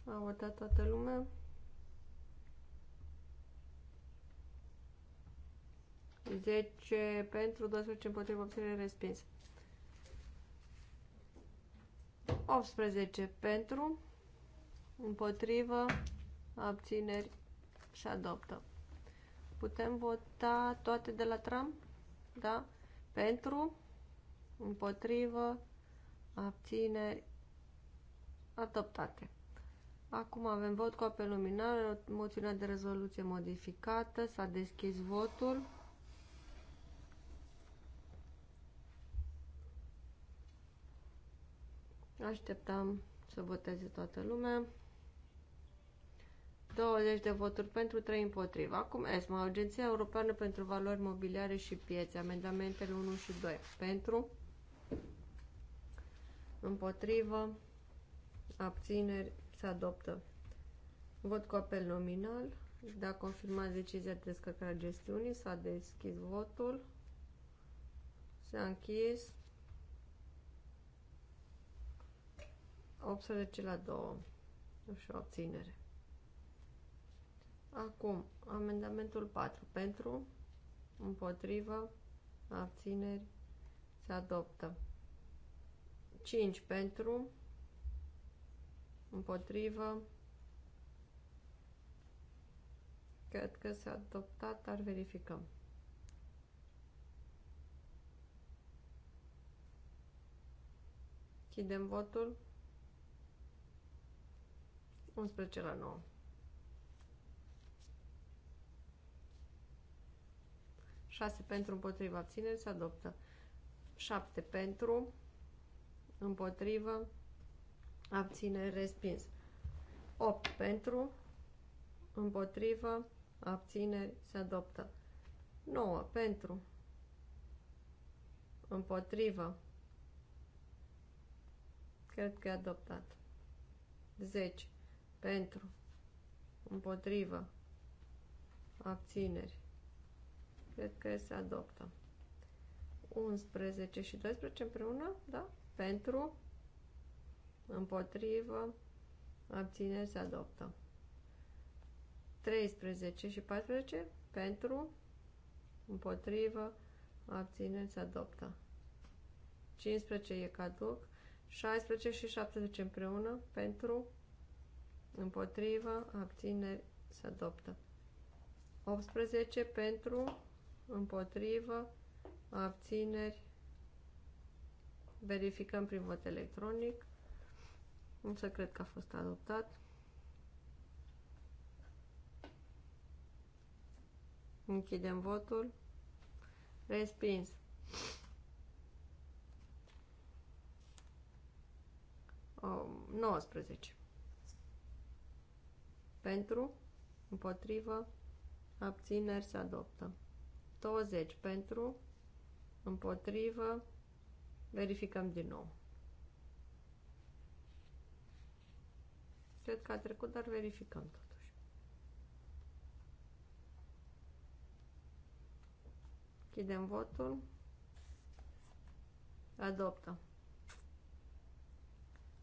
A votat toată lumea. 10 pentru, 12 împotriva, obținere respins. 18 pentru, împotrivă, abțineri și adoptă. Putem vota toate de la tram? Da? Pentru, împotrivă, abțineri, adoptate. Acum avem vot cu apel nominal, moțiunea de rezoluție modificată, s-a deschis votul. Așteptam să voteze toată lumea. 20 de voturi pentru, 3 împotriva. Acum ESMA, Agenția Europeană pentru Valori Mobiliare și Piețe, amendamentele 1 și 2. Pentru, împotrivă, abțineri, se adoptă. Vot cu apel nominal. Dacă confirma decizia de descărcare a gestiunii, s-a deschis votul, s-a închis 18 la 2 și o obținere. Acum, amendamentul 4. Pentru, împotrivă, abțineri, se adoptă. 5 pentru, împotrivă, cred că s-a adoptat, dar verificăm. Chidem votul. 11 la 9. Șase pentru împotriva abțineri se adoptă. 7 pentru împotrivă abține, respins. 8 pentru împotrivă abține, se adoptă. 9 pentru împotrivă cred că e adoptat. 10 pentru, împotrivă, abțineri. Cred că se adoptă. 11 și 12 împreună, da? Pentru, împotrivă, abțineri se adoptă. 13 și 14 pentru, împotrivă, abțineri se adoptă. 15 e caduc, 16 și 17 împreună pentru, împotrivă, abțineri, se adoptă. 18 pentru, împotrivă, abțineri, verificăm prin vot electronic, se cred că a fost adoptat. Închidem votul. Respins. 19 pentru, împotrivă, abțineri se adoptă. 20 pentru, împotrivă, verificăm din nou. Cred că a trecut, dar verificăm totuși. Chidem votul. Adoptă.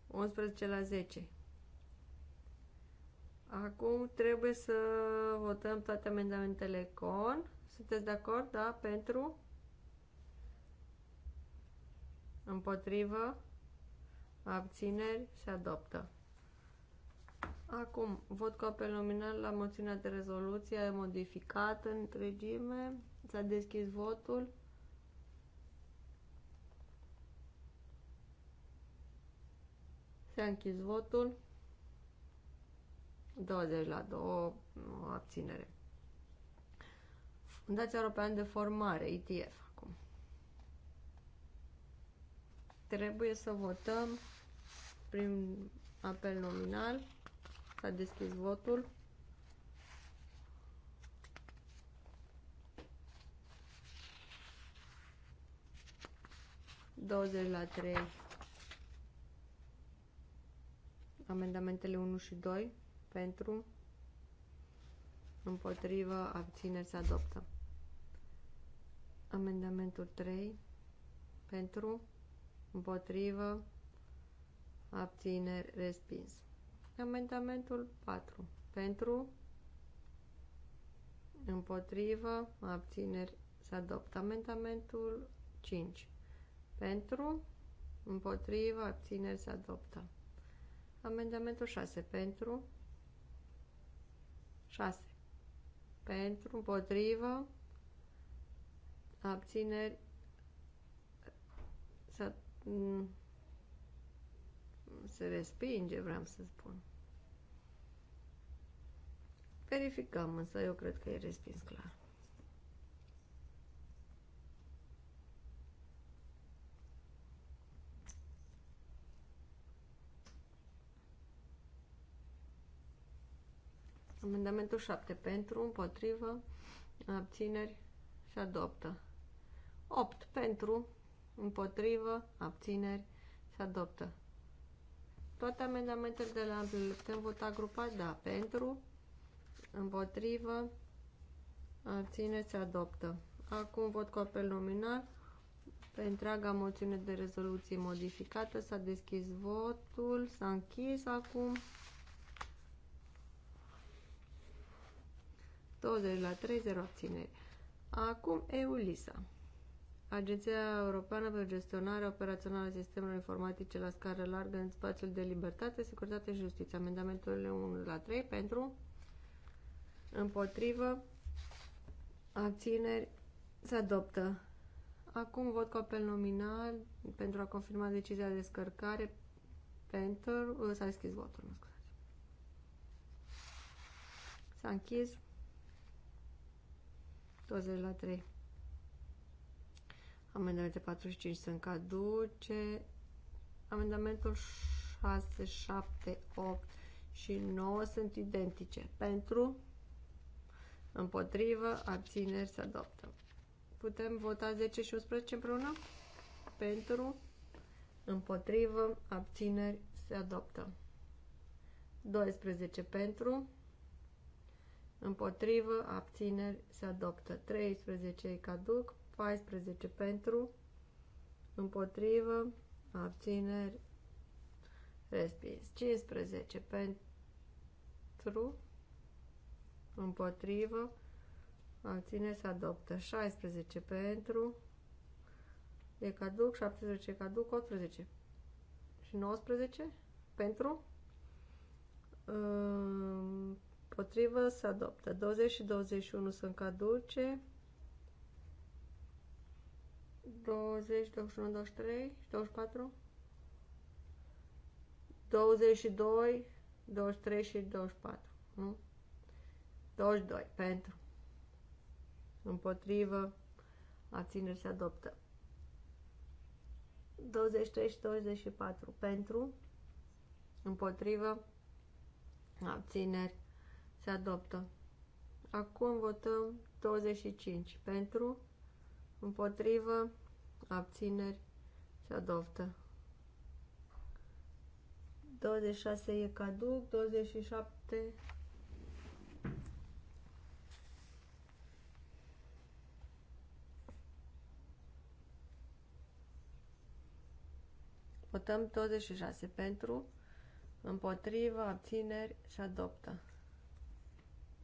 11 la 10. Acum trebuie să votăm toate amendamentele CON. Sunteți de acord? Da? Pentru? Împotrivă? Abțineri? Se adoptă. Acum, vot cu apel nominal la moțiunea de rezoluție modificată în întregime. S-a deschis votul. S-a închis votul. 20 la 2, abținere. Fundația Europeană de Formare, ETF, acum. Trebuie să votăm prin apel nominal. S-a deschis votul. Douăzeci la trei. Amendamentele 1 și 2 pentru, împotrivă, abțineri se adoptă. Amendamentul 3 pentru, împotrivă, abțineri respins. Amendamentul 4 pentru, împotrivă, abțineri se adoptă. Amendamentul 5 pentru, împotrivă, abțineri se adoptă. Amendamentul 6 pentru, 6. Pentru, împotrivă, abțineri, să, mm, se respinge, vreau să spun. Verificăm, însă eu cred că e respins clar. Amendamentul 7 pentru, împotrivă, abțineri și adoptă. 8 pentru, împotrivă, abțineri și adoptă. Toate amendamentele de la le putem vota grupat? Da. Pentru, împotrivă, abțineri se adoptă. Acum vot cu apel nominal. Pe întreaga moțiune de rezoluție modificată s-a deschis votul, s-a închis acum. 20 la 3, 0 abțineri. Acum EULISA, Agenția Europeană pentru Gestionarea Operațională a Sistemelor Informatice la scară largă în spațiul de libertate, securitate și justiție. Amendamenturile 1 la 3 pentru, împotrivă, abțineri, se adoptă. Acum vot cu apel nominal pentru a confirma decizia de scărcare pentru... S-a deschis votul, mă scuzați. S-a închis. 20 la 3. Amendamente 45 sunt caduce. Amendamentul 6, 7, 8 și 9 sunt identice. Pentru, împotrivă, abțineri se adoptă. Putem vota 10 și 11 împreună? Pentru, împotrivă, abțineri se adoptă. 12 pentru, împotrivă, abțineri, se adoptă. 13 îi caduc, 14 pentru, împotrivă, abțineri, respins. 15 pentru, împotrivă, abțineri, se adoptă. 16 pentru, e caduc, 17 caduc, 18 și 19 pentru, împotrivă, se adoptă. 20 și 21 sunt caduce. 20, 21, 23 24. 22, 23 și 24. Nu? 22 pentru. Împotrivă, abțineri se adoptă. 23 și 24 pentru. Împotrivă, abțineri se adoptă. Acum votăm 25. Pentru, împotrivă, abțineri, se adoptă. 26 e caduc, 27 Votăm 26 pentru, împotrivă, abțineri și adoptă.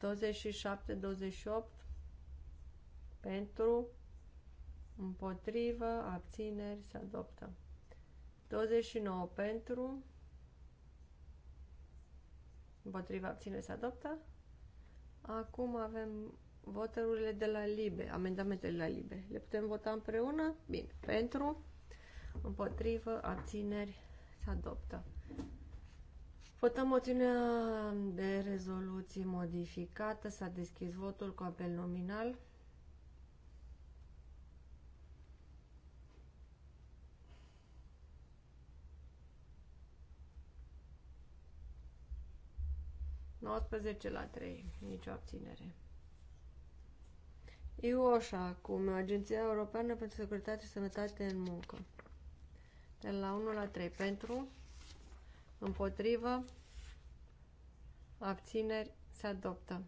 27-28 pentru, împotrivă, abțineri, se adoptă. 29 pentru, împotrivă, abțineri, se adoptă. Acum avem votărurile de la LIBE, amendamentele la LIBE. Le putem vota împreună? Bine. Pentru, împotrivă, abțineri, se adoptă. Votăm moțiunea de rezoluție modificată. S-a deschis votul cu apel nominal. Nouăsprezece la 3, nicio abținere. IOSHA, acum, Agenția Europeană pentru Securitate și Sănătate în Muncă. De la 1 la 3, pentru... Împotrivă. Abțineri. Se adoptă.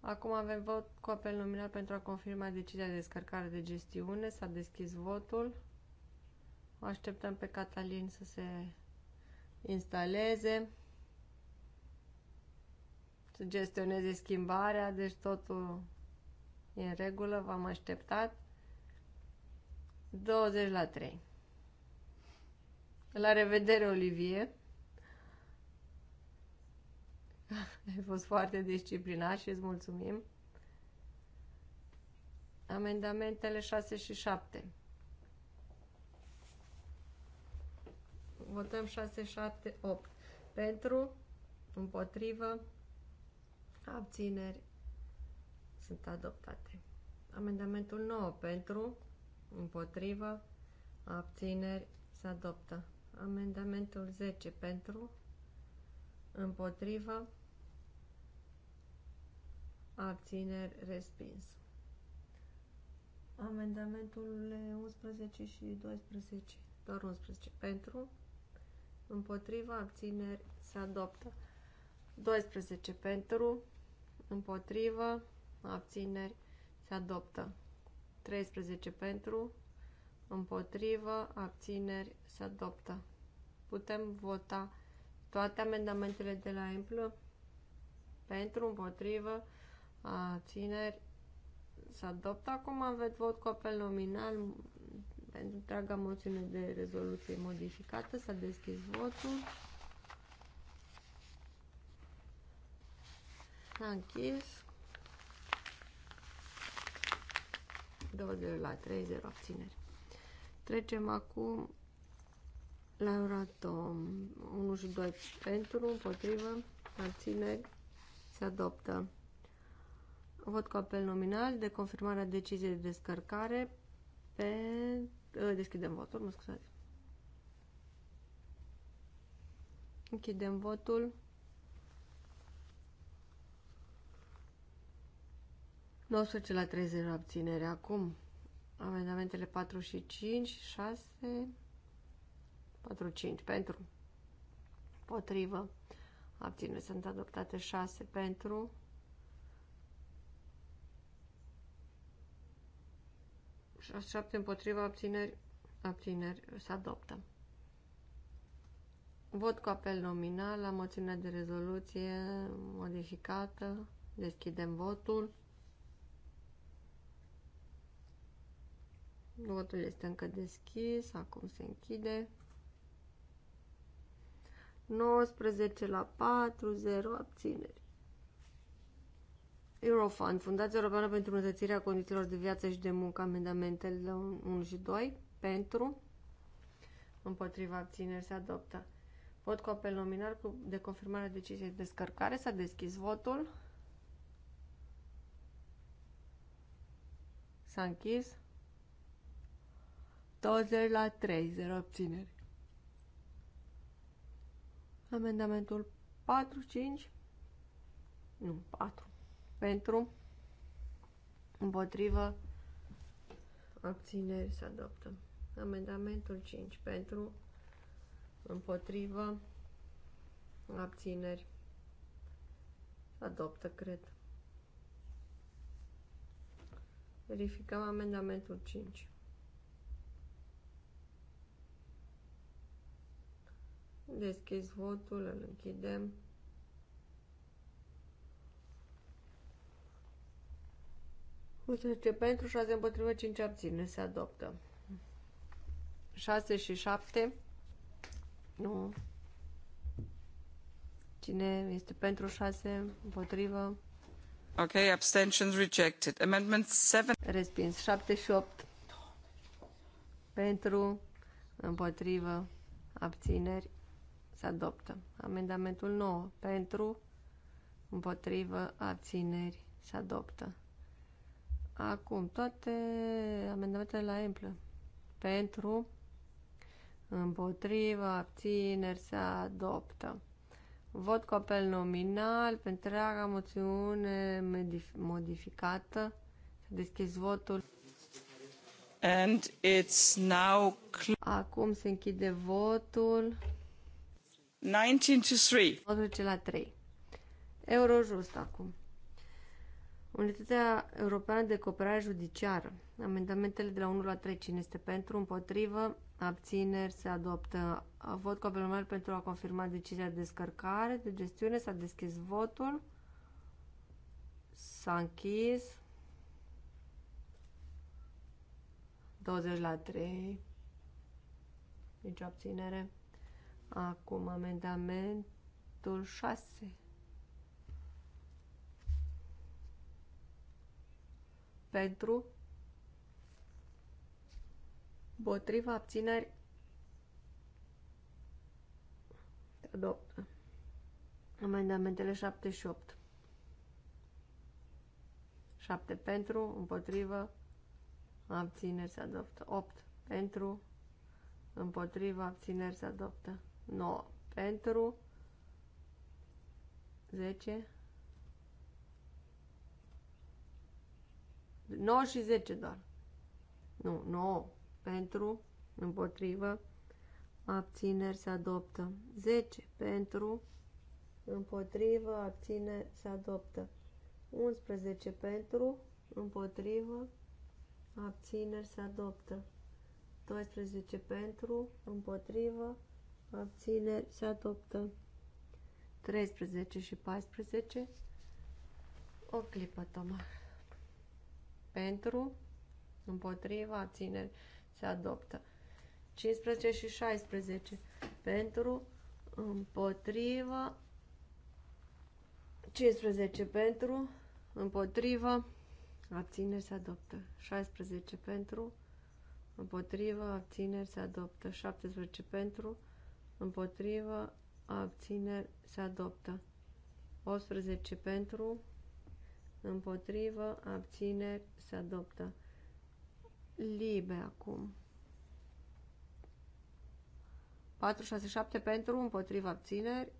Acum avem vot cu apel nominal pentru a confirma decizia de descărcare de gestiune. S-a deschis votul. Așteptăm pe Catalin să se instaleze, să gestioneze schimbarea, deci totul e în regulă, v-am așteptat. 20 la 3. La revedere, Olivier! Ai fost foarte disciplinat și îți mulțumim. Amendamentele 6 și 7. Votăm 6, 7, 8. Pentru, împotrivă, abțineri sunt adoptate. Amendamentul 9 pentru, împotrivă, abțineri se adoptă. Amendamentul 10 pentru, împotrivă, abțineri, respins. Amendamentul 11 și 12, doar 11, pentru, împotrivă, abțineri, se adoptă. 12 pentru, împotrivă, abțineri, se adoptă. 13 pentru, împotrivă, abțineri, se adoptă. Putem vota toate amendamentele de la Emplu pentru, împotrivă, abțineri, se adoptă. Acum aveți vot cu apel nominal pentru întreaga moțiune de rezoluție modificată. S-a deschis votul. S-a închis. 20 la 30 abțineri. Trecem acum la Euratom. 1 și 2 pentru, împotrivă, abțineri, se adoptă. Vot cu apel nominal de confirmarea deciziei de descărcare pe... Ă, deschidem votul, mă scuzați. Închidem votul. Nu o să la 30 abținere acum. Amendamentele 4 și 5, 6, 4, 5 pentru, potrivă, abține, sunt adoptate 6 pentru, șapte împotriva abțineri, abțineri se adoptă. Vot cu apel nominal la moțiunea de rezoluție modificată. Deschidem votul. Votul este încă deschis, acum se închide. 19 la 4, 0 abțineri. Eurofund, Fundația Europeană pentru Îmbunătățirea Condițiilor de Viață și de Muncă, amendamentele 1 și 2, pentru, împotriva abțineri, se adoptă. Vot cu apel nominal de confirmare a deciziei de descărcare. S-a deschis votul. S-a închis. 20 la 30 obțineri. Amendamentul 4, 5, nu, 4, pentru, împotrivă, abțineri se adoptă. Amendamentul 5, pentru, împotrivă, abțineri, adoptă, cred. Verificăm amendamentul 5. Deschizi votul, îl închidem. Uite pentru 6 împotrivă 5 abține, se adoptă. 6 și 7. Nu. Cine este pentru 6 împotrivă? Ok, abstentions rejected. Amendment 7. Respins 7 și 8. Pentru împotrivă abțineri se adoptă. Amendamentul 9. Pentru, împotrivă, abțineri. Se adoptă. Acum, toate amendamentele la emplă. Pentru, împotrivă, abțineri. Se adoptă. Vot cu apel nominal pentru întreaga moțiune modificată. Să deschis votul. And it's now Acum se închide votul. 19 to 3. la 3. Eurojust acum. Unitatea Europeană de Cooperare Judiciară. Amendamentele de la 1 la 3. Cine este pentru? Împotrivă? Abțineri? Se adoptă. Vot cu apel pentru a confirma decizia de descărcare, de gestiune. S-a deschis votul. S-a închis. 20 la 3. Nici abținere. Acum amendamentul 6. Pentru Potriva abțineri adoptă amendamentele 7 și 8. 7 pentru, împotrivă, abțineri se adoptă. 8 pentru, împotrivă, abțineri se adoptă. 9 pentru 10 9 și 10 doar nu, 9 pentru împotrivă abțineri se adoptă 10 pentru împotrivă abțineri se adoptă 11 pentru împotrivă abțineri se adoptă 12 pentru împotrivă abțineri, se adoptă. 13 și 14. O clipă, Toma. Pentru, împotriva, abțineri, se adoptă. 15 și 16. Pentru, împotriva, 15 pentru, împotriva, abțineri se adoptă. 16 pentru, împotriva, abțineri se adoptă. 17 pentru, împotrivă, abțineri, se adoptă. 11 pentru, împotrivă, abțineri, se adoptă. Libe acum. 467 pentru, împotrivă, abțineri.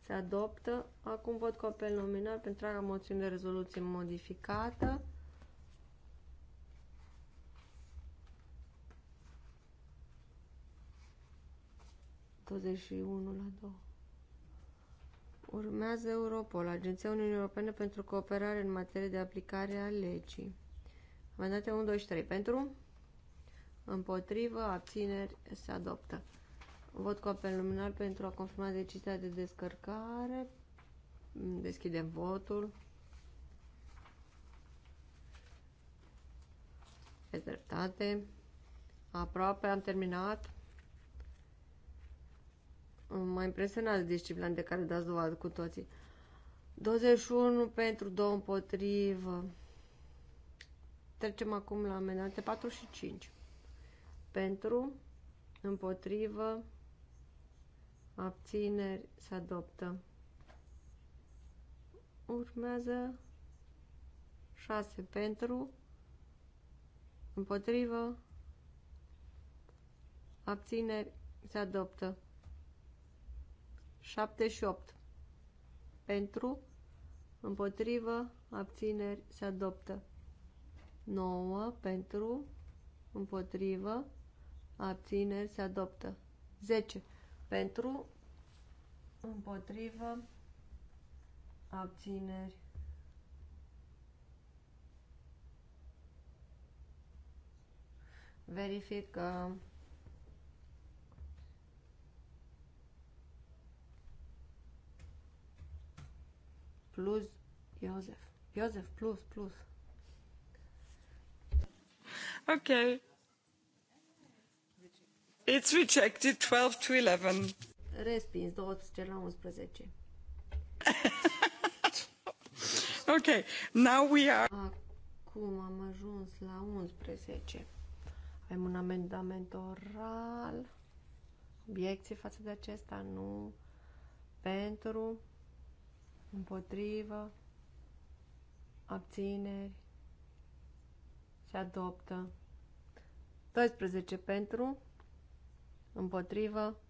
Se adoptă. Acum vot cu apel nominal pentru a moțiune de rezoluție modificată. 21 la 2. Urmează Europol, Agenția Uniunii Europene pentru Cooperare în materie de aplicare a legii. Amendate 1, 2 și 3. Pentru? Împotrivă, abțineri, se adoptă. Vot cu apel nominal pentru a confirma decizia de descărcare. Deschidem votul. Pe dreptate. Aproape am terminat. Mă impresionează disciplina de care dați dovadă cu toții. 21 pentru 2 împotrivă. Trecem acum la amendamente 4 și 5. Pentru, împotrivă, abțineri, se adoptă. Urmează 6 pentru, împotrivă, abțineri, se adoptă. 78. Pentru, împotrivă, abțineri, se adoptă. 9. Pentru, împotrivă, abțineri, se adoptă. 10. Pentru, împotrivă, abțineri, verificăm. plus Iosef. Iosef plus plus. Ok. It's rejected 12 to 11. Respins 12 la 11. ok, now we are... Acum am ajuns la 11. Avem un amendament oral. Obiecții față de acesta? Nu. Pentru împotrivă, abțineri, se adoptă. 12 pentru, împotrivă,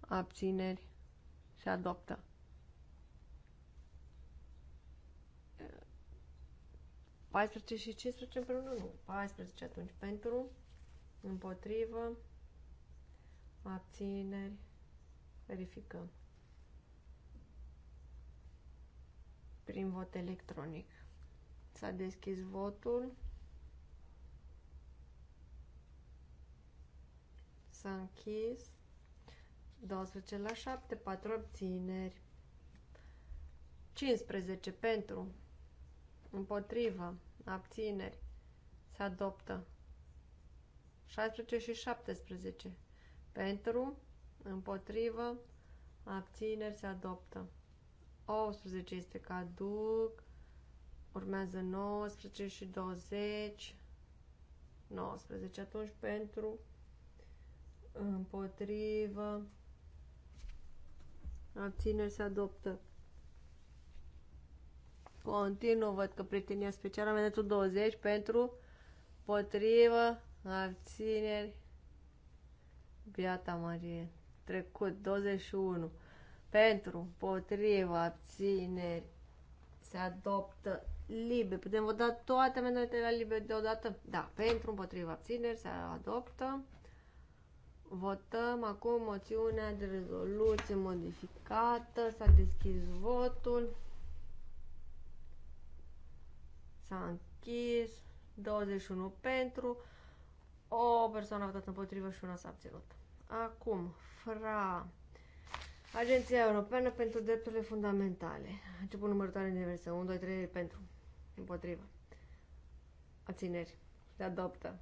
abțineri, se adoptă. Paisprezece și 15 împreună? Nu. 14 atunci pentru, împotrivă, abțineri, verificăm. prin vot electronic. S-a deschis votul. S-a închis. 12 la 7, 4 obțineri. 15 pentru, împotrivă, abțineri, se adoptă. 16 și 17 pentru, împotrivă, abțineri, se adoptă. 18 este caduc, urmează 19 și 20, 19 atunci pentru, împotrivă, abțineri se adoptă. Continuă, văd că prietenia specială, amendamentul 20 pentru, potrivă, abțineri, Beata Marie, trecut, 21 pentru, potriva, abțineri, se adoptă liber Putem vota toate amendamentele la liber deodată? Da, pentru, împotriva, abțineri, se adoptă. Votăm acum moțiunea de rezoluție modificată. S-a deschis votul. S-a închis. 21 pentru. O persoană a votat împotriva și una s-a abținut. Acum, fra Agenția Europeană pentru Drepturile Fundamentale. Început numărătoare universă. 1, 2, 3 pentru. Împotrivă. Ațineri. Se adoptă.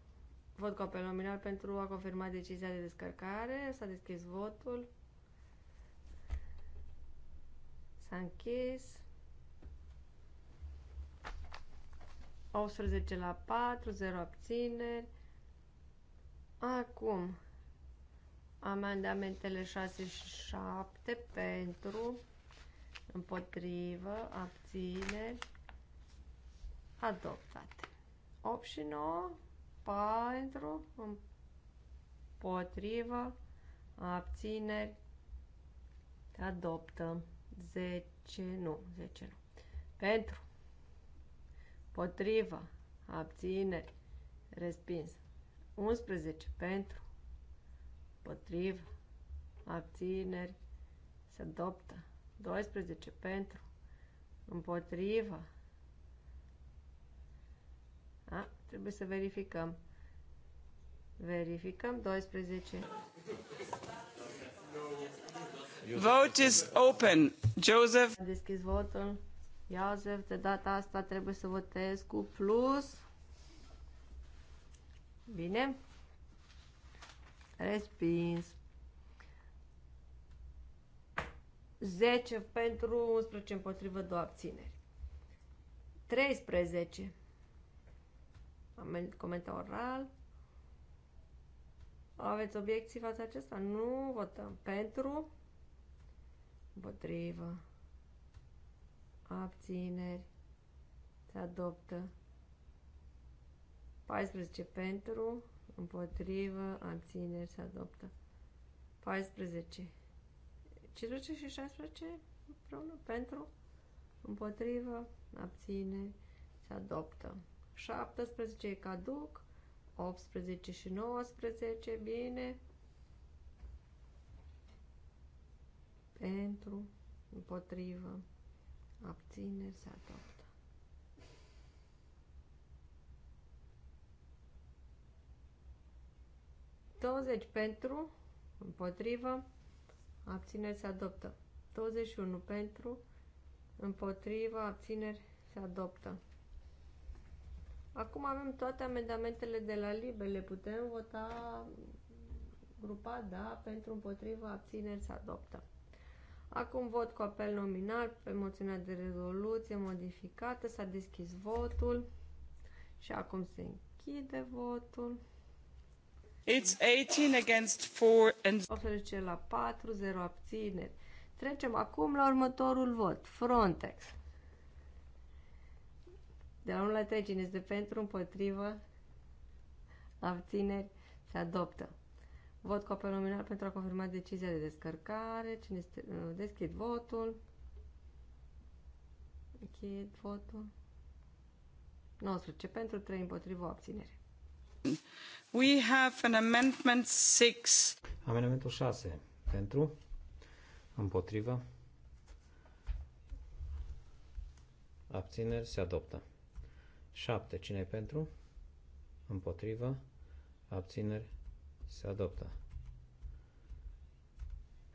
Vot cu apel nominal pentru a confirma decizia de descărcare. S-a deschis votul. S-a închis. 18 la 4, 0 abțineri. Acum, Amendamentele 6 și 7 pentru, împotrivă, abțineri, adoptate. 8 și 9 pentru, împotrivă, abțineri, adoptă. 10, nu, 10 nu. Pentru, împotrivă, abțineri, respins. 11 pentru, potrivă, abțineri, se adoptă. 12 pentru, împotrivă. A, trebuie să verificăm. Verificăm 12. Vote is open. Joseph. Am deschis votul. Joseph, de data asta trebuie să votez cu plus. Bine. Respins. 10 pentru 11 împotrivă 2 abțineri. 13. Comenta oral. Aveți obiecții față acesta? Nu votăm. Pentru. Împotrivă. Abțineri. Se adoptă. 14 pentru. Împotrivă, abțineri, se adoptă. 14. 15 și 16 împreună pentru, împotrivă, abține, se adoptă. 17 e caduc, 18 și 19, bine. Pentru, împotrivă, abține, se adoptă. 20 pentru, împotrivă, abțineri se adoptă. 21 pentru, împotrivă, abțineri se adoptă. Acum avem toate amendamentele de la LIBE, le putem vota grupat, da, pentru, împotrivă, abțineri se adoptă. Acum vot cu apel nominal pe moțiunea de rezoluție modificată, s-a deschis votul și acum se închide votul. It's 18 against 4 and... 18 la 4, 0 abțineri. Trecem acum la următorul vot. Frontex. De la 1 la 3, cine este pentru, împotrivă, abțineri, se adoptă. Vot cu apel nominal pentru a confirma decizia de descărcare. Cine este, uh, deschid votul. Închid votul. 19 pentru, 3 împotrivă, abținere. We have an amendment 6. Amendamentul 6. Pentru? Împotrivă? Abțineri se adoptă. 7. Cine e pentru? Împotrivă? Abțineri se adoptă.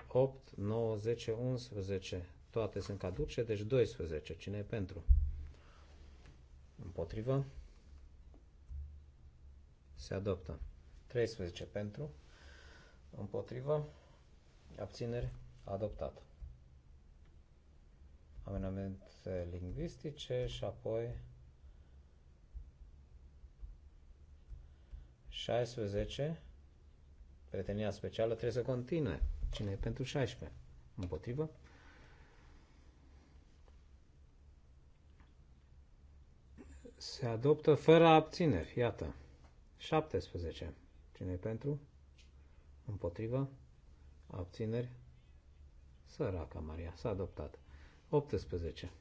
8, 9, 10, 11. Toate sunt caduce, deci 12. Cine e pentru? Împotrivă? se adoptă. 13 pentru, împotrivă, abțineri, adoptat. Amenamente lingvistice și apoi 16, pretenia specială trebuie să continue. Cine e pentru 16? Împotrivă? Se adoptă fără abțineri, iată. 17. cine e pentru? Împotriva? Abțineri? Săraca Maria, s-a adoptat. 18.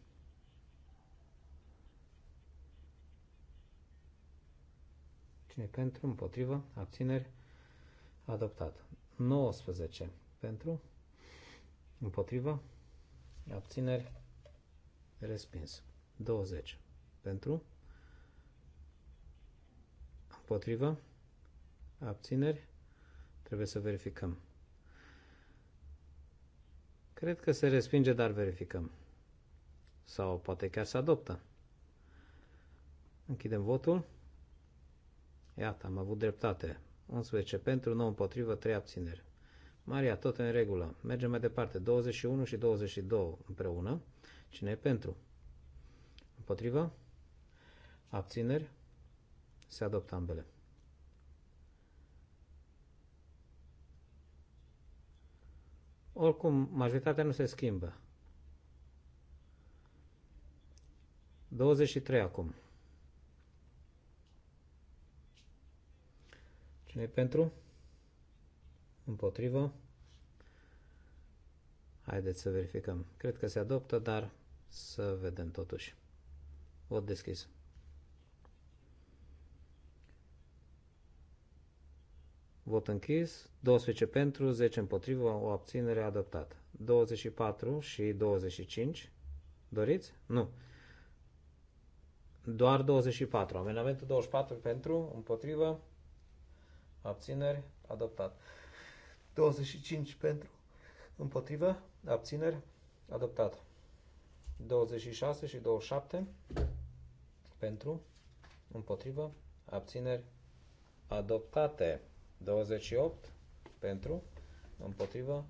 Cine pentru? Împotriva? Abțineri? Adoptat. 19. Pentru? Împotriva? Abțineri? Respins. 20. Pentru? Împotrivă? Abțineri? Trebuie să verificăm. Cred că se respinge, dar verificăm. Sau poate chiar se adoptă. Închidem votul. Iată, am avut dreptate. 11 pentru, 9 împotrivă, 3 abțineri. Maria, tot în regulă. Mergem mai departe. 21 și 22 împreună. Cine e pentru? Împotrivă? Abțineri? Se adoptă ambele. Oricum, majoritatea nu se schimbă. 23 acum. cine pentru? Împotrivă? Haideți să verificăm. Cred că se adoptă, dar să vedem totuși. Vot deschis. Vot închis. 12 pentru, 10 împotrivă, o abținere adoptată. 24 și 25. Doriți? Nu. Doar 24. Amendamentul 24 pentru, împotrivă, abțineri, adoptat. 25 pentru, împotrivă, abțineri, adoptat. 26 și 27 pentru, împotrivă, abțineri, adoptate. 28 pentru, împotrivă,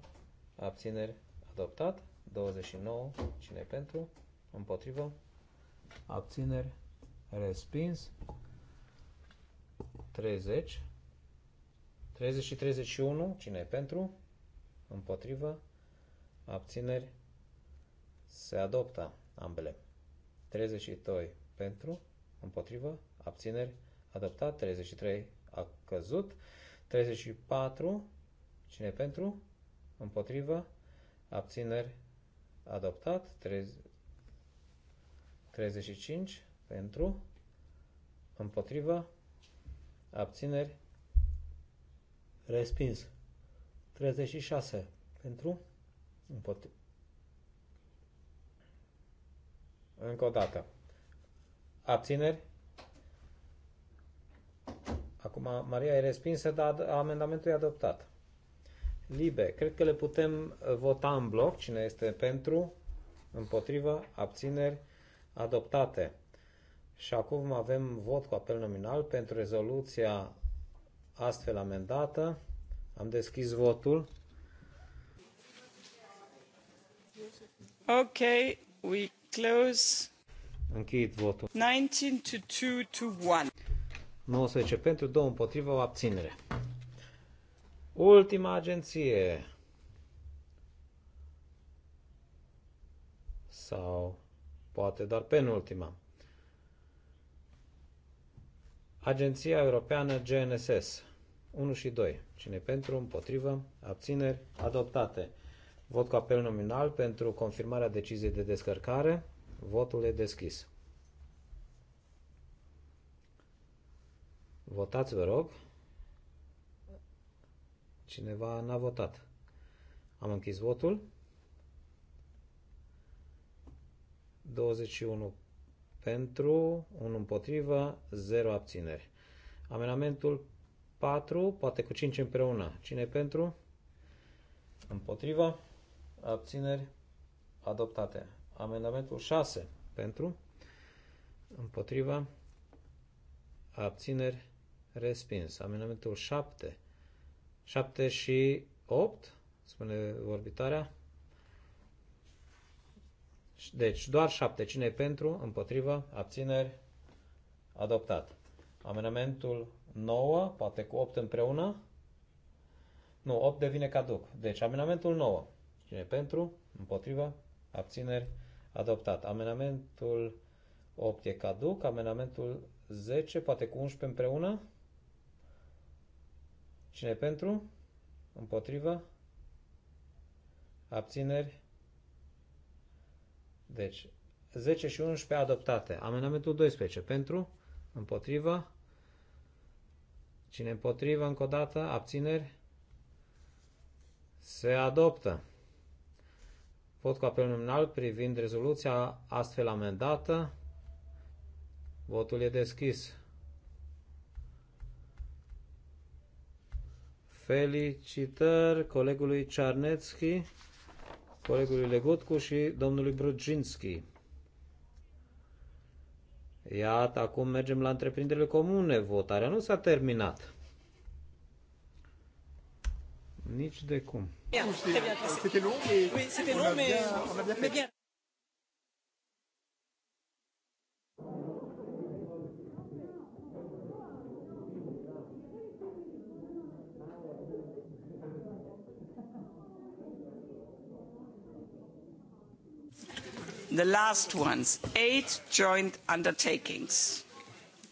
abțineri, adoptat. 29, cine pentru, împotrivă, abțineri, respins. 30. 30 și 31, cine pentru, împotrivă, abțineri, se adoptă ambele. 32 pentru, împotrivă, abțineri, adoptat, 33 a căzut, 34. Cine pentru? Împotrivă. Abțineri adoptat. 35. Pentru. Împotrivă. Abțineri respins. 36. Pentru. Împotrivă. Încă o dată. Abțineri Acum, Maria e respinsă, dar amendamentul e adoptat. Libe, cred că le putem uh, vota în bloc, cine este pentru, împotrivă, abțineri, adoptate. Și acum avem vot cu apel nominal pentru rezoluția astfel amendată. Am deschis votul. Ok, we close. Închid votul. 19 to 2 to 1. 19 pentru, 2 împotrivă, o abținere. Ultima agenție. Sau poate doar penultima. Agenția Europeană GNSS. 1 și 2. Cine pentru, împotrivă, abțineri, adoptate. Vot cu apel nominal pentru confirmarea deciziei de descărcare. Votul e deschis. Votați, vă rog. Cineva n-a votat. Am închis votul. 21 pentru, 1 împotrivă, 0 abțineri. Amenamentul 4, poate cu 5 împreună. Cine pentru? Împotrivă, Abțineri adoptate. Amendamentul 6 pentru. împotrivă, Abțineri adoptate respins. Amenamentul 7. 7 și 8, spune vorbitarea. Deci, doar 7. Cine e pentru? Împotrivă? Abțineri? Adoptat. Amenamentul 9, poate cu 8 împreună. Nu, 8 devine caduc. Deci, amenamentul 9. Cine e pentru? Împotrivă? Abțineri? Adoptat. Amenamentul 8 e caduc. Amenamentul 10, poate cu 11 împreună. Cine pentru? Împotrivă? Abțineri? Deci, 10 și 11 adoptate. Amendamentul 12 pentru? Împotrivă? Cine împotrivă încă o dată? Abțineri? Se adoptă. Vot cu apel nominal privind rezoluția astfel amendată. Votul e deschis. Felicitări colegului Czarnecki, colegului Legutcu și domnului Brudzinski. Iată, acum mergem la întreprinderile comune. Votarea nu s-a terminat. Nici de cum. C'était the last ones, eight joint undertakings.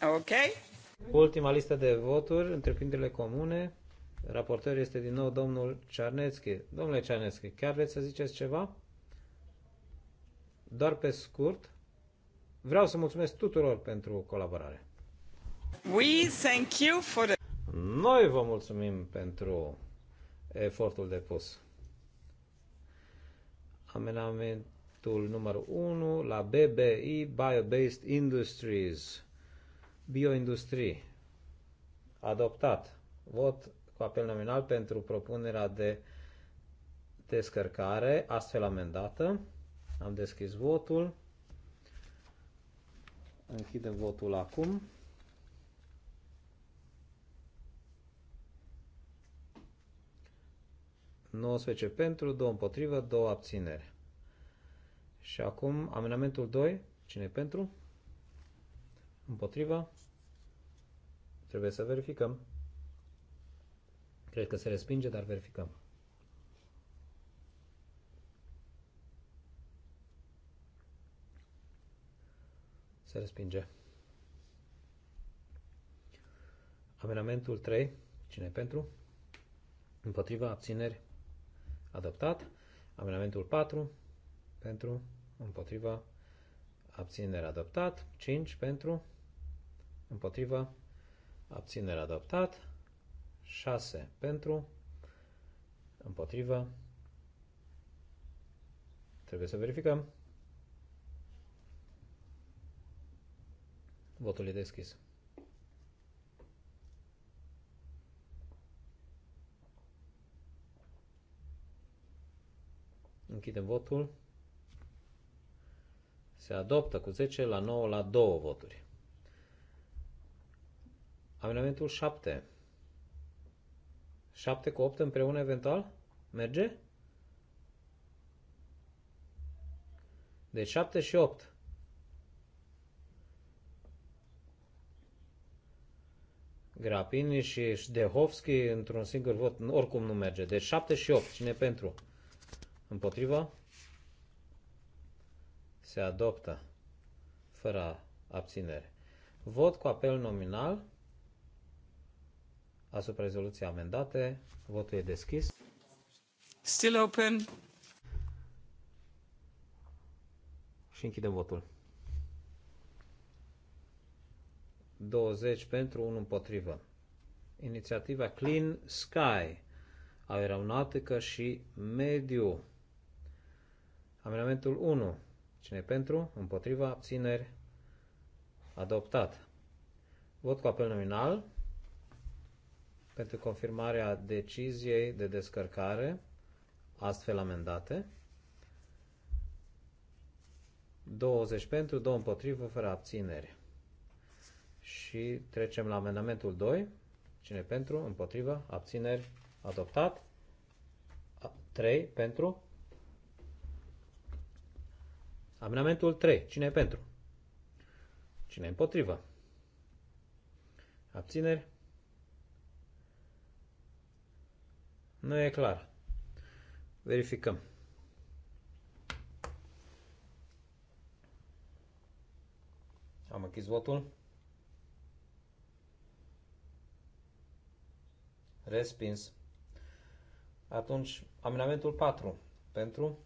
Okay? Ultima listă de voturi, întreprinderile comune. Raportor este din nou domnul Cernețchi. Domnule Cernețchi, chiar vreți să ziceți ceva? Doar pe scurt, vreau să mulțumesc tuturor pentru colaborare. We thank you for the... Noi vă mulțumim pentru efortul depus. Amenament proiectul numărul 1 la BBI, Bio-Based Industries, bioindustrie. Adoptat. Vot cu apel nominal pentru propunerea de descărcare, astfel amendată. Am deschis votul. Închidem votul acum. pentru, două împotrivă, 2 abțineri. Și acum amenamentul 2, cine pentru? Împotriva? Trebuie să verificăm. Cred că se respinge, dar verificăm. Se respinge. Amenamentul 3. Cine pentru? Împotriva abțineri. Adoptat. Amenamentul 4. Pentru împotriva, abținere adoptat, 5 pentru, împotriva, abținere adoptat, 6 pentru, împotriva, trebuie să verificăm. Votul e deschis. Închidem votul. Se adoptă cu 10 la 9 la 2 voturi. Amendamentul 7. 7 cu 8 împreună eventual? Merge? Deci 7 și 8. Grapini și Dehovski într-un singur vot oricum nu merge. Deci 7 și 8. Cine pentru? Împotriva? Se adoptă fără abținere. Vot cu apel nominal asupra rezoluției amendate. Votul e deschis. Still open. Și închidem votul. 20 pentru, 1 împotrivă. Inițiativa Clean Sky, aeronautică și mediu. Amendamentul 1. Cine pentru? Împotriva abțineri. Adoptat. Vot cu apel nominal pentru confirmarea deciziei de descărcare astfel amendate. 20 pentru, 2 împotrivă, fără abțineri. Și trecem la amendamentul 2. Cine pentru? Împotrivă, abțineri, adoptat. 3 pentru, Amenamentul 3. Cine e pentru? Cine e împotrivă? Abțineri? Nu e clar. Verificăm. Am închis votul. Respins. Atunci, amenamentul 4. Pentru?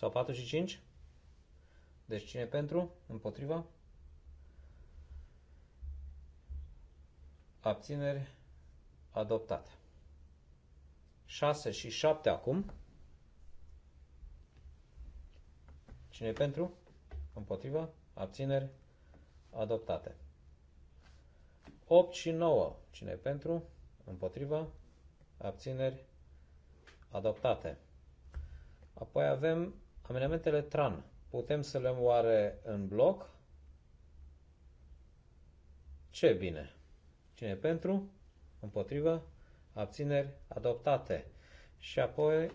Sau 45? Deci cine pentru? Împotriva? Abțineri? Adoptat. 6 și 7 acum. Cine pentru? Împotriva? Abțineri? Adoptate. 8 și 9. Cine pentru? Împotriva? Abțineri? Adoptate. Apoi avem Amenamentele TRAN. Putem să le oare în bloc? Ce bine! Cine pentru? Împotrivă? Abțineri? Adoptate. Și apoi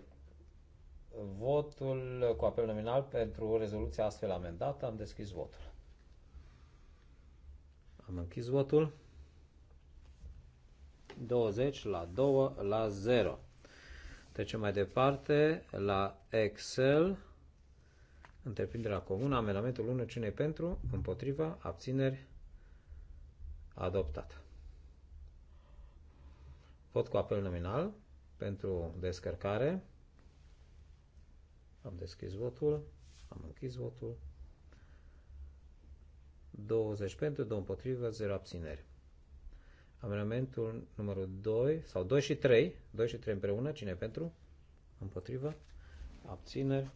votul cu apel nominal pentru rezoluția astfel amendată. Am deschis votul. Am închis votul. 20 la 2 la 0. Trecem mai departe la Excel întreprinderea comună, amendamentul 1, cine pentru, împotriva, abțineri, adoptat. Vot cu apel nominal pentru descărcare. Am deschis votul, am închis votul. 20 pentru, 2 împotrivă, 0 abțineri. Amendamentul numărul 2 sau 2 și 3, 2 și 3 împreună, cine pentru? Împotrivă, abțineri,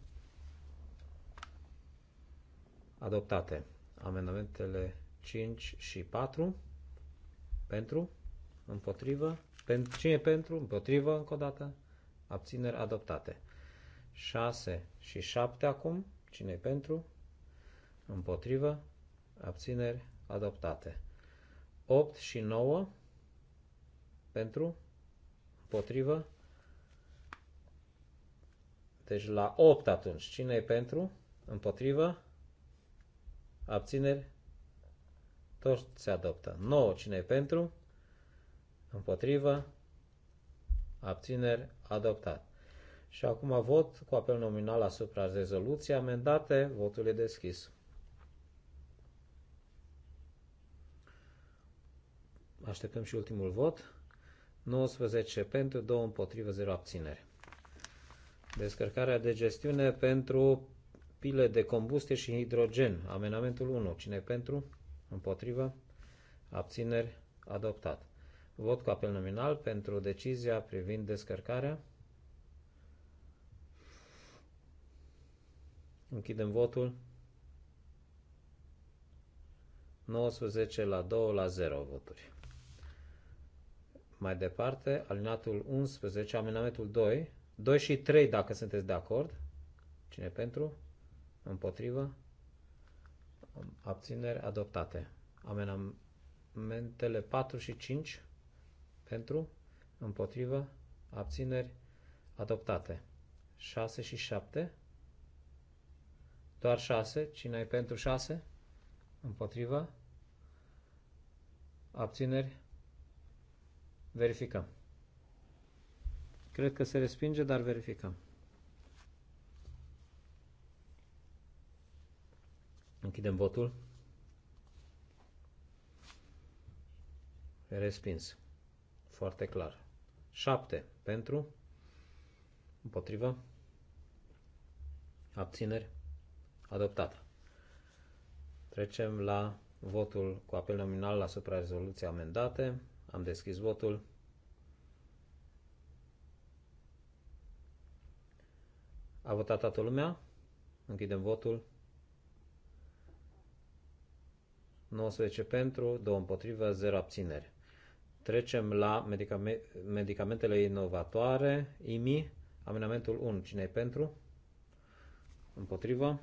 adoptate. Amendamentele 5 și 4 pentru, împotrivă, pentru, cine pentru, împotrivă, încă o dată, abțineri adoptate. 6 și 7 acum, cine pentru, împotrivă, abțineri adoptate. 8 și 9 pentru, împotrivă, deci la 8 atunci, cine e pentru, împotrivă, abțineri, toți se adoptă. 9. Cine e pentru? Împotrivă, abțineri, adoptat. Și acum vot cu apel nominal asupra rezoluției amendate. Votul e deschis. Așteptăm și ultimul vot. 19 pentru, 2 împotrivă, 0 abțineri. Descărcarea de gestiune pentru pile de combustie și hidrogen. Amenamentul 1. Cine pentru? Împotrivă? Abțineri? Adoptat. Vot cu apel nominal pentru decizia privind descărcarea. Închidem votul. 19 la 2 la 0 voturi. Mai departe, alinatul 11, amenamentul 2, 2 și 3 dacă sunteți de acord. Cine pentru? împotrivă, abțineri adoptate. Amenamentele 4 și 5 pentru, împotrivă, abțineri adoptate. 6 și 7, doar 6, cine ai pentru 6? Împotrivă, abțineri, verificăm. Cred că se respinge, dar verificăm. Închidem votul. Respins. Foarte clar. 7 pentru. Împotrivă. Abțineri. Adoptat. Trecem la votul cu apel nominal asupra rezoluției amendate. Am deschis votul. A votat toată lumea. Închidem votul. 19 pentru, 2 împotrivă, 0 abțineri. Trecem la medicame- medicamentele inovatoare, IMI, amenamentul 1. cine e pentru? Împotrivă.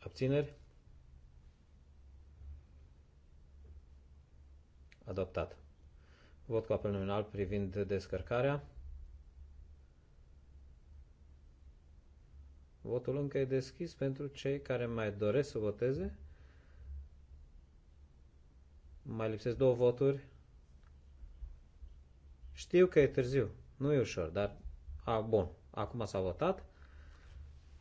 Abțineri. Adoptat. Vot cu apel nominal privind descărcarea. Votul încă e deschis pentru cei care mai doresc să voteze. Mai lipsesc două voturi. Știu că e târziu, nu e ușor, dar a, bun, acum s-a votat.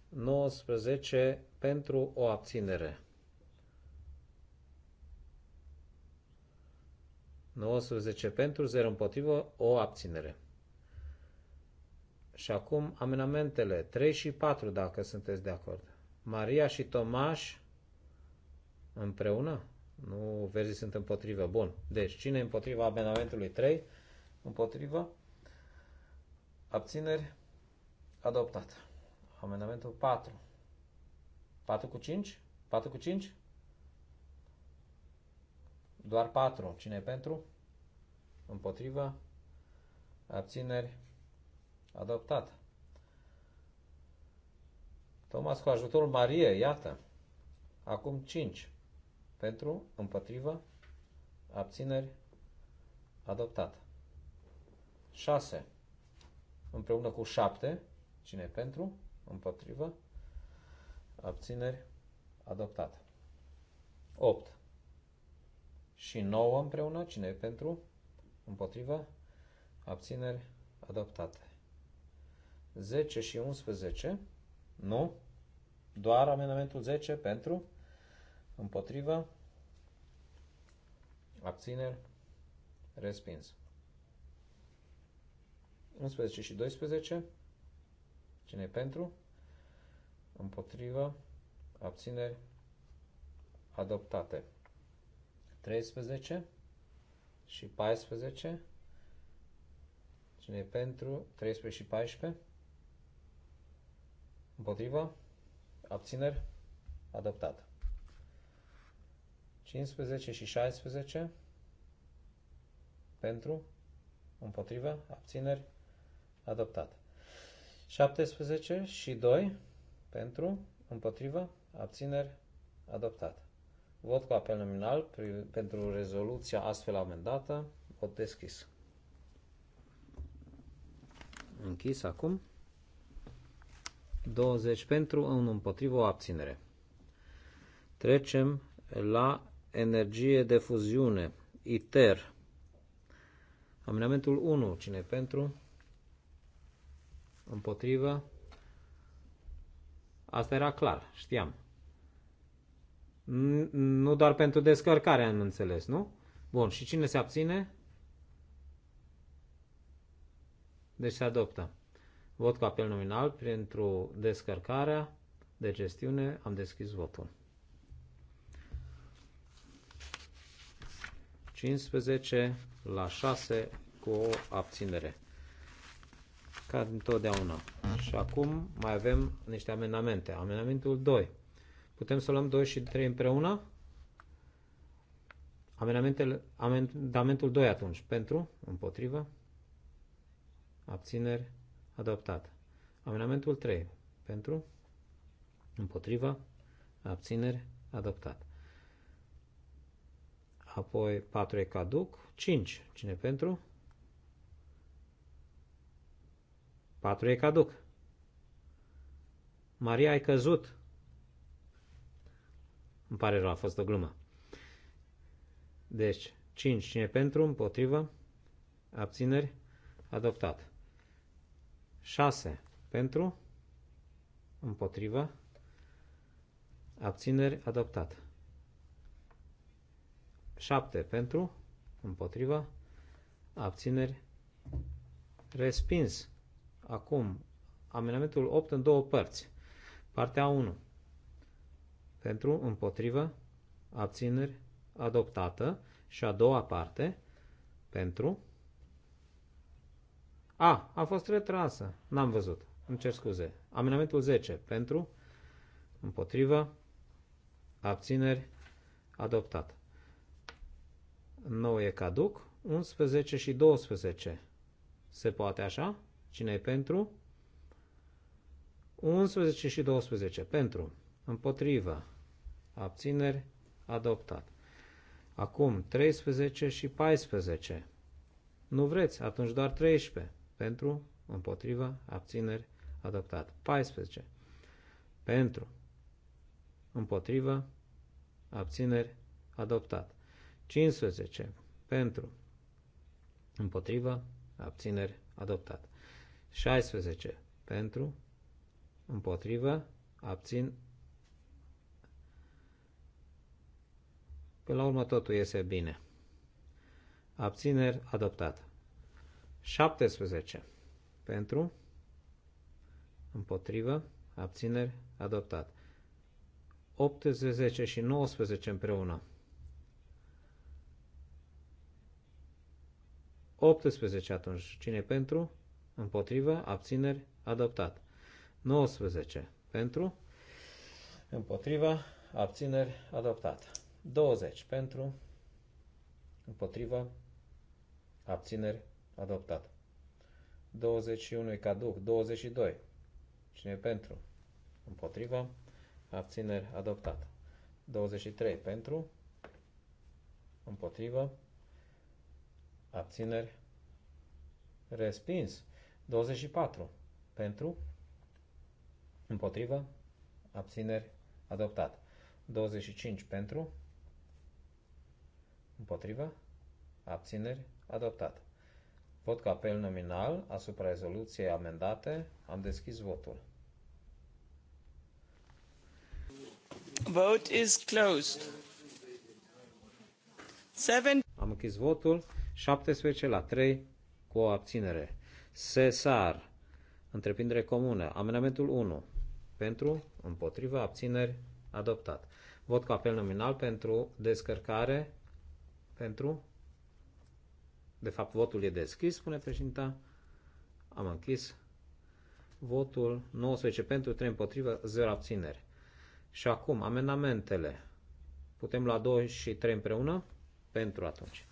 19 pentru o abținere. 19 pentru, 0 împotrivă, o abținere. Și acum amenamentele 3 și 4, dacă sunteți de acord. Maria și Tomaș împreună? Nu, verzi sunt împotrivă. Bun. Deci, cine împotriva amenamentului 3? Împotrivă. Abțineri. Adoptat. Amendamentul 4. 4 cu 5? 4 cu 5? Doar 4. Cine e pentru? Împotrivă. Abțineri. Adoptat. Thomas cu ajutorul Marie, iată. Acum 5. Pentru, împotrivă, abțineri, adoptat. 6. Împreună cu 7. Cine pentru? Împotrivă. Abțineri, adoptat. 8. Și 9 împreună. Cine pentru? Împotrivă. Abțineri, adoptate. 10 și 11, nu, doar amendamentul 10 pentru, împotrivă, abțineri, respins. 11 și 12, cine e pentru, împotrivă, abțineri, adoptate. 13 și 14, cine e pentru, 13 și 14, Împotrivă? Abțineri? Adoptat. 15 și 16. Pentru? Împotrivă? Abțineri? Adoptat. 17 și 2. Pentru? Împotrivă? Abțineri? Adoptat. Vot cu apel nominal pentru rezoluția astfel amendată. Vot deschis. Închis acum. 20 pentru, 1 împotrivă, o abținere. Trecem la energie de fuziune, ITER. Amenamentul 1, cine pentru? Împotrivă. Asta era clar, știam. Nu doar pentru descărcare am înțeles, nu? Bun, și cine se abține? Deci se adoptă. Vot cu apel nominal pentru descărcarea de gestiune. Am deschis votul. 15 la 6 cu o abținere. Ca întotdeauna. Și acum mai avem niște amendamente. Amendamentul 2. Putem să luăm 2 și 3 împreună? Amendamentul, amendamentul 2 atunci. Pentru? Împotrivă? Abțineri? Adoptat. Amenamentul 3. Pentru? Împotriva? Abțineri? Adoptat. Apoi 4 e caduc. 5. Cine pentru? 4 e caduc. Maria, ai căzut. Îmi pare rău, a fost o glumă. Deci, 5. Cine pentru? Împotriva? Abțineri? Adoptat. 6 pentru, împotrivă, abțineri adoptat. 7 pentru, împotrivă, abțineri respins. Acum, amenamentul 8 în două părți. Partea 1 pentru, împotrivă, abțineri adoptată și a doua parte pentru, a, a fost retrasă. N-am văzut. Îmi cer scuze. Amendamentul 10. Pentru, împotrivă, abțineri, adoptat. 9 e caduc. 11 și 12. Se poate așa? Cine e pentru? 11 și 12. Pentru, împotrivă, abțineri, adoptat. Acum 13 și 14. Nu vreți, atunci doar 13 pentru, împotriva, abțineri, adoptat. 14. Pentru, împotriva, abțineri, adoptat. 15. Pentru, împotriva, abțineri, adoptat. 16. Pentru, împotriva, abțin. Până la urmă totul iese bine. Abțineri, adoptat. 17 pentru, împotrivă, abțineri, adoptat. 18 și 19 împreună. 18 atunci. Cine pentru? Împotrivă, abțineri, adoptat. 19 pentru, Împotrivă, abțineri, adoptat. 20 pentru, Împotrivă, abțineri, Adoptat. 21 e caduc. 22. Cine e pentru? Împotriva. Abțineri. Adoptat. 23 pentru. Împotriva. Abțineri. Respins. 24 pentru. Împotriva. Abțineri. Adoptat. 25 pentru. Împotriva. Abțineri. Adoptat. Vot cu apel nominal asupra rezoluției amendate. Am deschis votul. Vote is closed. Seven. Am închis votul. 17 la 3 cu o abținere. Cesar. Întreprindere comună. Amendamentul 1. Pentru, împotriva, abțineri, adoptat. Vot cu apel nominal pentru descărcare. Pentru, de fapt, votul e deschis, spune președinta. Am închis votul 19 pentru, 3 împotrivă, 0 abțineri. Și acum, amendamentele. Putem la 2 și 3 împreună? Pentru atunci.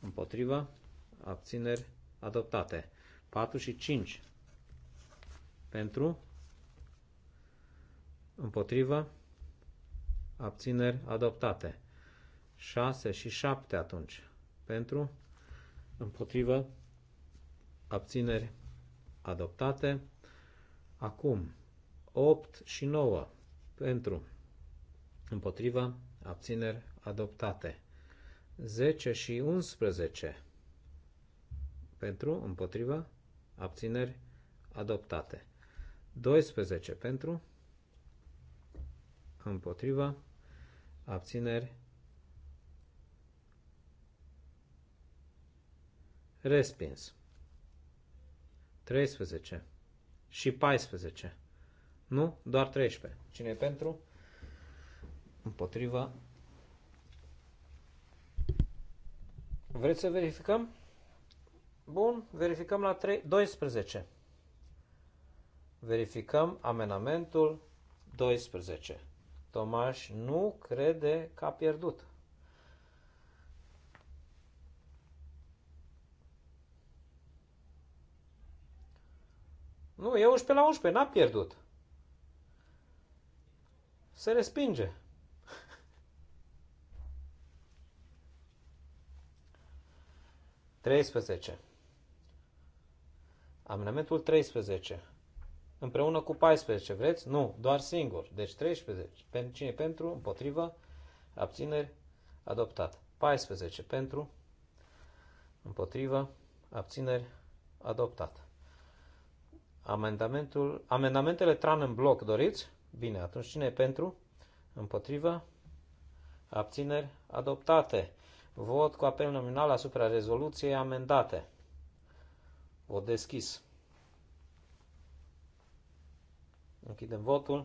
Împotrivă, abțineri adoptate. 4 și 5. Pentru, Împotrivă, abțineri adoptate. 6 și 7 atunci. Pentru, împotrivă, abțineri adoptate. Acum, 8 și 9 pentru, împotrivă, abțineri adoptate. 10 și 11 pentru, împotrivă, abțineri adoptate. 12 pentru, împotrivă, abțineri adoptate. Respins. 13 și 14. Nu, doar 13. Cine e pentru? Împotriva. Vreți să verificăm? Bun, verificăm la 3, 12. Verificăm amenamentul 12. Tomaș nu crede că a pierdut. Nu, e 11 la 11, n-a pierdut. Se respinge. Treisprezece. Amenamentul 13. Împreună cu 14, vreți? Nu, doar singur. Deci 13. Pentru cine pentru? Împotrivă. Abțineri. Adoptat. 14 pentru. Împotrivă. Abțineri. Adoptat. Amendamentul, amendamentele TRAN în bloc doriți? Bine, atunci cine e pentru? Împotrivă? Abțineri? Adoptate. Vot cu apel nominal asupra rezoluției amendate. Vot deschis. Închidem votul.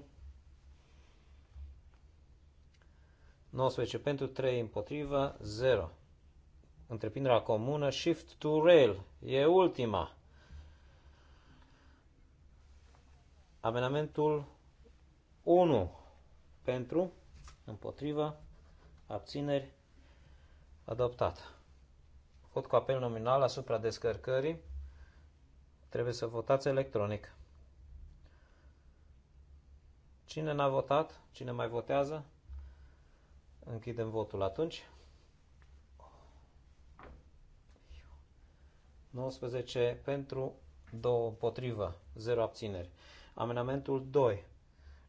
19 pentru, 3 împotrivă, 0. Întreprinderea comună Shift to Rail e ultima. Amenamentul 1 pentru, împotriva, abțineri, adoptat. Vot cu apel nominal asupra descărcării. Trebuie să votați electronic. Cine n-a votat? Cine mai votează? Închidem votul atunci. 19 pentru, 2 împotrivă, 0 abțineri. Amenamentul 2,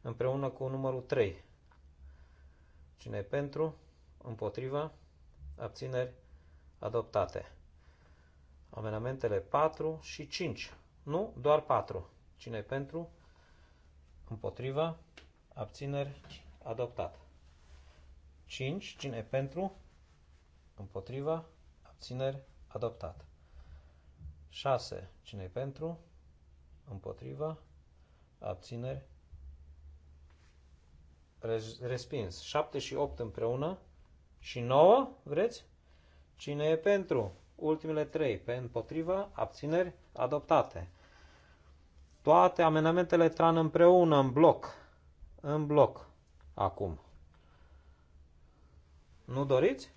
împreună cu numărul 3. Cine e pentru? Împotriva? Abțineri? Adoptate. Amenamentele 4 și 5. Nu, doar 4. Cine e pentru? Împotriva? Abțineri? Adoptat. 5. Cine e pentru? Împotriva? Abțineri? Adoptat. 6. Cine e pentru? Împotriva? abțineri, respins. 7 și 8 împreună și 9, vreți? Cine e pentru? Ultimele 3, pe împotriva, abțineri, adoptate. Toate amenamentele tran împreună, în bloc, în bloc, acum. Nu doriți?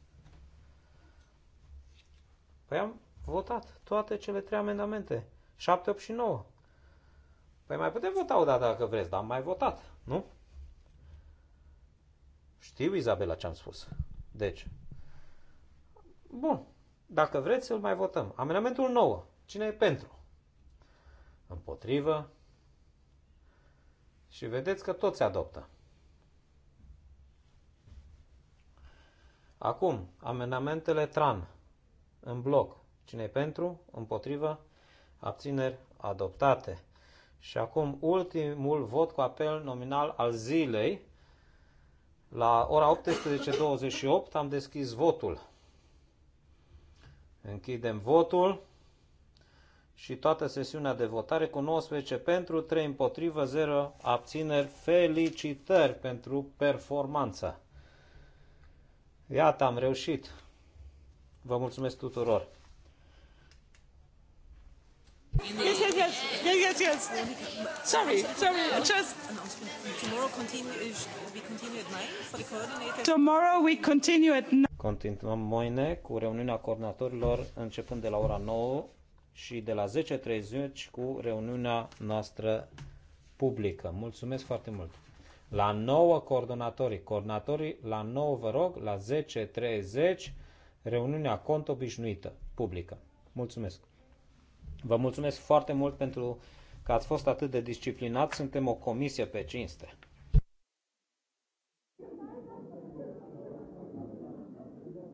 Păi am votat toate cele trei amendamente. 7, 8 și 9. Păi mai putem vota o dată dacă vreți, dar am mai votat, nu? Știu, Izabela, ce am spus. Deci, bun, dacă vreți, îl mai votăm. Amendamentul 9. Cine e pentru? Împotrivă. Și vedeți că tot se adoptă. Acum, amendamentele TRAN în bloc. Cine e pentru? Împotrivă? Abțineri adoptate. Și acum ultimul vot cu apel nominal al zilei. La ora 18.28 am deschis votul. Închidem votul și toată sesiunea de votare cu 19 pentru, 3 împotrivă, 0 abțineri. Felicitări pentru performanță. Iată, am reușit. Vă mulțumesc tuturor. Yes, yes, yes, yes, yes, yes. Sorry, sorry, just. Tomorrow continue, we continue at nine for the coordinator. Tomorrow we continue at nine. Continuăm mâine cu reuniunea coordonatorilor începând de la ora 9 și de la 10.30 cu reuniunea noastră publică. Mulțumesc foarte mult! La 9 coordonatorii. Coordonatorii la 9 vă rog, la 10.30 reuniunea cont obișnuită publică. Mulțumesc! Vă mulțumesc foarte mult pentru că ați fost atât de disciplinat. Suntem o comisie pe cinste.